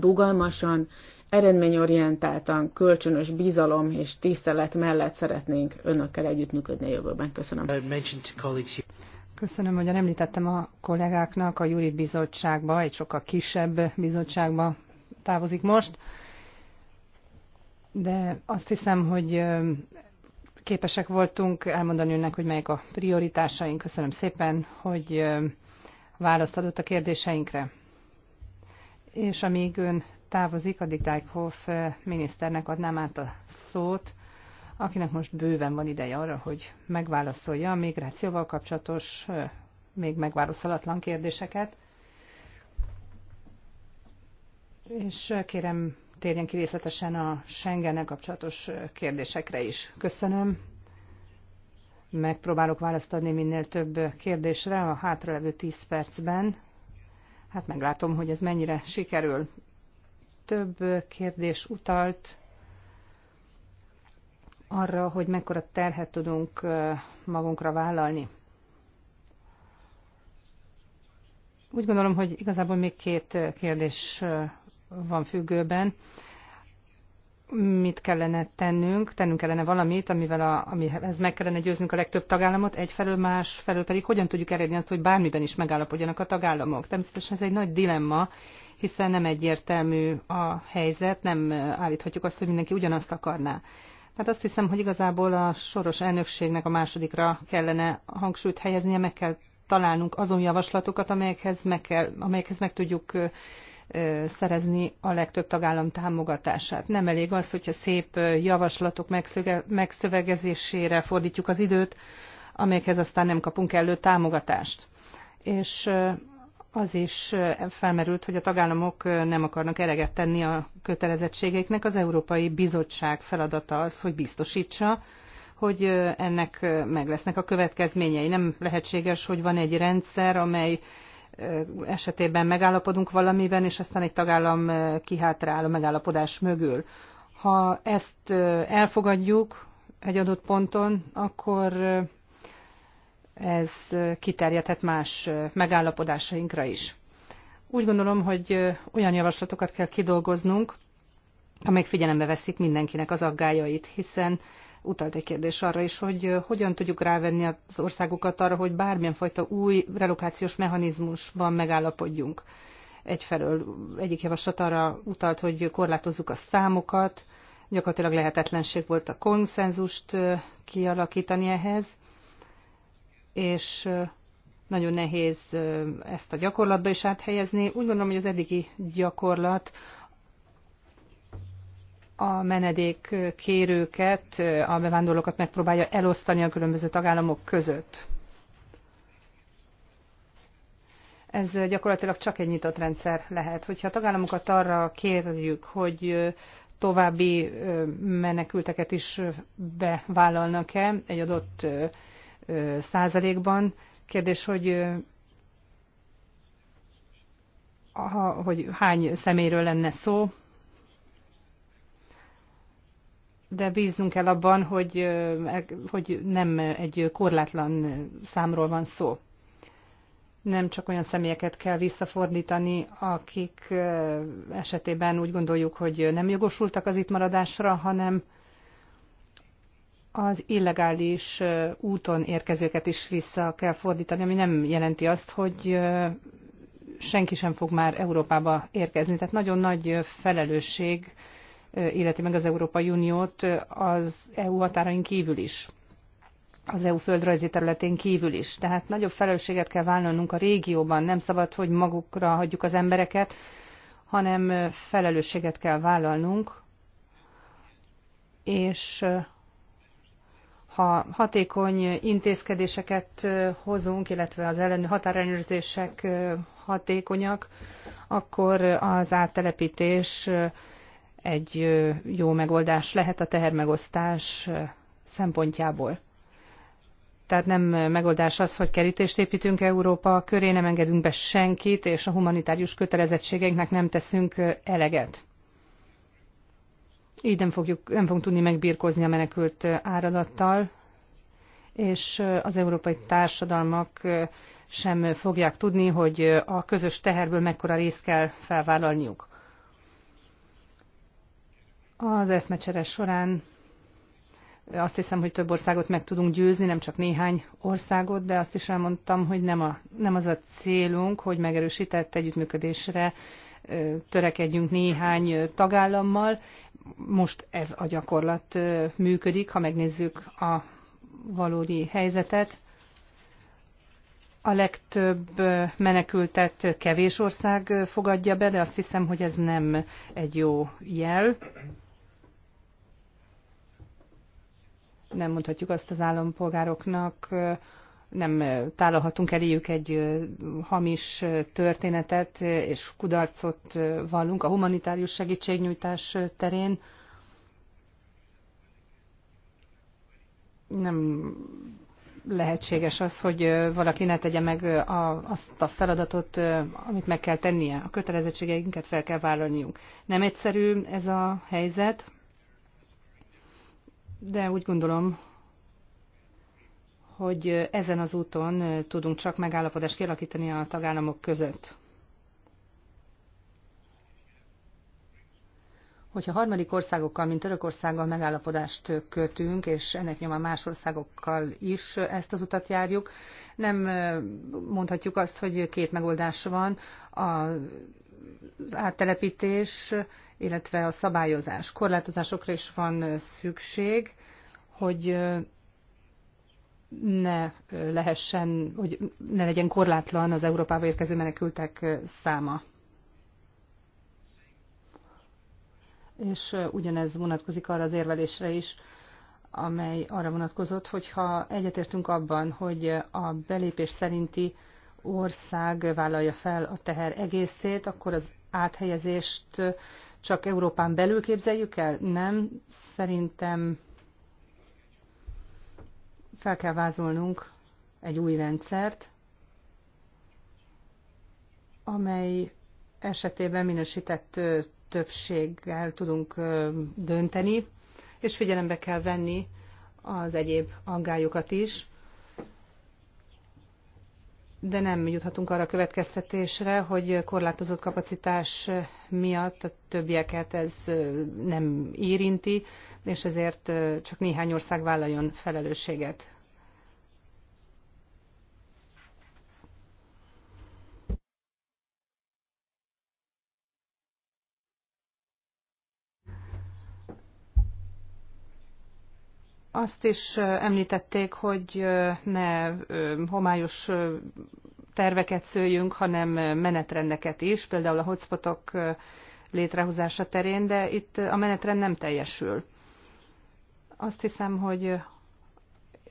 rugalmasan eredményorientáltan, kölcsönös bizalom és tisztelet mellett szeretnénk önökkel együttműködni a jövőben. Köszönöm. Köszönöm, hogy említettem a kollégáknak, a Júri Bizottságba, egy sokkal kisebb bizottságba távozik most, de azt hiszem, hogy képesek voltunk elmondani önnek, hogy melyek a prioritásaink. Köszönöm szépen, hogy választ adott a kérdéseinkre. És amíg ön távozik, addig Dijkhoff miniszternek adnám át a szót, akinek most bőven van ideje arra, hogy megválaszolja a migrációval kapcsolatos, még megválaszolatlan kérdéseket. És kérem, térjen ki részletesen a schengen kapcsolatos kérdésekre is. Köszönöm. Megpróbálok választ adni minél több kérdésre a hátralevő 10 percben. Hát meglátom, hogy ez mennyire sikerül több kérdés utalt arra, hogy mekkora terhet tudunk magunkra vállalni. Úgy gondolom, hogy igazából még két kérdés van függőben. Mit kellene tennünk? Tennünk kellene valamit, amivel a, amihez meg kellene győznünk a legtöbb tagállamot, egyfelől másfelől pedig hogyan tudjuk elérni azt, hogy bármiben is megállapodjanak a tagállamok. Természetesen ez egy nagy dilemma, hiszen nem egyértelmű a helyzet, nem állíthatjuk azt, hogy mindenki ugyanazt akarná. Tehát azt hiszem, hogy igazából a soros elnökségnek a másodikra kellene hangsúlyt helyeznie, meg kell találnunk azon javaslatokat, amelyekhez meg, kell, amelyekhez meg tudjuk szerezni a legtöbb tagállam támogatását. Nem elég az, hogyha szép javaslatok megszövegezésére fordítjuk az időt, amelyekhez aztán nem kapunk elő támogatást. És az is eh, felmerült, hogy a tagállamok eh, nem akarnak eleget tenni a kötelezettségeiknek. Az Európai Bizottság feladata az, hogy biztosítsa, hogy eh, ennek meg lesznek a következményei. Nem lehetséges, hogy van egy rendszer, amely esetében megállapodunk valamiben, és aztán egy tagállam kihátrál a megállapodás mögül. Ha ezt elfogadjuk egy adott ponton, akkor ez kiterjedhet más megállapodásainkra is. Úgy gondolom, hogy olyan javaslatokat kell kidolgoznunk, amelyek figyelembe veszik mindenkinek az aggájait, hiszen utalt egy kérdés arra is, hogy hogyan tudjuk rávenni az országokat arra, hogy bármilyen fajta új relokációs mechanizmusban megállapodjunk. Egyfelől egyik javaslat arra utalt, hogy korlátozzuk a számokat, gyakorlatilag lehetetlenség volt a konszenzust kialakítani ehhez, és nagyon nehéz ezt a gyakorlatba is áthelyezni. Úgy gondolom, hogy az eddigi gyakorlat a menedék kérőket, a bevándorlókat megpróbálja elosztani a különböző tagállamok között. Ez gyakorlatilag csak egy nyitott rendszer lehet. Hogyha a tagállamokat arra kérjük, hogy további menekülteket is bevállalnak-e egy adott százalékban. Kérdés, hogy ha, hogy hány szeméről lenne szó, de bíznunk kell abban, hogy, e- hogy nem egy korlátlan számról van szó. Nem csak olyan személyeket kell visszafordítani, akik esetében úgy gondoljuk, hogy nem jogosultak az itt maradásra, hanem az illegális úton érkezőket is vissza kell fordítani, ami nem jelenti azt, hogy senki sem fog már Európába érkezni. Tehát nagyon nagy felelősség illeti meg az Európai Uniót az EU határain kívül is az EU földrajzi területén kívül is. Tehát nagyobb felelősséget kell vállalnunk a régióban, nem szabad, hogy magukra hagyjuk az embereket, hanem felelősséget kell vállalnunk, és ha hatékony intézkedéseket hozunk, illetve az ellen, határellenőrzések hatékonyak, akkor az áttelepítés egy jó megoldás lehet a tehermegosztás szempontjából. Tehát nem megoldás az, hogy kerítést építünk Európa köré, nem engedünk be senkit, és a humanitárius kötelezettségeinknek nem teszünk eleget. Így nem, fogjuk, nem fogunk tudni megbírkozni a menekült áradattal, és az európai társadalmak sem fogják tudni, hogy a közös teherből mekkora részt kell felvállalniuk. Az eszmecsere során azt hiszem, hogy több országot meg tudunk győzni, nem csak néhány országot, de azt is elmondtam, hogy nem, a, nem az a célunk, hogy megerősített együttműködésre törekedjünk néhány tagállammal. Most ez a gyakorlat működik, ha megnézzük a valódi helyzetet. A legtöbb menekültet kevés ország fogadja be, de azt hiszem, hogy ez nem egy jó jel. Nem mondhatjuk azt az állampolgároknak, nem tálalhatunk eléjük egy hamis történetet és kudarcot vallunk a humanitárius segítségnyújtás terén. Nem lehetséges az, hogy valaki ne tegye meg a, azt a feladatot, amit meg kell tennie. A kötelezettségeinket fel kell vállalniunk. Nem egyszerű ez a helyzet, de úgy gondolom, hogy ezen az úton tudunk csak megállapodást kialakítani a tagállamok között. hogyha harmadik országokkal, mint Törökországgal megállapodást kötünk, és ennek nyomán más országokkal is ezt az utat járjuk, nem mondhatjuk azt, hogy két megoldás van, az áttelepítés, illetve a szabályozás. Korlátozásokra is van szükség, hogy ne lehessen, hogy ne legyen korlátlan az Európába érkező menekültek száma. És ugyanez vonatkozik arra az érvelésre is, amely arra vonatkozott, hogyha egyetértünk abban, hogy a belépés szerinti ország vállalja fel a teher egészét, akkor az áthelyezést csak Európán belül képzeljük el? Nem, szerintem fel kell vázolnunk egy új rendszert, amely esetében minősített többséggel tudunk dönteni, és figyelembe kell venni az egyéb aggályokat is, de nem juthatunk arra a következtetésre, hogy korlátozott kapacitás miatt a többieket ez nem érinti, és ezért csak néhány ország vállaljon felelősséget. Azt is említették, hogy ne homályos terveket szőjünk, hanem menetrendeket is, például a hotspotok létrehozása terén, de itt a menetrend nem teljesül. Azt hiszem, hogy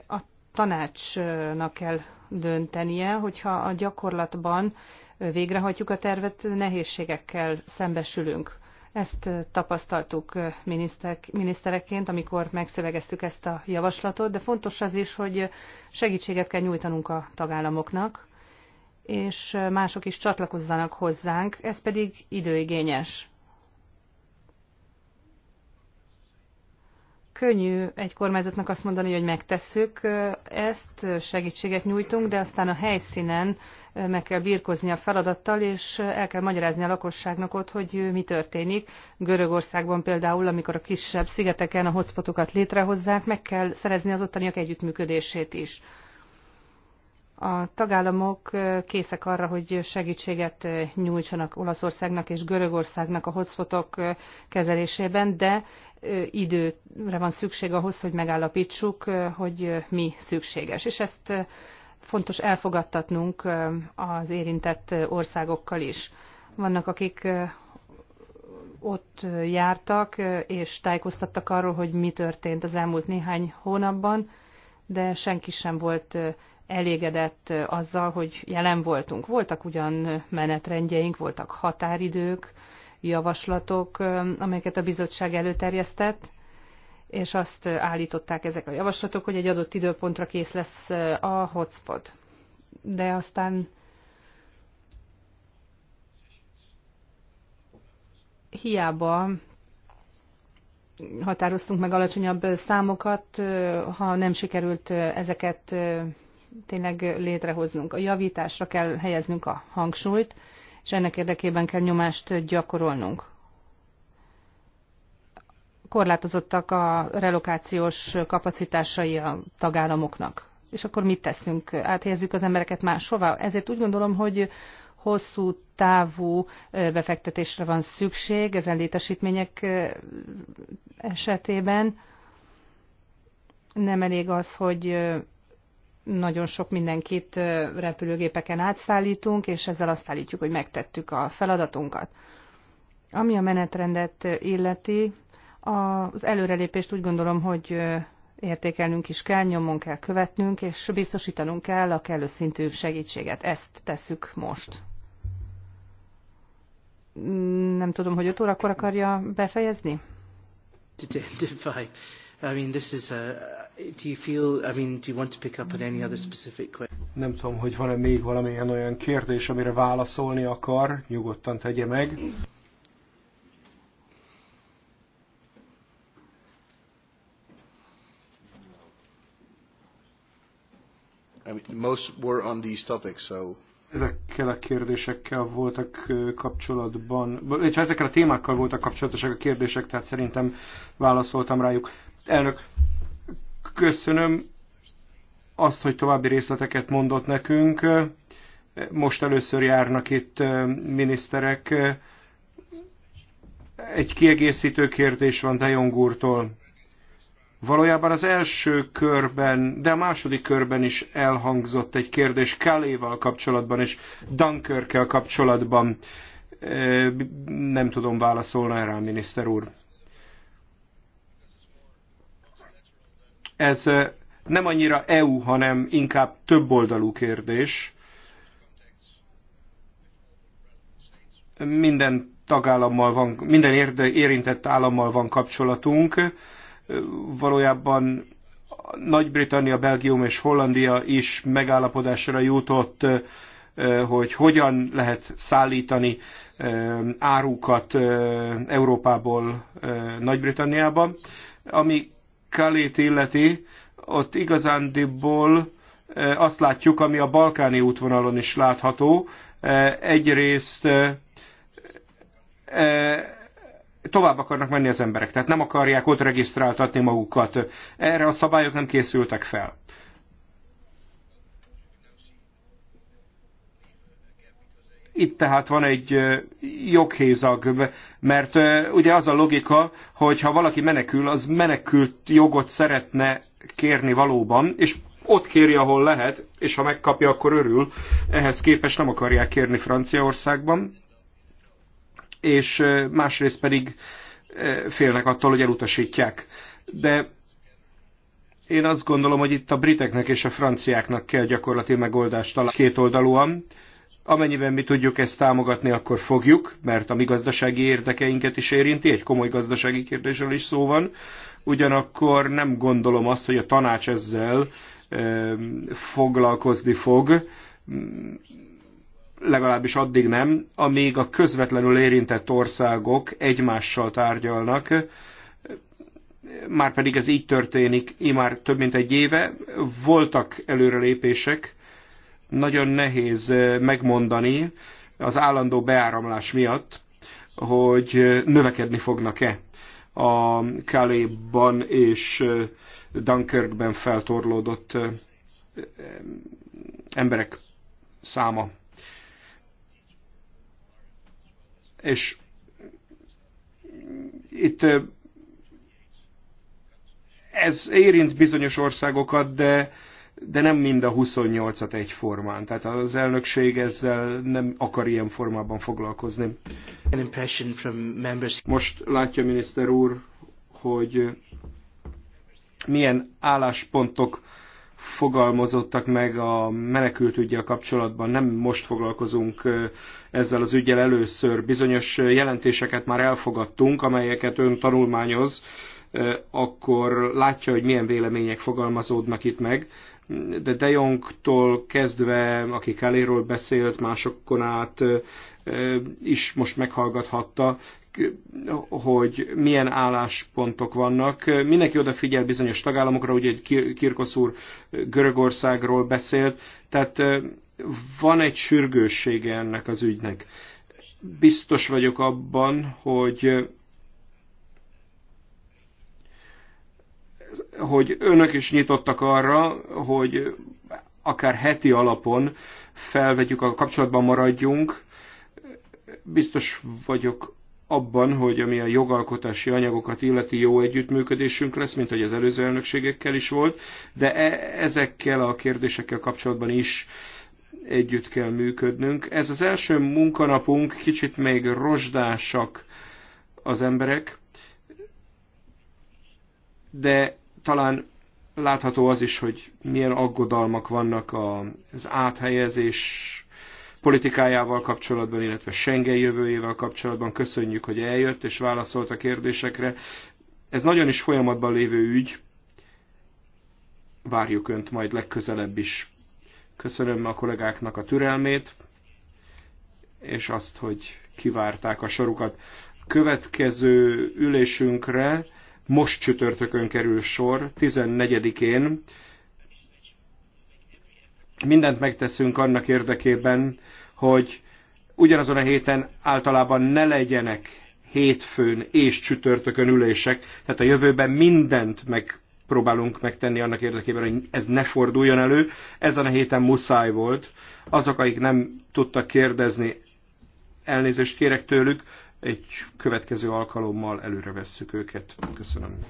a tanácsnak kell döntenie, hogyha a gyakorlatban végrehajtjuk a tervet, nehézségekkel szembesülünk. Ezt tapasztaltuk minisztereként, amikor megszövegeztük ezt a javaslatot, de fontos az is, hogy segítséget kell nyújtanunk a tagállamoknak, és mások is csatlakozzanak hozzánk, ez pedig időigényes. könnyű egy kormányzatnak azt mondani, hogy megtesszük ezt, segítséget nyújtunk, de aztán a helyszínen meg kell birkozni a feladattal, és el kell magyarázni a lakosságnak ott, hogy mi történik. Görögországban például, amikor a kisebb szigeteken a hotspotokat létrehozzák, meg kell szerezni az ottaniak együttműködését is a tagállamok készek arra, hogy segítséget nyújtsanak Olaszországnak és Görögországnak a hotspotok kezelésében, de időre van szükség ahhoz, hogy megállapítsuk, hogy mi szükséges. És ezt fontos elfogadtatnunk az érintett országokkal is. Vannak, akik ott jártak, és tájékoztattak arról, hogy mi történt az elmúlt néhány hónapban, de senki sem volt elégedett azzal, hogy jelen voltunk. Voltak ugyan menetrendjeink, voltak határidők, javaslatok, amelyeket a bizottság előterjesztett, és azt állították ezek a javaslatok, hogy egy adott időpontra kész lesz a hotspot. De aztán hiába határoztunk meg alacsonyabb számokat, ha nem sikerült ezeket tényleg létrehoznunk. A javításra kell helyeznünk a hangsúlyt, és ennek érdekében kell nyomást gyakorolnunk. Korlátozottak a relokációs kapacitásai a tagállamoknak. És akkor mit teszünk? Áthelyezzük az embereket máshova? Ezért úgy gondolom, hogy hosszú távú befektetésre van szükség ezen létesítmények esetében. Nem elég az, hogy nagyon sok mindenkit repülőgépeken átszállítunk, és ezzel azt állítjuk, hogy megtettük a feladatunkat. Ami a menetrendet illeti, az előrelépést úgy gondolom, hogy értékelnünk is kell, nyomon kell követnünk, és biztosítanunk kell a kellő szintű segítséget. Ezt tesszük most. Mm, nem tudom, hogy 5 órakor akarja befejezni? I mean, this is a, do you feel, I mean, do you want to pick up on any other specific question? Nem tudom, hogy van-e még valamilyen olyan kérdés, amire válaszolni akar, nyugodtan tegye meg. I mean, most were on these topics, so ezekkel a kérdésekkel voltak kapcsolatban, és ezekkel a témákkal voltak kapcsolatosak a kérdések, tehát szerintem válaszoltam rájuk. Elnök, köszönöm azt, hogy további részleteket mondott nekünk. Most először járnak itt miniszterek. Egy kiegészítő kérdés van Dejong úrtól. Valójában az első körben, de a második körben is elhangzott egy kérdés Kelly-val kapcsolatban és Dunkerkel kapcsolatban. Nem tudom, válaszolna erre a miniszter úr. Ez nem annyira EU, hanem inkább többoldalú kérdés. Minden tagállammal van, minden érintett állammal van kapcsolatunk. Valójában Nagy-Britannia, Belgium és Hollandia is megállapodásra jutott, hogy hogyan lehet szállítani árukat Európából Nagy-Britanniába. Ami Kalét illeti, ott igazándiból eh, azt látjuk, ami a balkáni útvonalon is látható. Eh, egyrészt eh, tovább akarnak menni az emberek, tehát nem akarják ott regisztráltatni magukat. Erre a szabályok nem készültek fel. Itt tehát van egy joghézag, mert ugye az a logika, hogy ha valaki menekül, az menekült jogot szeretne kérni valóban, és ott kéri, ahol lehet, és ha megkapja, akkor örül. Ehhez képest nem akarják kérni Franciaországban, és másrészt pedig félnek attól, hogy elutasítják. De én azt gondolom, hogy itt a briteknek és a franciáknak kell gyakorlati megoldást találni kétoldalúan, Amennyiben mi tudjuk ezt támogatni, akkor fogjuk, mert a mi gazdasági érdekeinket is érinti, egy komoly gazdasági kérdésről is szó van. Ugyanakkor nem gondolom azt, hogy a tanács ezzel foglalkozni fog, legalábbis addig nem, amíg a közvetlenül érintett országok egymással tárgyalnak, már pedig ez így történik, imár több mint egy éve. Voltak előrelépések, nagyon nehéz megmondani az állandó beáramlás miatt, hogy növekedni fognak-e a Calais-ban és Dunkirkben feltorlódott emberek száma. És itt ez érint bizonyos országokat, de de nem mind a 28-at egyformán. Tehát az elnökség ezzel nem akar ilyen formában foglalkozni. Most látja miniszter úr, hogy milyen álláspontok fogalmazottak meg a menekült ügyel kapcsolatban. Nem most foglalkozunk ezzel az ügyel először. Bizonyos jelentéseket már elfogadtunk, amelyeket ön tanulmányoz, akkor látja, hogy milyen vélemények fogalmazódnak itt meg de De Jongtól kezdve, aki Kelléről beszélt, másokon át is most meghallgathatta, hogy milyen álláspontok vannak. Mindenki odafigyel bizonyos tagállamokra, ugye egy Kirkosz úr Görögországról beszélt, tehát van egy sürgőssége ennek az ügynek. Biztos vagyok abban, hogy hogy önök is nyitottak arra, hogy akár heti alapon felvegyük, a kapcsolatban maradjunk. Biztos vagyok abban, hogy ami a jogalkotási anyagokat illeti jó együttműködésünk lesz, mint hogy az előző elnökségekkel is volt, de e- ezekkel a kérdésekkel kapcsolatban is együtt kell működnünk. Ez az első munkanapunk, kicsit még rozsdásak az emberek, de talán látható az is, hogy milyen aggodalmak vannak az áthelyezés politikájával kapcsolatban, illetve Schengen jövőjével kapcsolatban. Köszönjük, hogy eljött és válaszolt a kérdésekre. Ez nagyon is folyamatban lévő ügy. Várjuk Önt majd legközelebb is. Köszönöm a kollégáknak a türelmét, és azt, hogy kivárták a sorukat. Következő ülésünkre most csütörtökön kerül sor, 14-én. Mindent megteszünk annak érdekében, hogy ugyanazon a héten általában ne legyenek hétfőn és csütörtökön ülések, tehát a jövőben mindent meg próbálunk megtenni annak érdekében, hogy ez ne forduljon elő. Ezen a héten muszáj volt. Azok, akik nem tudtak kérdezni, elnézést kérek tőlük, egy következő alkalommal előrevesszük őket. Köszönöm.